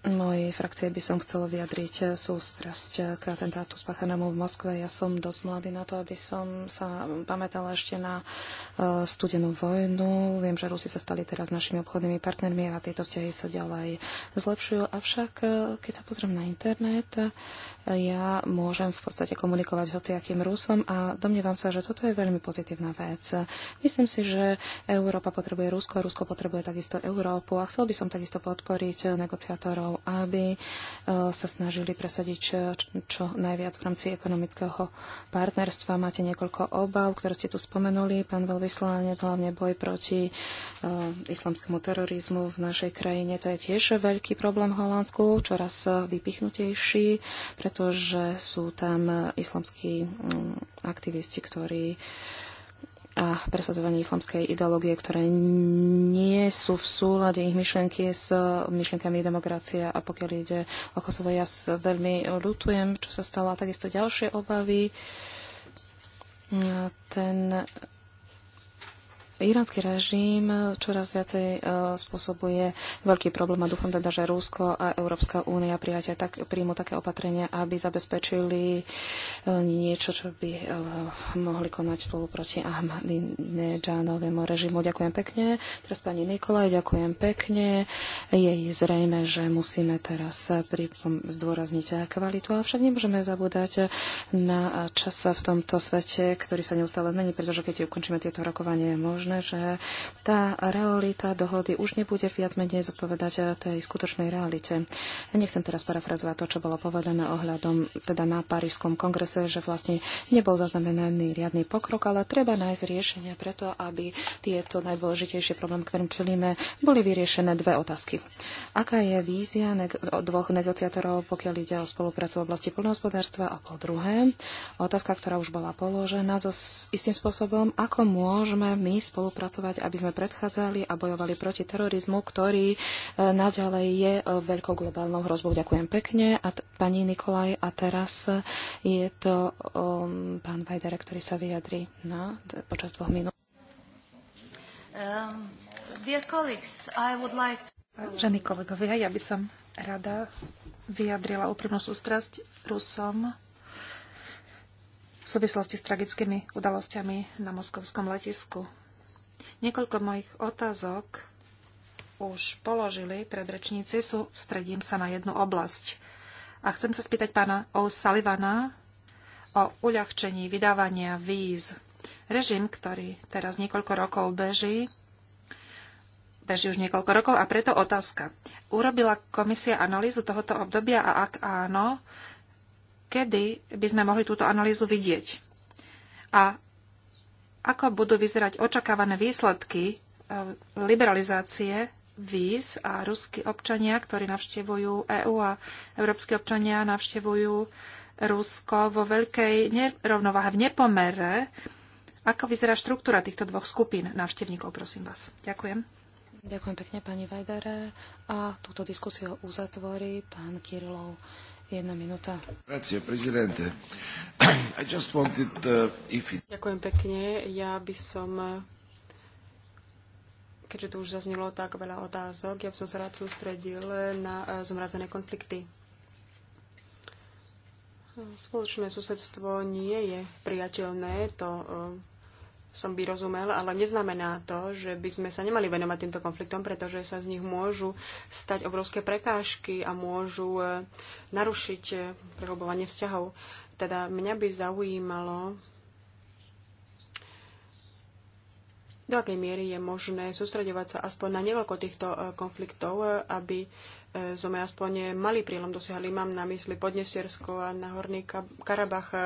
mojej frakcie by som chcela vyjadriť eh, sústrasť k atentátu spáchanému v Moskve. Ja som dosť mladý na to, aby som sa pamätala ešte na uh, studenú vojnu. Viem, že Rusi sa stali teraz našimi obchodnými partnermi a tieto vzťahy sa ďalej zlepšujú. Avšak, eh, keď sa pozriem na internet, ja môžem v podstate komunikovať hociakým Rusom a domnievam sa, že toto je veľmi pozitívna vec. Myslím si, že Európa potrebuje Rusko, Rusko potrebuje takisto Európu a chcel by som takisto podporiť negociátorov občanov, aby e, sa snažili presadiť e, čo, čo najviac v rámci ekonomického partnerstva. Máte niekoľko obav, ktoré ste tu spomenuli, pán veľvyslanec, hlavne boj proti e, islamskému terorizmu v našej krajine. To je tiež veľký problém v Holandsku, čoraz vypichnutejší, pretože sú tam islamskí aktivisti, ktorí a presadzovanie islamskej ideológie, ktoré nie sú v súlade ich myšlienky s myšlienkami demokracie. A pokiaľ ide o Kosovo, ja veľmi ľutujem, čo sa stalo. A takisto ďalšie obavy. Ten Iránsky režim čoraz viacej e, spôsobuje veľký problém a dúfam teda, že Rúsko a Európska únia prijatia tak, príjmu také opatrenia, aby zabezpečili e, niečo, čo by e, mohli konať spolu proti Ahmadinejadovému režimu. Ďakujem pekne. Teraz pani Nikolaj, ďakujem pekne. Je zrejme, že musíme teraz zdôrazniť kvalitu, ale však nemôžeme zabúdať na čas v tomto svete, ktorý sa neustále mení, pretože keď ukončíme tieto rokovanie, je možné možné, že tá realita dohody už nebude viac menej zodpovedať eh, tej skutočnej realite. Ja nechcem teraz parafrazovať to, čo bolo povedané ohľadom teda na Parížskom kongrese, že vlastne nebol zaznamenaný riadny pokrok, ale treba nájsť riešenia preto, aby tieto najdôležitejšie problémy, ktorým čelíme, boli vyriešené dve otázky. Aká je vízia neg- dvoch negociátorov, pokiaľ ide o spoluprácu v oblasti poľnohospodárstva a po druhé, otázka, ktorá už bola položená so istým spôsobom, ako môžeme my spolu spolupracovať, aby sme predchádzali a bojovali proti terorizmu, ktorý e, naďalej je e, veľkou globálnou hrozbou. Ďakujem pekne. A pani Nikolaj, a teraz je to um, pán Vajdere, ktorý sa vyjadrí na, počas dvoch minút. Um, dear colleagues, I would like to... kolegovia, ja by som rada vyjadrila úprimnú sústrasť Rusom v súvislosti s tragickými udalosťami na moskovskom letisku. Niekoľko mojich otázok už položili predrečníci, stredím sa na jednu oblasť. A chcem sa spýtať pána O'Sullivana o uľahčení vydávania víz. Režim, ktorý teraz niekoľko rokov beží, beží už niekoľko rokov a preto otázka. Urobila komisia analýzu tohoto obdobia a ak áno, kedy by sme mohli túto analýzu vidieť? A ako budú vyzerať očakávané výsledky e, liberalizácie víz a ruskí občania, ktorí navštevujú EÚ a európsky občania navštevujú Rusko vo veľkej nerovnováhe, v nepomere. Ako vyzerá štruktúra týchto dvoch skupín návštevníkov, prosím vás? Ďakujem. Ďakujem pekne, pani Vajdare. A túto diskusiu uzatvorí pán Kirilov. Jedna minúta. Uh, Ďakujem pekne. Ja by som, keďže tu už zaznelo tak veľa otázok, ja by som sa rád sústredil na eh, zmrazené konflikty. Spoločné susedstvo nie je priateľné, to eh, som by rozumel, ale neznamená to, že by sme sa nemali venovať týmto konfliktom, pretože sa z nich môžu stať obrovské prekážky a môžu e, narušiť e, prehobovanie vzťahov. Teda mňa by zaujímalo, do akej miery je možné sústredovať sa aspoň na niekoľko týchto e, konfliktov, aby sme aspoň malý prílom dosiahli. Mám na mysli Podnestersko a na Horný Karabach, e,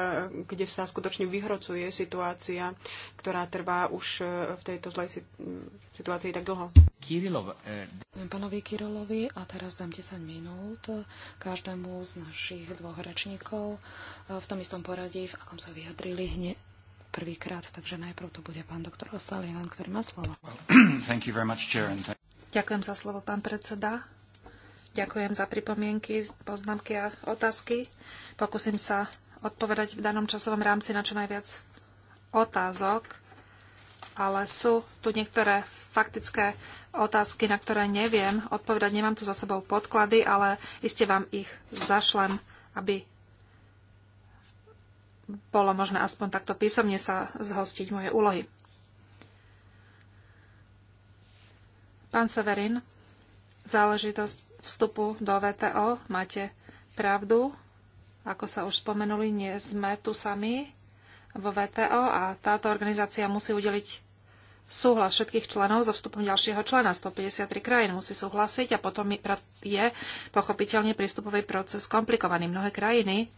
kde sa skutočne vyhrocuje situácia, ktorá trvá už e, v tejto zlej situácii tak dlho. Kirilov. Eh... Pánovi Kirilovi a teraz dám 10 minút každému z našich dvoch rečníkov e, v tom istom poradí, v akom sa vyjadrili hneď prvýkrát, takže najprv to bude pán doktor Osalivan, ktorý má slovo. Well, much, Ďakujem za slovo, pán predseda. Ďakujem za pripomienky, poznámky a otázky. Pokúsim sa odpovedať v danom časovom rámci na čo najviac otázok, ale sú tu niektoré faktické otázky, na ktoré neviem odpovedať. Nemám tu za sebou podklady, ale iste vám ich zašlem, aby bolo možné aspoň takto písomne sa zhostiť moje úlohy. Pán Severin, záležitosť vstupu do VTO. Máte pravdu, ako sa už spomenuli, nie sme tu sami vo VTO a táto organizácia musí udeliť súhlas všetkých členov so vstupom ďalšieho člena. 153 krajín musí súhlasiť a potom je pochopiteľne prístupový proces komplikovaný. Mnohé krajiny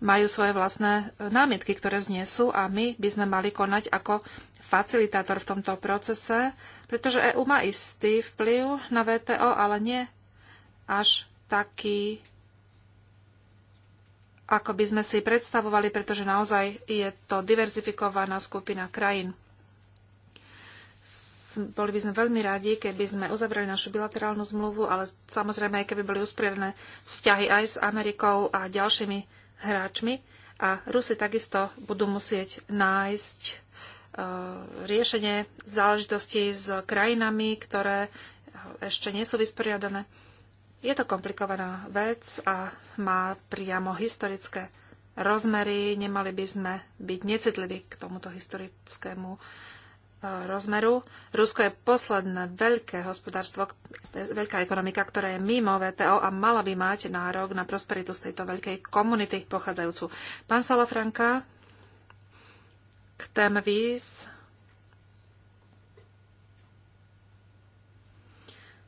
majú svoje vlastné námietky, ktoré vznesú a my by sme mali konať ako facilitátor v tomto procese, pretože EU má istý vplyv na VTO, ale nie až taký, ako by sme si predstavovali, pretože naozaj je to diverzifikovaná skupina krajín. Boli by sme veľmi radi, keby sme uzavreli našu bilaterálnu zmluvu, ale samozrejme aj keby boli usporiadané vzťahy aj s Amerikou a ďalšími hráčmi. A Rusi takisto budú musieť nájsť e, riešenie záležitosti s krajinami, ktoré ešte nie sú vysporiadané. Je to komplikovaná vec a má priamo historické rozmery. Nemali by sme byť necitliví k tomuto historickému e, rozmeru. Rusko je posledné veľké hospodárstvo, veľká ekonomika, ktorá je mimo VTO a mala by mať nárok na prosperitu z tejto veľkej komunity pochádzajúcu. Pán Salafranka, k téme víz.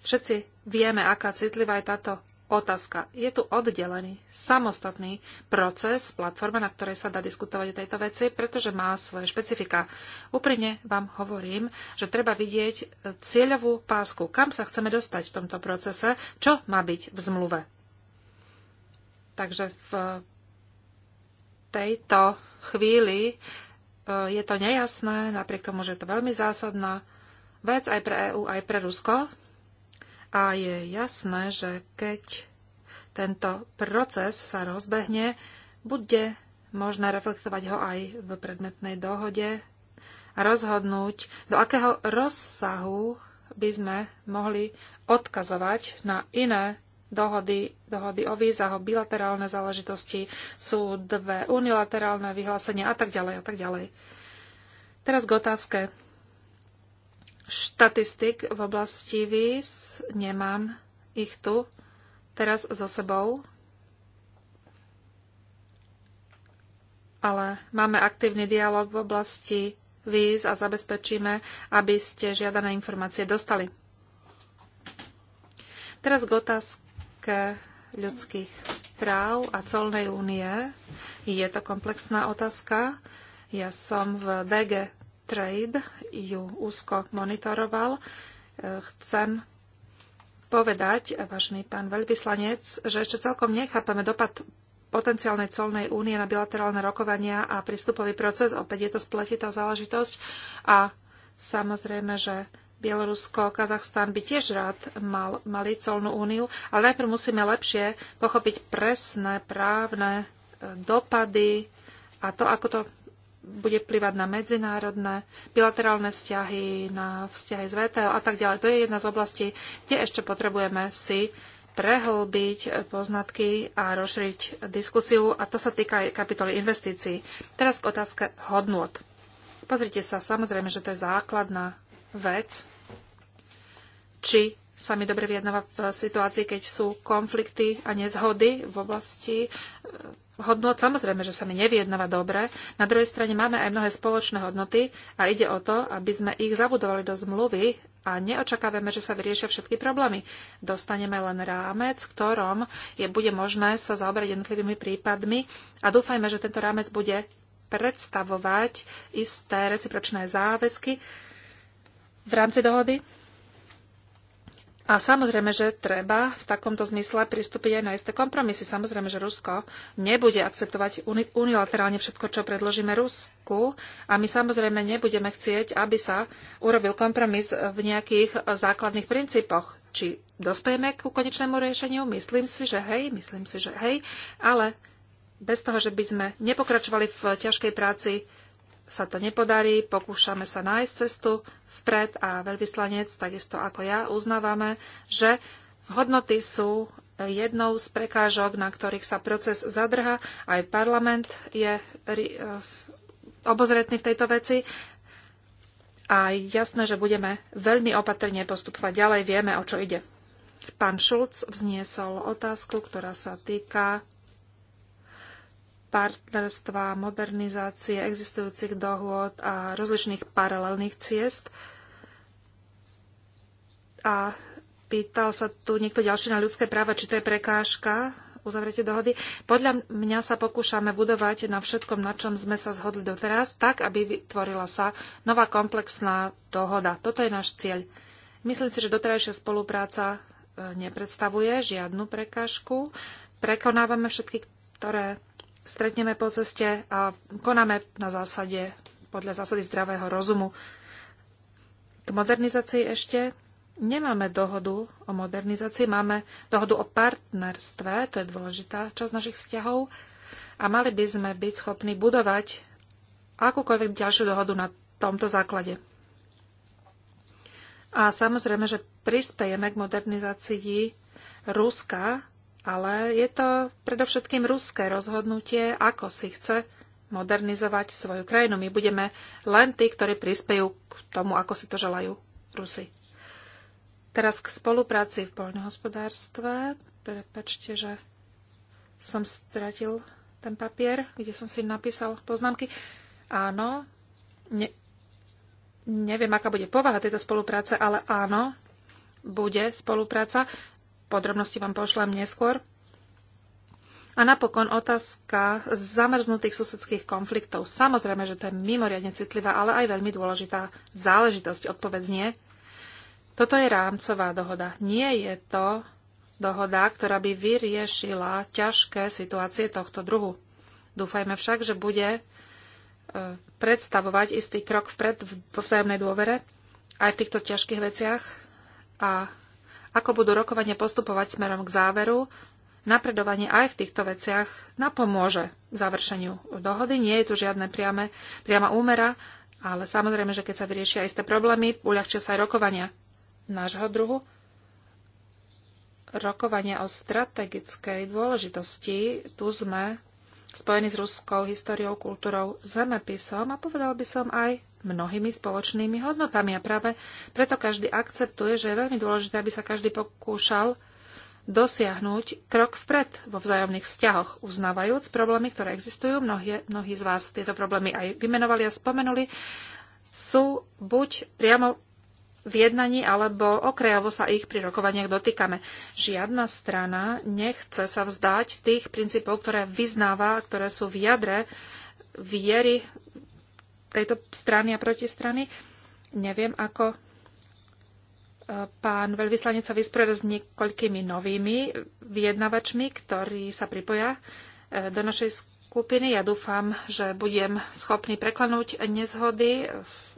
Všetci vieme, aká citlivá je táto otázka. Je tu oddelený, samostatný proces, platforma, na ktorej sa dá diskutovať o tejto veci, pretože má svoje špecifika. Úprimne vám hovorím, že treba vidieť cieľovú pásku, kam sa chceme dostať v tomto procese, čo má byť v zmluve. Takže v tejto chvíli e, je to nejasné, napriek tomu, že je to veľmi zásadná vec aj pre EÚ, aj pre Rusko, a je jasné, že keď tento proces sa rozbehne, bude možné reflektovať ho aj v predmetnej dohode a rozhodnúť, do akého rozsahu by sme mohli odkazovať na iné dohody, dohody o vízach, o bilaterálne záležitosti, sú dve unilaterálne vyhlásenia a tak ďalej a tak ďalej. Teraz k otázke štatistik v oblasti víz. Nemám ich tu teraz za sebou. Ale máme aktívny dialog v oblasti víz a zabezpečíme, aby ste žiadané informácie dostali. Teraz k otázke ľudských práv a colnej únie. Je to komplexná otázka. Ja som v DG Trade ju úzko monitoroval. E, chcem povedať, vážny pán veľvyslanec, že ešte celkom nechápame dopad potenciálnej colnej únie na bilaterálne rokovania a prístupový proces. Opäť je to spletitá záležitosť a samozrejme, že Bielorusko, Kazachstán by tiež rád mal, mali colnú úniu, ale najprv musíme lepšie pochopiť presné právne e, dopady a to, ako to bude plývať na medzinárodné, bilaterálne vzťahy, na vzťahy z VTO a tak ďalej. To je jedna z oblastí, kde ešte potrebujeme si prehlbiť poznatky a rozšíriť diskusiu a to sa týka aj kapitoly investícií. Teraz k otázke hodnot. Pozrite sa, samozrejme, že to je základná vec, či sa mi dobre vyjednáva v situácii, keď sú konflikty a nezhody v oblasti hodnot. Samozrejme, že sa mi nevyjednáva dobre. Na druhej strane máme aj mnohé spoločné hodnoty a ide o to, aby sme ich zabudovali do zmluvy a neočakávame, že sa vyriešia všetky problémy. Dostaneme len rámec, v ktorom je, bude možné sa zaoberať jednotlivými prípadmi a dúfajme, že tento rámec bude predstavovať isté recipročné záväzky v rámci dohody a samozrejme, že treba v takomto zmysle pristúpiť aj na isté kompromisy. Samozrejme, že Rusko nebude akceptovať unilaterálne všetko, čo predložíme Rusku a my samozrejme nebudeme chcieť, aby sa urobil kompromis v nejakých základných princípoch. Či dospejeme ku konečnému riešeniu? Myslím si, že hej, myslím si, že hej, ale bez toho, že by sme nepokračovali v ťažkej práci sa to nepodarí, pokúšame sa nájsť cestu vpred a veľvyslanec, takisto ako ja, uznávame, že hodnoty sú jednou z prekážok, na ktorých sa proces zadrha. Aj parlament je e, obozretný v tejto veci. A jasné, že budeme veľmi opatrne postupovať ďalej, vieme, o čo ide. Pán Šulc vzniesol otázku, ktorá sa týka partnerstva, modernizácie existujúcich dohôd a rozličných paralelných ciest. A pýtal sa tu niekto ďalší na ľudské práva, či to je prekážka uzavretie dohody. Podľa mňa sa pokúšame budovať na všetkom, na čom sme sa zhodli doteraz, tak, aby vytvorila sa nová komplexná dohoda. Toto je náš cieľ. Myslím si, že doterajšia spolupráca e, nepredstavuje žiadnu prekážku. Prekonávame všetky, ktoré stretneme po ceste a konáme na zásade, podľa zásady zdravého rozumu. K modernizácii ešte nemáme dohodu o modernizácii, máme dohodu o partnerstve, to je dôležitá časť našich vzťahov a mali by sme byť schopní budovať akúkoľvek ďalšiu dohodu na tomto základe. A samozrejme, že prispejeme k modernizácii Ruska ale je to predovšetkým ruské rozhodnutie, ako si chce modernizovať svoju krajinu. My budeme len tí, ktorí prispejú k tomu, ako si to želajú Rusy. Teraz k spolupráci v poľnohospodárstve. Prepačte, že som stratil ten papier, kde som si napísal poznámky. Áno, ne, neviem, aká bude povaha tejto spolupráce, ale áno, bude spolupráca. Podrobnosti vám pošlem neskôr. A napokon otázka zamrznutých susedských konfliktov. Samozrejme, že to je mimoriadne citlivá, ale aj veľmi dôležitá záležitosť. Odpoveď nie. Toto je rámcová dohoda. Nie je to dohoda, ktorá by vyriešila ťažké situácie tohto druhu. Dúfajme však, že bude e, predstavovať istý krok vpred vo vzájomnej dôvere aj v týchto ťažkých veciach a ako budú rokovania postupovať smerom k záveru, napredovanie aj v týchto veciach napomôže završeniu dohody. Nie je tu žiadne priame, priama úmera, ale samozrejme, že keď sa vyriešia isté problémy, uľahčia sa aj rokovania nášho druhu. Rokovania o strategickej dôležitosti, tu sme spojení s ruskou históriou, kultúrou, zemepisom a povedal by som aj mnohými spoločnými hodnotami. A práve preto každý akceptuje, že je veľmi dôležité, aby sa každý pokúšal dosiahnuť krok vpred vo vzájomných vzťahoch, uznávajúc problémy, ktoré existujú. Mnohie, mnohí z vás tieto problémy aj vymenovali a spomenuli. Sú buď priamo v jednaní alebo okrajovo sa ich pri rokovaniach dotýkame. Žiadna strana nechce sa vzdať tých princípov, ktoré vyznáva, ktoré sú v jadre viery tejto strany a protistrany. Neviem, ako e, pán veľvyslanec sa vysporiada s niekoľkými novými vyjednavačmi, ktorí sa pripoja e, do našej skupiny. Ja dúfam, že budem schopný preklenúť nezhody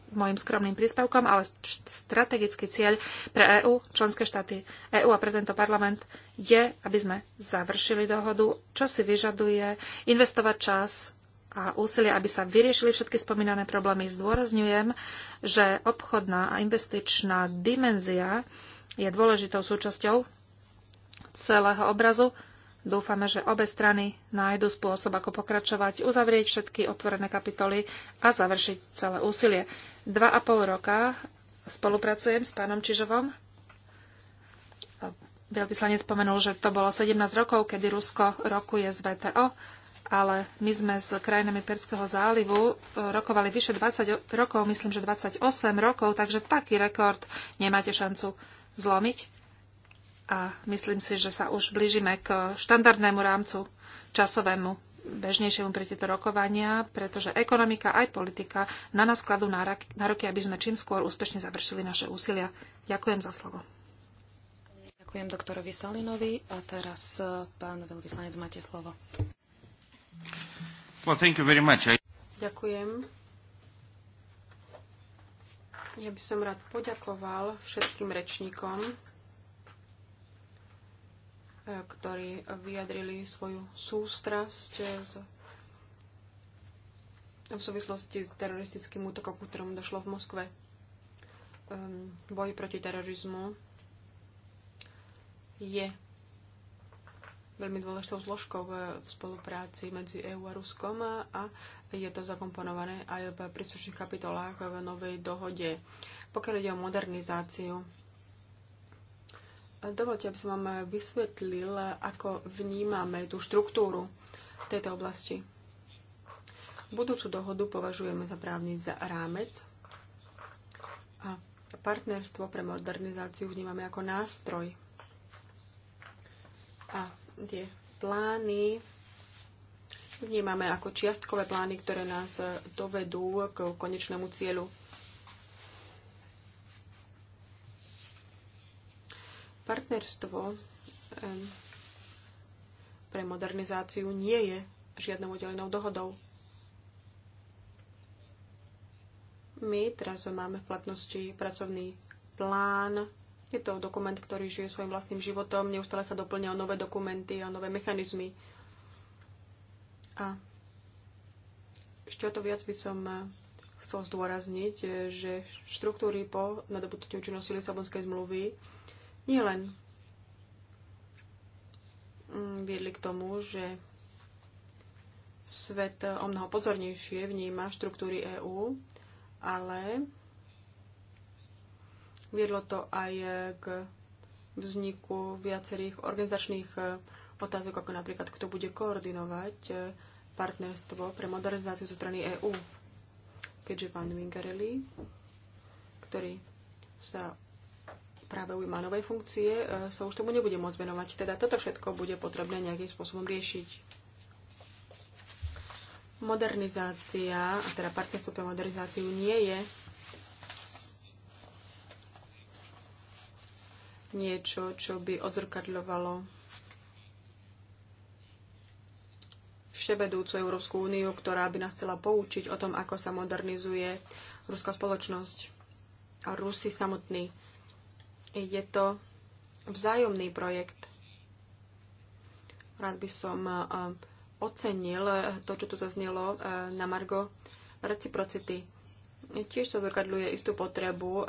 môjim skromným príspevkom, ale strategický cieľ pre EÚ, členské štáty EÚ a pre tento parlament je, aby sme završili dohodu, čo si vyžaduje investovať čas a úsilie, aby sa vyriešili všetky spomínané problémy. Zdôrazňujem, že obchodná a investičná dimenzia je dôležitou súčasťou celého obrazu. Dúfame, že obe strany nájdu spôsob, ako pokračovať, uzavrieť všetky otvorené kapitoly a završiť celé úsilie. Dva a pol roka spolupracujem s pánom Čižovom. Veľvyslanec spomenul, že to bolo 17 rokov, kedy Rusko rokuje z VTO ale my sme s krajinami Perského zálivu e, rokovali vyše 20 rokov, myslím, že 28 rokov, takže taký rekord nemáte šancu zlomiť. A myslím si, že sa už blížime k štandardnému rámcu časovému, bežnejšiemu pre tieto rokovania, pretože ekonomika aj politika na nás kladú nároky, aby sme čím skôr úspešne završili naše úsilia. Ďakujem za slovo. Ďakujem doktorovi Salinovi a teraz e, pán veľvyslanec, máte slovo. Well, thank you very much. I... Ďakujem. Ja by som rád poďakoval všetkým rečníkom, e, ktorí vyjadrili svoju sústrasť z v súvislosti s teroristickým útokom, ku došlo v Moskve. Um, boj proti terorizmu je veľmi dôležitou zložkou v spolupráci medzi EÚ a Ruskom a je to zakomponované aj v príslušných kapitolách v novej dohode. Pokiaľ ide o modernizáciu, dovolte, aby som vám vysvetlil, ako vnímame tú štruktúru tejto oblasti. Budúcu dohodu považujeme za právny rámec a partnerstvo pre modernizáciu vnímame ako nástroj a tie plány vnímame ako čiastkové plány, ktoré nás eh, dovedú k konečnému cieľu. Partnerstvo pre modernizáciu nie je žiadnou oddelenou dohodou. My teraz máme v platnosti pracovný plán je to dokument, ktorý žije svojim vlastným životom, neustále sa doplňa o nové dokumenty, o nové mechanizmy. A ešte o to viac by som eh, chcel zdôrazniť, eh, že štruktúry po nadobudnutí účinnosti Lisabonskej zmluvy nielen mm, viedli k tomu, že svet eh, o mnoho pozornejšie vníma štruktúry EÚ, ale Viedlo to aj e, k vzniku viacerých organizačných e, otázok, ako napríklad, kto bude koordinovať e, partnerstvo pre modernizáciu zo strany EÚ. Keďže pán Mingarelli, ktorý sa práve ujíma novej funkcie, sa už tomu nebude môcť venovať. Teda toto všetko bude potrebné nejakým spôsobom riešiť. Modernizácia, teda partnerstvo pre modernizáciu nie je niečo, čo by odzrkadľovalo vševedúcu Európsku úniu, ktorá by nás chcela poučiť o tom, ako sa modernizuje ruská spoločnosť a Rusy samotný. Je to vzájomný projekt. Rád by som eh, ocenil eh, to, čo tu zaznelo eh, na Margo reciprocity. Tiež sa zrkadľuje istú potrebu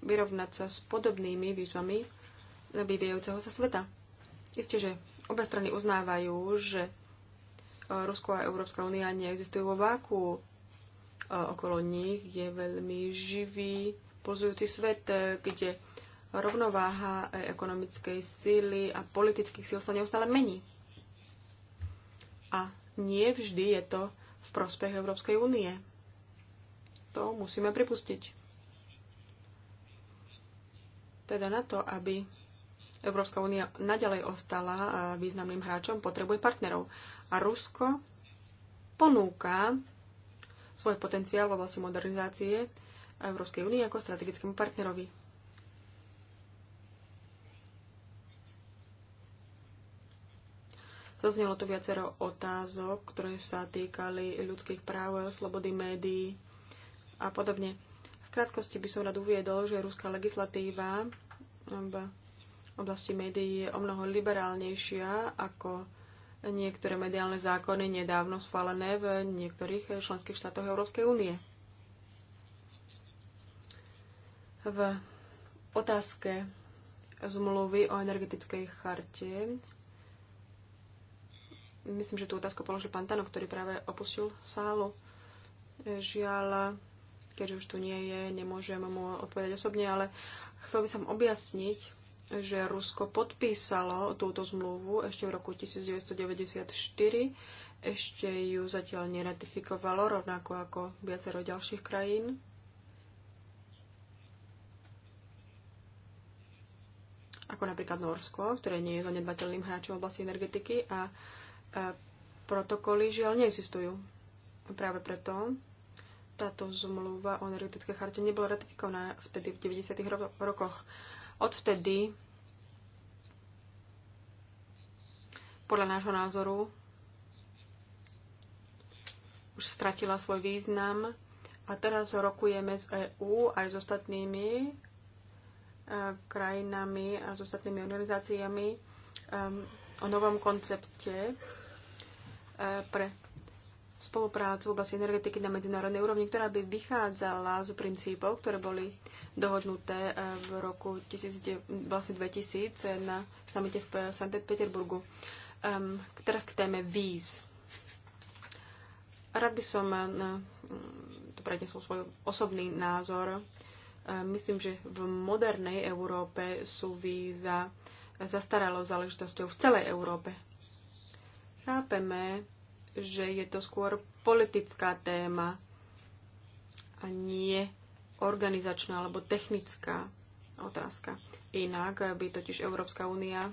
vyrovnať sa s podobnými výzvami, vyvíjajúceho sa sveta. Isté, že obe strany uznávajú, že e, Rusko a Európska únia neexistujú vo váku. E, okolo nich je veľmi živý, pulzujúci svet, e, kde rovnováha ekonomickej síly a politických síl sa neustále mení. A nie vždy je to v prospech Európskej únie. To musíme pripustiť. Teda na to, aby Európska únia naďalej ostala e, významným hráčom, potrebuje partnerov. A Rusko ponúka svoj potenciál v oblasti modernizácie Európskej únie ako strategickému partnerovi. Zaznelo tu viacero otázok, ktoré sa týkali ľudských práv, slobody médií a podobne. V krátkosti by som rád uviedol, že ruská legislatíva oblasti médií je o mnoho liberálnejšia ako niektoré mediálne zákony nedávno schválené v niektorých členských štátoch Európskej únie. V otázke zmluvy o energetickej charte myslím, že tú otázku položil pán Tano, ktorý práve opustil sálu. Žiaľ, keďže už tu nie je, nemôžem mu odpovedať osobne, ale chcel by som objasniť, že Rusko podpísalo túto zmluvu ešte v roku 1994, ešte ju zatiaľ neratifikovalo, rovnako ako viacero ďalších krajín. ako napríklad Norsko, ktoré nie je zanedbateľným hráčom v oblasti energetiky a protokoly žiaľ neexistujú. Práve preto táto zmluva o energetické charte nebola ratifikovaná vtedy v 90. rokoch. Odvtedy, podľa nášho názoru, už stratila svoj význam a teraz rokujeme s EÚ aj s ostatnými e, krajinami a s ostatnými organizáciami e, o novom koncepte e, pre spoluprácu v oblasti energetiky na medzinárodnej úrovni, ktorá by vychádzala z princípov, ktoré boli dohodnuté eh, v roku 2000, 2000 vlastne eh, na samite v Sankt Peterburgu. Um, teraz k téme víz. Rád by som um, prednesol svoj osobný názor. Um, myslím, že v modernej Európe sú víza zastaralo záležitosťou v celej Európe. Chápeme, že je to skôr politická téma a nie organizačná alebo technická otázka. Inak by totiž Európska únia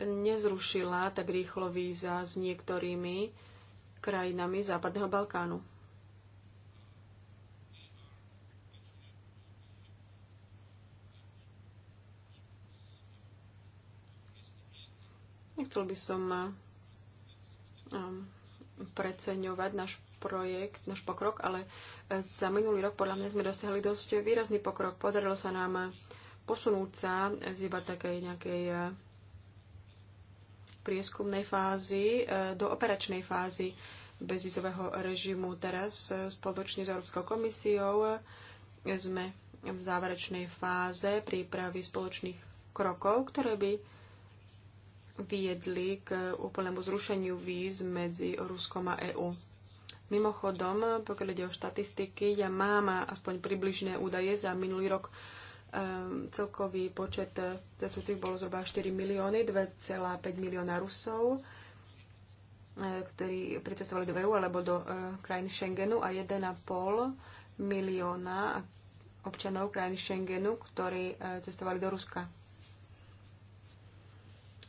nezrušila tak rýchlo víza s niektorými krajinami Západného Balkánu. Nechcel by som Um, preceňovať náš projekt, náš pokrok, ale e, za minulý rok podľa mňa sme dosiahli dosť výrazný pokrok. Podarilo sa nám e, posunúť sa z iba takej nejakej e, prieskumnej fázy do operačnej fázy bezvizového režimu. Teraz spoločne s Európskou komisiou sme v záverečnej fáze prípravy spoločných krokov, ktoré by viedli k úplnému zrušeniu víz medzi Ruskom a EÚ. Mimochodom, pokiaľ ide o štatistiky, ja mám aspoň približné údaje za minulý rok. Um, celkový počet cestujúcich bolo zhruba 4 milióny, 2,5 milióna Rusov, e, ktorí pricestovali do EÚ alebo do uh, krajín Schengenu a 1,5 milióna občanov krajín Schengenu, ktorí uh, cestovali do Ruska.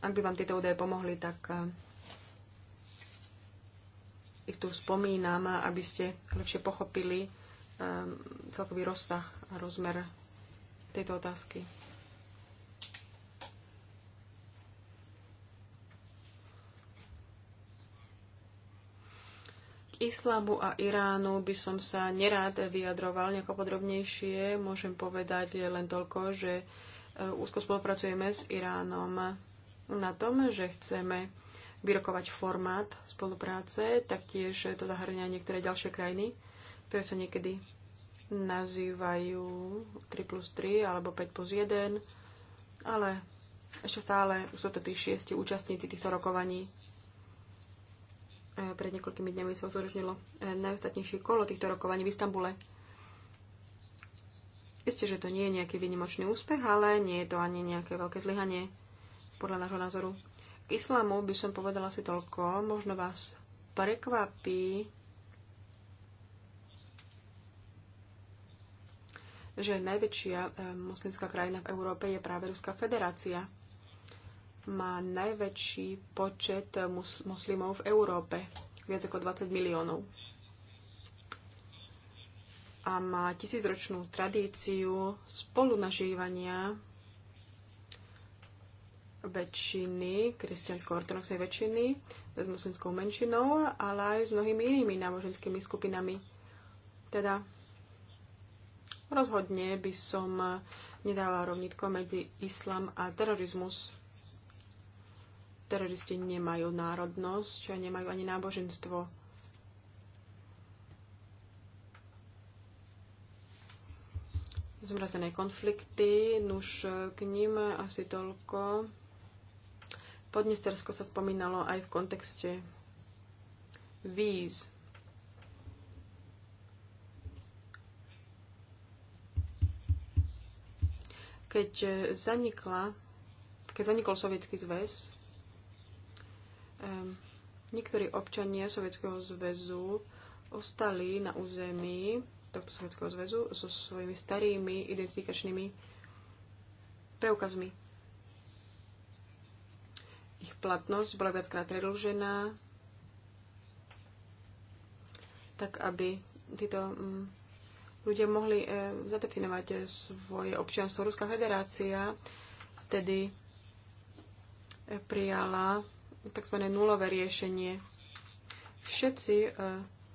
Ak by vám tieto údaje pomohli, tak eh, ich tu spomínam, aby ste lepšie pochopili eh, celkový rozsah a rozmer tejto otázky. K islámu a Iránu by som sa nerád vyjadroval nejako podrobnejšie. Môžem povedať len toľko, že eh, úzko spolupracujeme s Iránom na tom, že chceme vyrokovať formát spolupráce, taktiež to zahrňa niektoré ďalšie krajiny, ktoré sa niekedy nazývajú 3 plus 3 alebo 5 plus 1, ale ešte stále sú to tí šiesti účastníci týchto rokovaní. E, pred niekoľkými dňami sa uskutočnilo e, najostatnejšie kolo týchto rokovaní v Istambule. Isté, že to nie je nejaký vynimočný úspech, ale nie je to ani nejaké veľké zlyhanie podľa nášho názoru. K islamu by som povedala si toľko, možno vás prekvapí, že najväčšia eh, moslimská krajina v Európe je práve Ruská federácia. Má najväčší počet eh, moslimov v Európe, viac ako 20 miliónov. A má tisícročnú tradíciu spolunažívania väčšiny, kresťansko-ortodoxnej väčšiny, s muslimskou menšinou, ale aj s mnohými inými náboženskými skupinami. Teda rozhodne by som nedala rovnitko medzi islam a terorizmus. Teroristi nemajú národnosť a nemajú ani náboženstvo. Zmrazené konflikty, nuž k ním asi toľko. Podnestersko sa spomínalo aj v kontexte víz. Keď, zanikla, keď zanikol Sovietský zväz, um, niektorí občania Sovietskeho zväzu ostali na území tohto Sovietského zväzu so svojimi starými identifikačnými preukazmi ich platnosť bola viackrát predlžená, tak aby títo mm, ľudia mohli e, zadefinovať e, svoje občianstvo. Ruská federácia vtedy e, prijala tzv. nulové riešenie. Všetci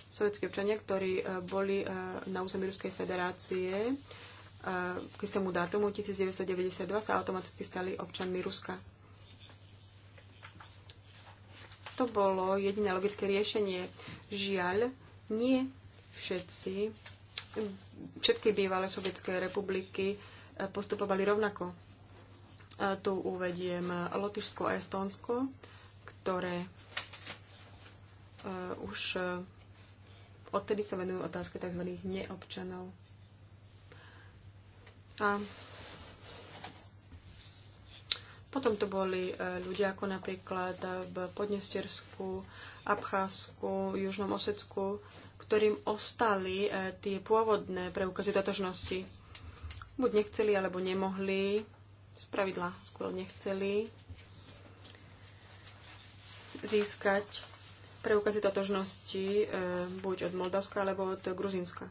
sovietskí občania, ktorí boli na území Ruskej federácie k istému dátumu 1992, sa automaticky stali občanmi Ruska. To bolo jediné logické riešenie. Žiaľ, nie všetci, všetky bývalé sovietské republiky e, postupovali rovnako. E, tu uvediem Lotyšsko a Estónsko, ktoré e, už odtedy sa venujú otázke tzv. neobčanov. A potom to boli e, ľudia ako napríklad e, v Podnestersku, Abcházsku, Južnom Osecku, ktorým ostali e, tie pôvodné preukazy totožnosti. Buď nechceli, alebo nemohli, z pravidla skôr nechceli získať preukazy totožnosti buď od Moldavska, alebo od Gruzinska.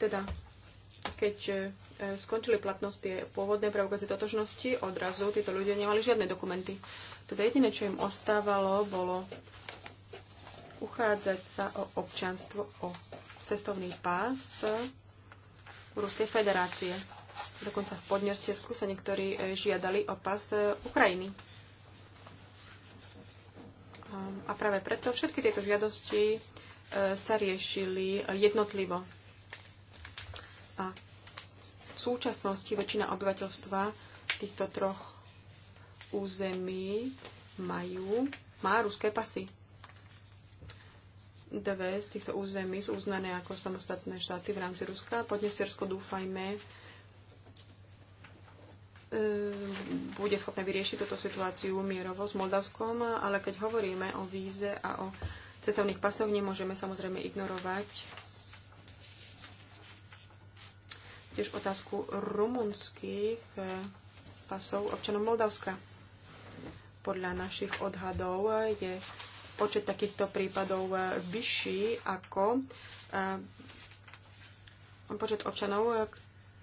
Teda, keď E, skončili platnosť tie pôvodné preukazy totožnosti, odrazu títo ľudia nemali žiadne dokumenty. Teda jediné, čo im ostávalo, bolo uchádzať sa o občanstvo, o cestovný pás v Ruskej federácie. Dokonca v Podnestesku sa niektorí e, žiadali o pás e, Ukrajiny. A práve preto všetky tieto žiadosti sa riešili jednotlivo. A súčasnosti väčšina obyvateľstva týchto troch území majú, má ruské pasy. Dve z týchto území sú uznané ako samostatné štáty v rámci Ruska. Podnestersko dúfajme e, bude schopné vyriešiť túto situáciu mierovo s Moldavskom, ale keď hovoríme o víze a o cestovných pasoch, nemôžeme samozrejme ignorovať tiež otázku rumunských eh, pasov občanov Moldavska. Podľa našich odhadov eh, je počet takýchto prípadov eh, vyšší ako počet občanov,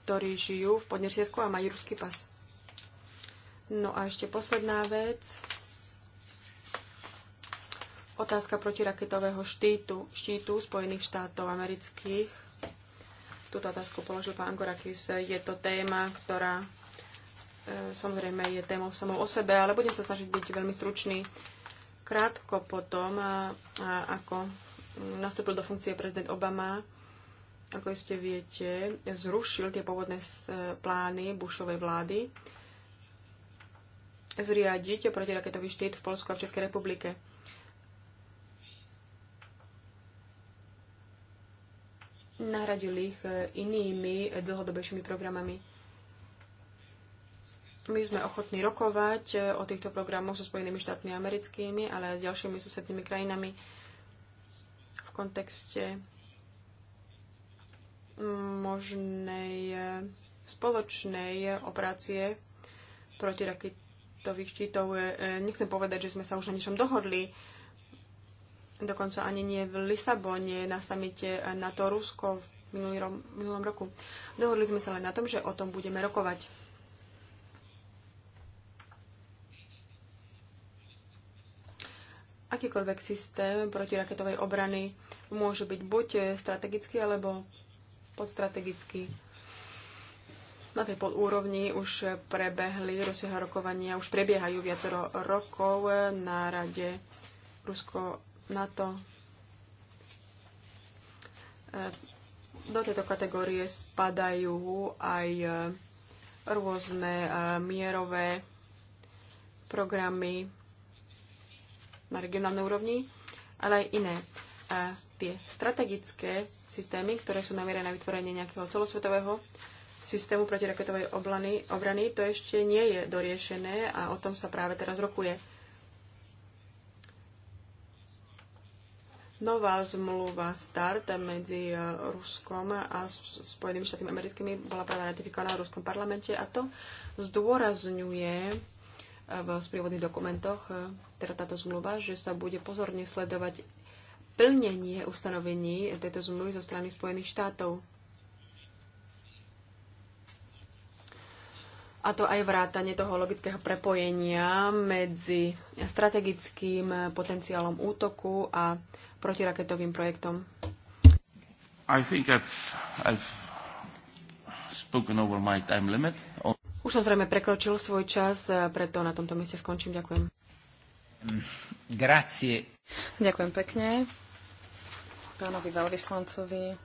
ktorí žijú v Podnešiesku a majú ruský pas. No a ešte posledná vec. Otázka protiraketového štítu, štítu Spojených štátov amerických Túto otázku položil pán Gorakis. Je to téma, ktorá e, samozrejme je témou samou o sebe, ale budem sa snažiť byť veľmi stručný. Krátko potom, a, a ako nastúpil do funkcie prezident Obama, ako ste viete, zrušil tie pôvodné e, plány Bushovej vlády zriadiť protiraketový štít v Polsku a v Českej republike. nahradili ich e, inými e, dlhodobejšími programami. My sme ochotní rokovať e, o týchto programoch so Spojenými štátmi americkými, ale aj s ďalšími susednými krajinami v kontexte možnej spoločnej operácie proti raketových štítov. Nechcem povedať, že sme sa už na niečom dohodli, dokonca ani nie v Lisabone na samite na to Rusko v minulý ro- minulom roku. Dohodli sme sa len na tom, že o tom budeme rokovať. Akýkoľvek systém protiraketovej obrany môže byť buď strategický alebo podstrategický. Na tej polúrovni už prebehli rozsiahle rokovania, už prebiehajú viacero rokov na rade Rusko na to. E, do tejto kategórie spadajú aj e, rôzne e, mierové programy na regionálnej úrovni, ale aj iné. A tie strategické systémy, ktoré sú namierené na vytvorenie nejakého celosvetového systému protiraketovej obrany, obrany, to ešte nie je doriešené a o tom sa práve teraz rokuje. nová zmluva START medzi e, Ruskom a Spojenými štátmi americkými bola práve ratifikovaná v Ruskom parlamente a to zdôrazňuje e, v sprievodných dokumentoch, e, teda táto zmluva, že sa bude pozorne sledovať plnenie ustanovení tejto zmluvy zo strany Spojených štátov. A to aj vrátanie toho logického prepojenia medzi strategickým potenciálom útoku a protiraketovým projektom. Už som zrejme prekročil svoj čas, preto na tomto mieste skončím. Ďakujem. Mm, grazie. Ďakujem pekne pánovi veľvyslancovi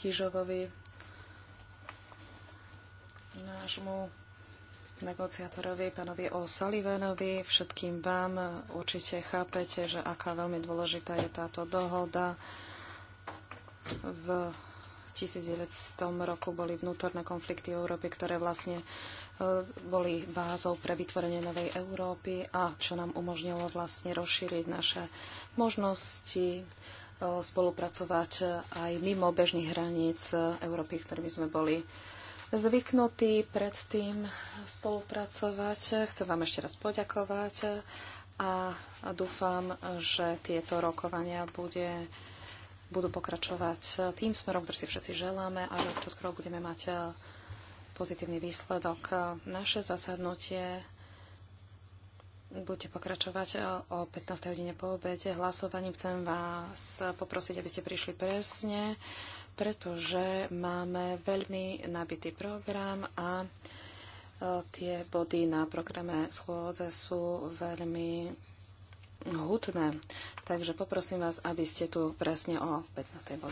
Chyžovovi, nášmu negociátorovi, pánovi O'Sullivanovi, všetkým vám. Určite chápete, že aká veľmi dôležitá je táto dohoda. V 1900 roku boli vnútorné konflikty Európy, ktoré vlastne e, boli bázou pre vytvorenie novej Európy a čo nám umožnilo vlastne rozšíriť naše možnosti, e, spolupracovať aj mimo bežných hraníc Európy, ktorými sme boli zvyknutí predtým spolupracovať. Chcem vám ešte raz poďakovať a dúfam, že tieto rokovania bude, budú pokračovať tým smerom, ktorý si všetci želáme a že čo skoro budeme mať pozitívny výsledok. Naše zasadnutie budete pokračovať o 15. hodine po obede. Hlasovaním chcem vás poprosiť, aby ste prišli presne pretože máme veľmi nabitý program a e, tie body na programe schôdze sú veľmi hutné. Takže poprosím vás, aby ste tu presne o 15.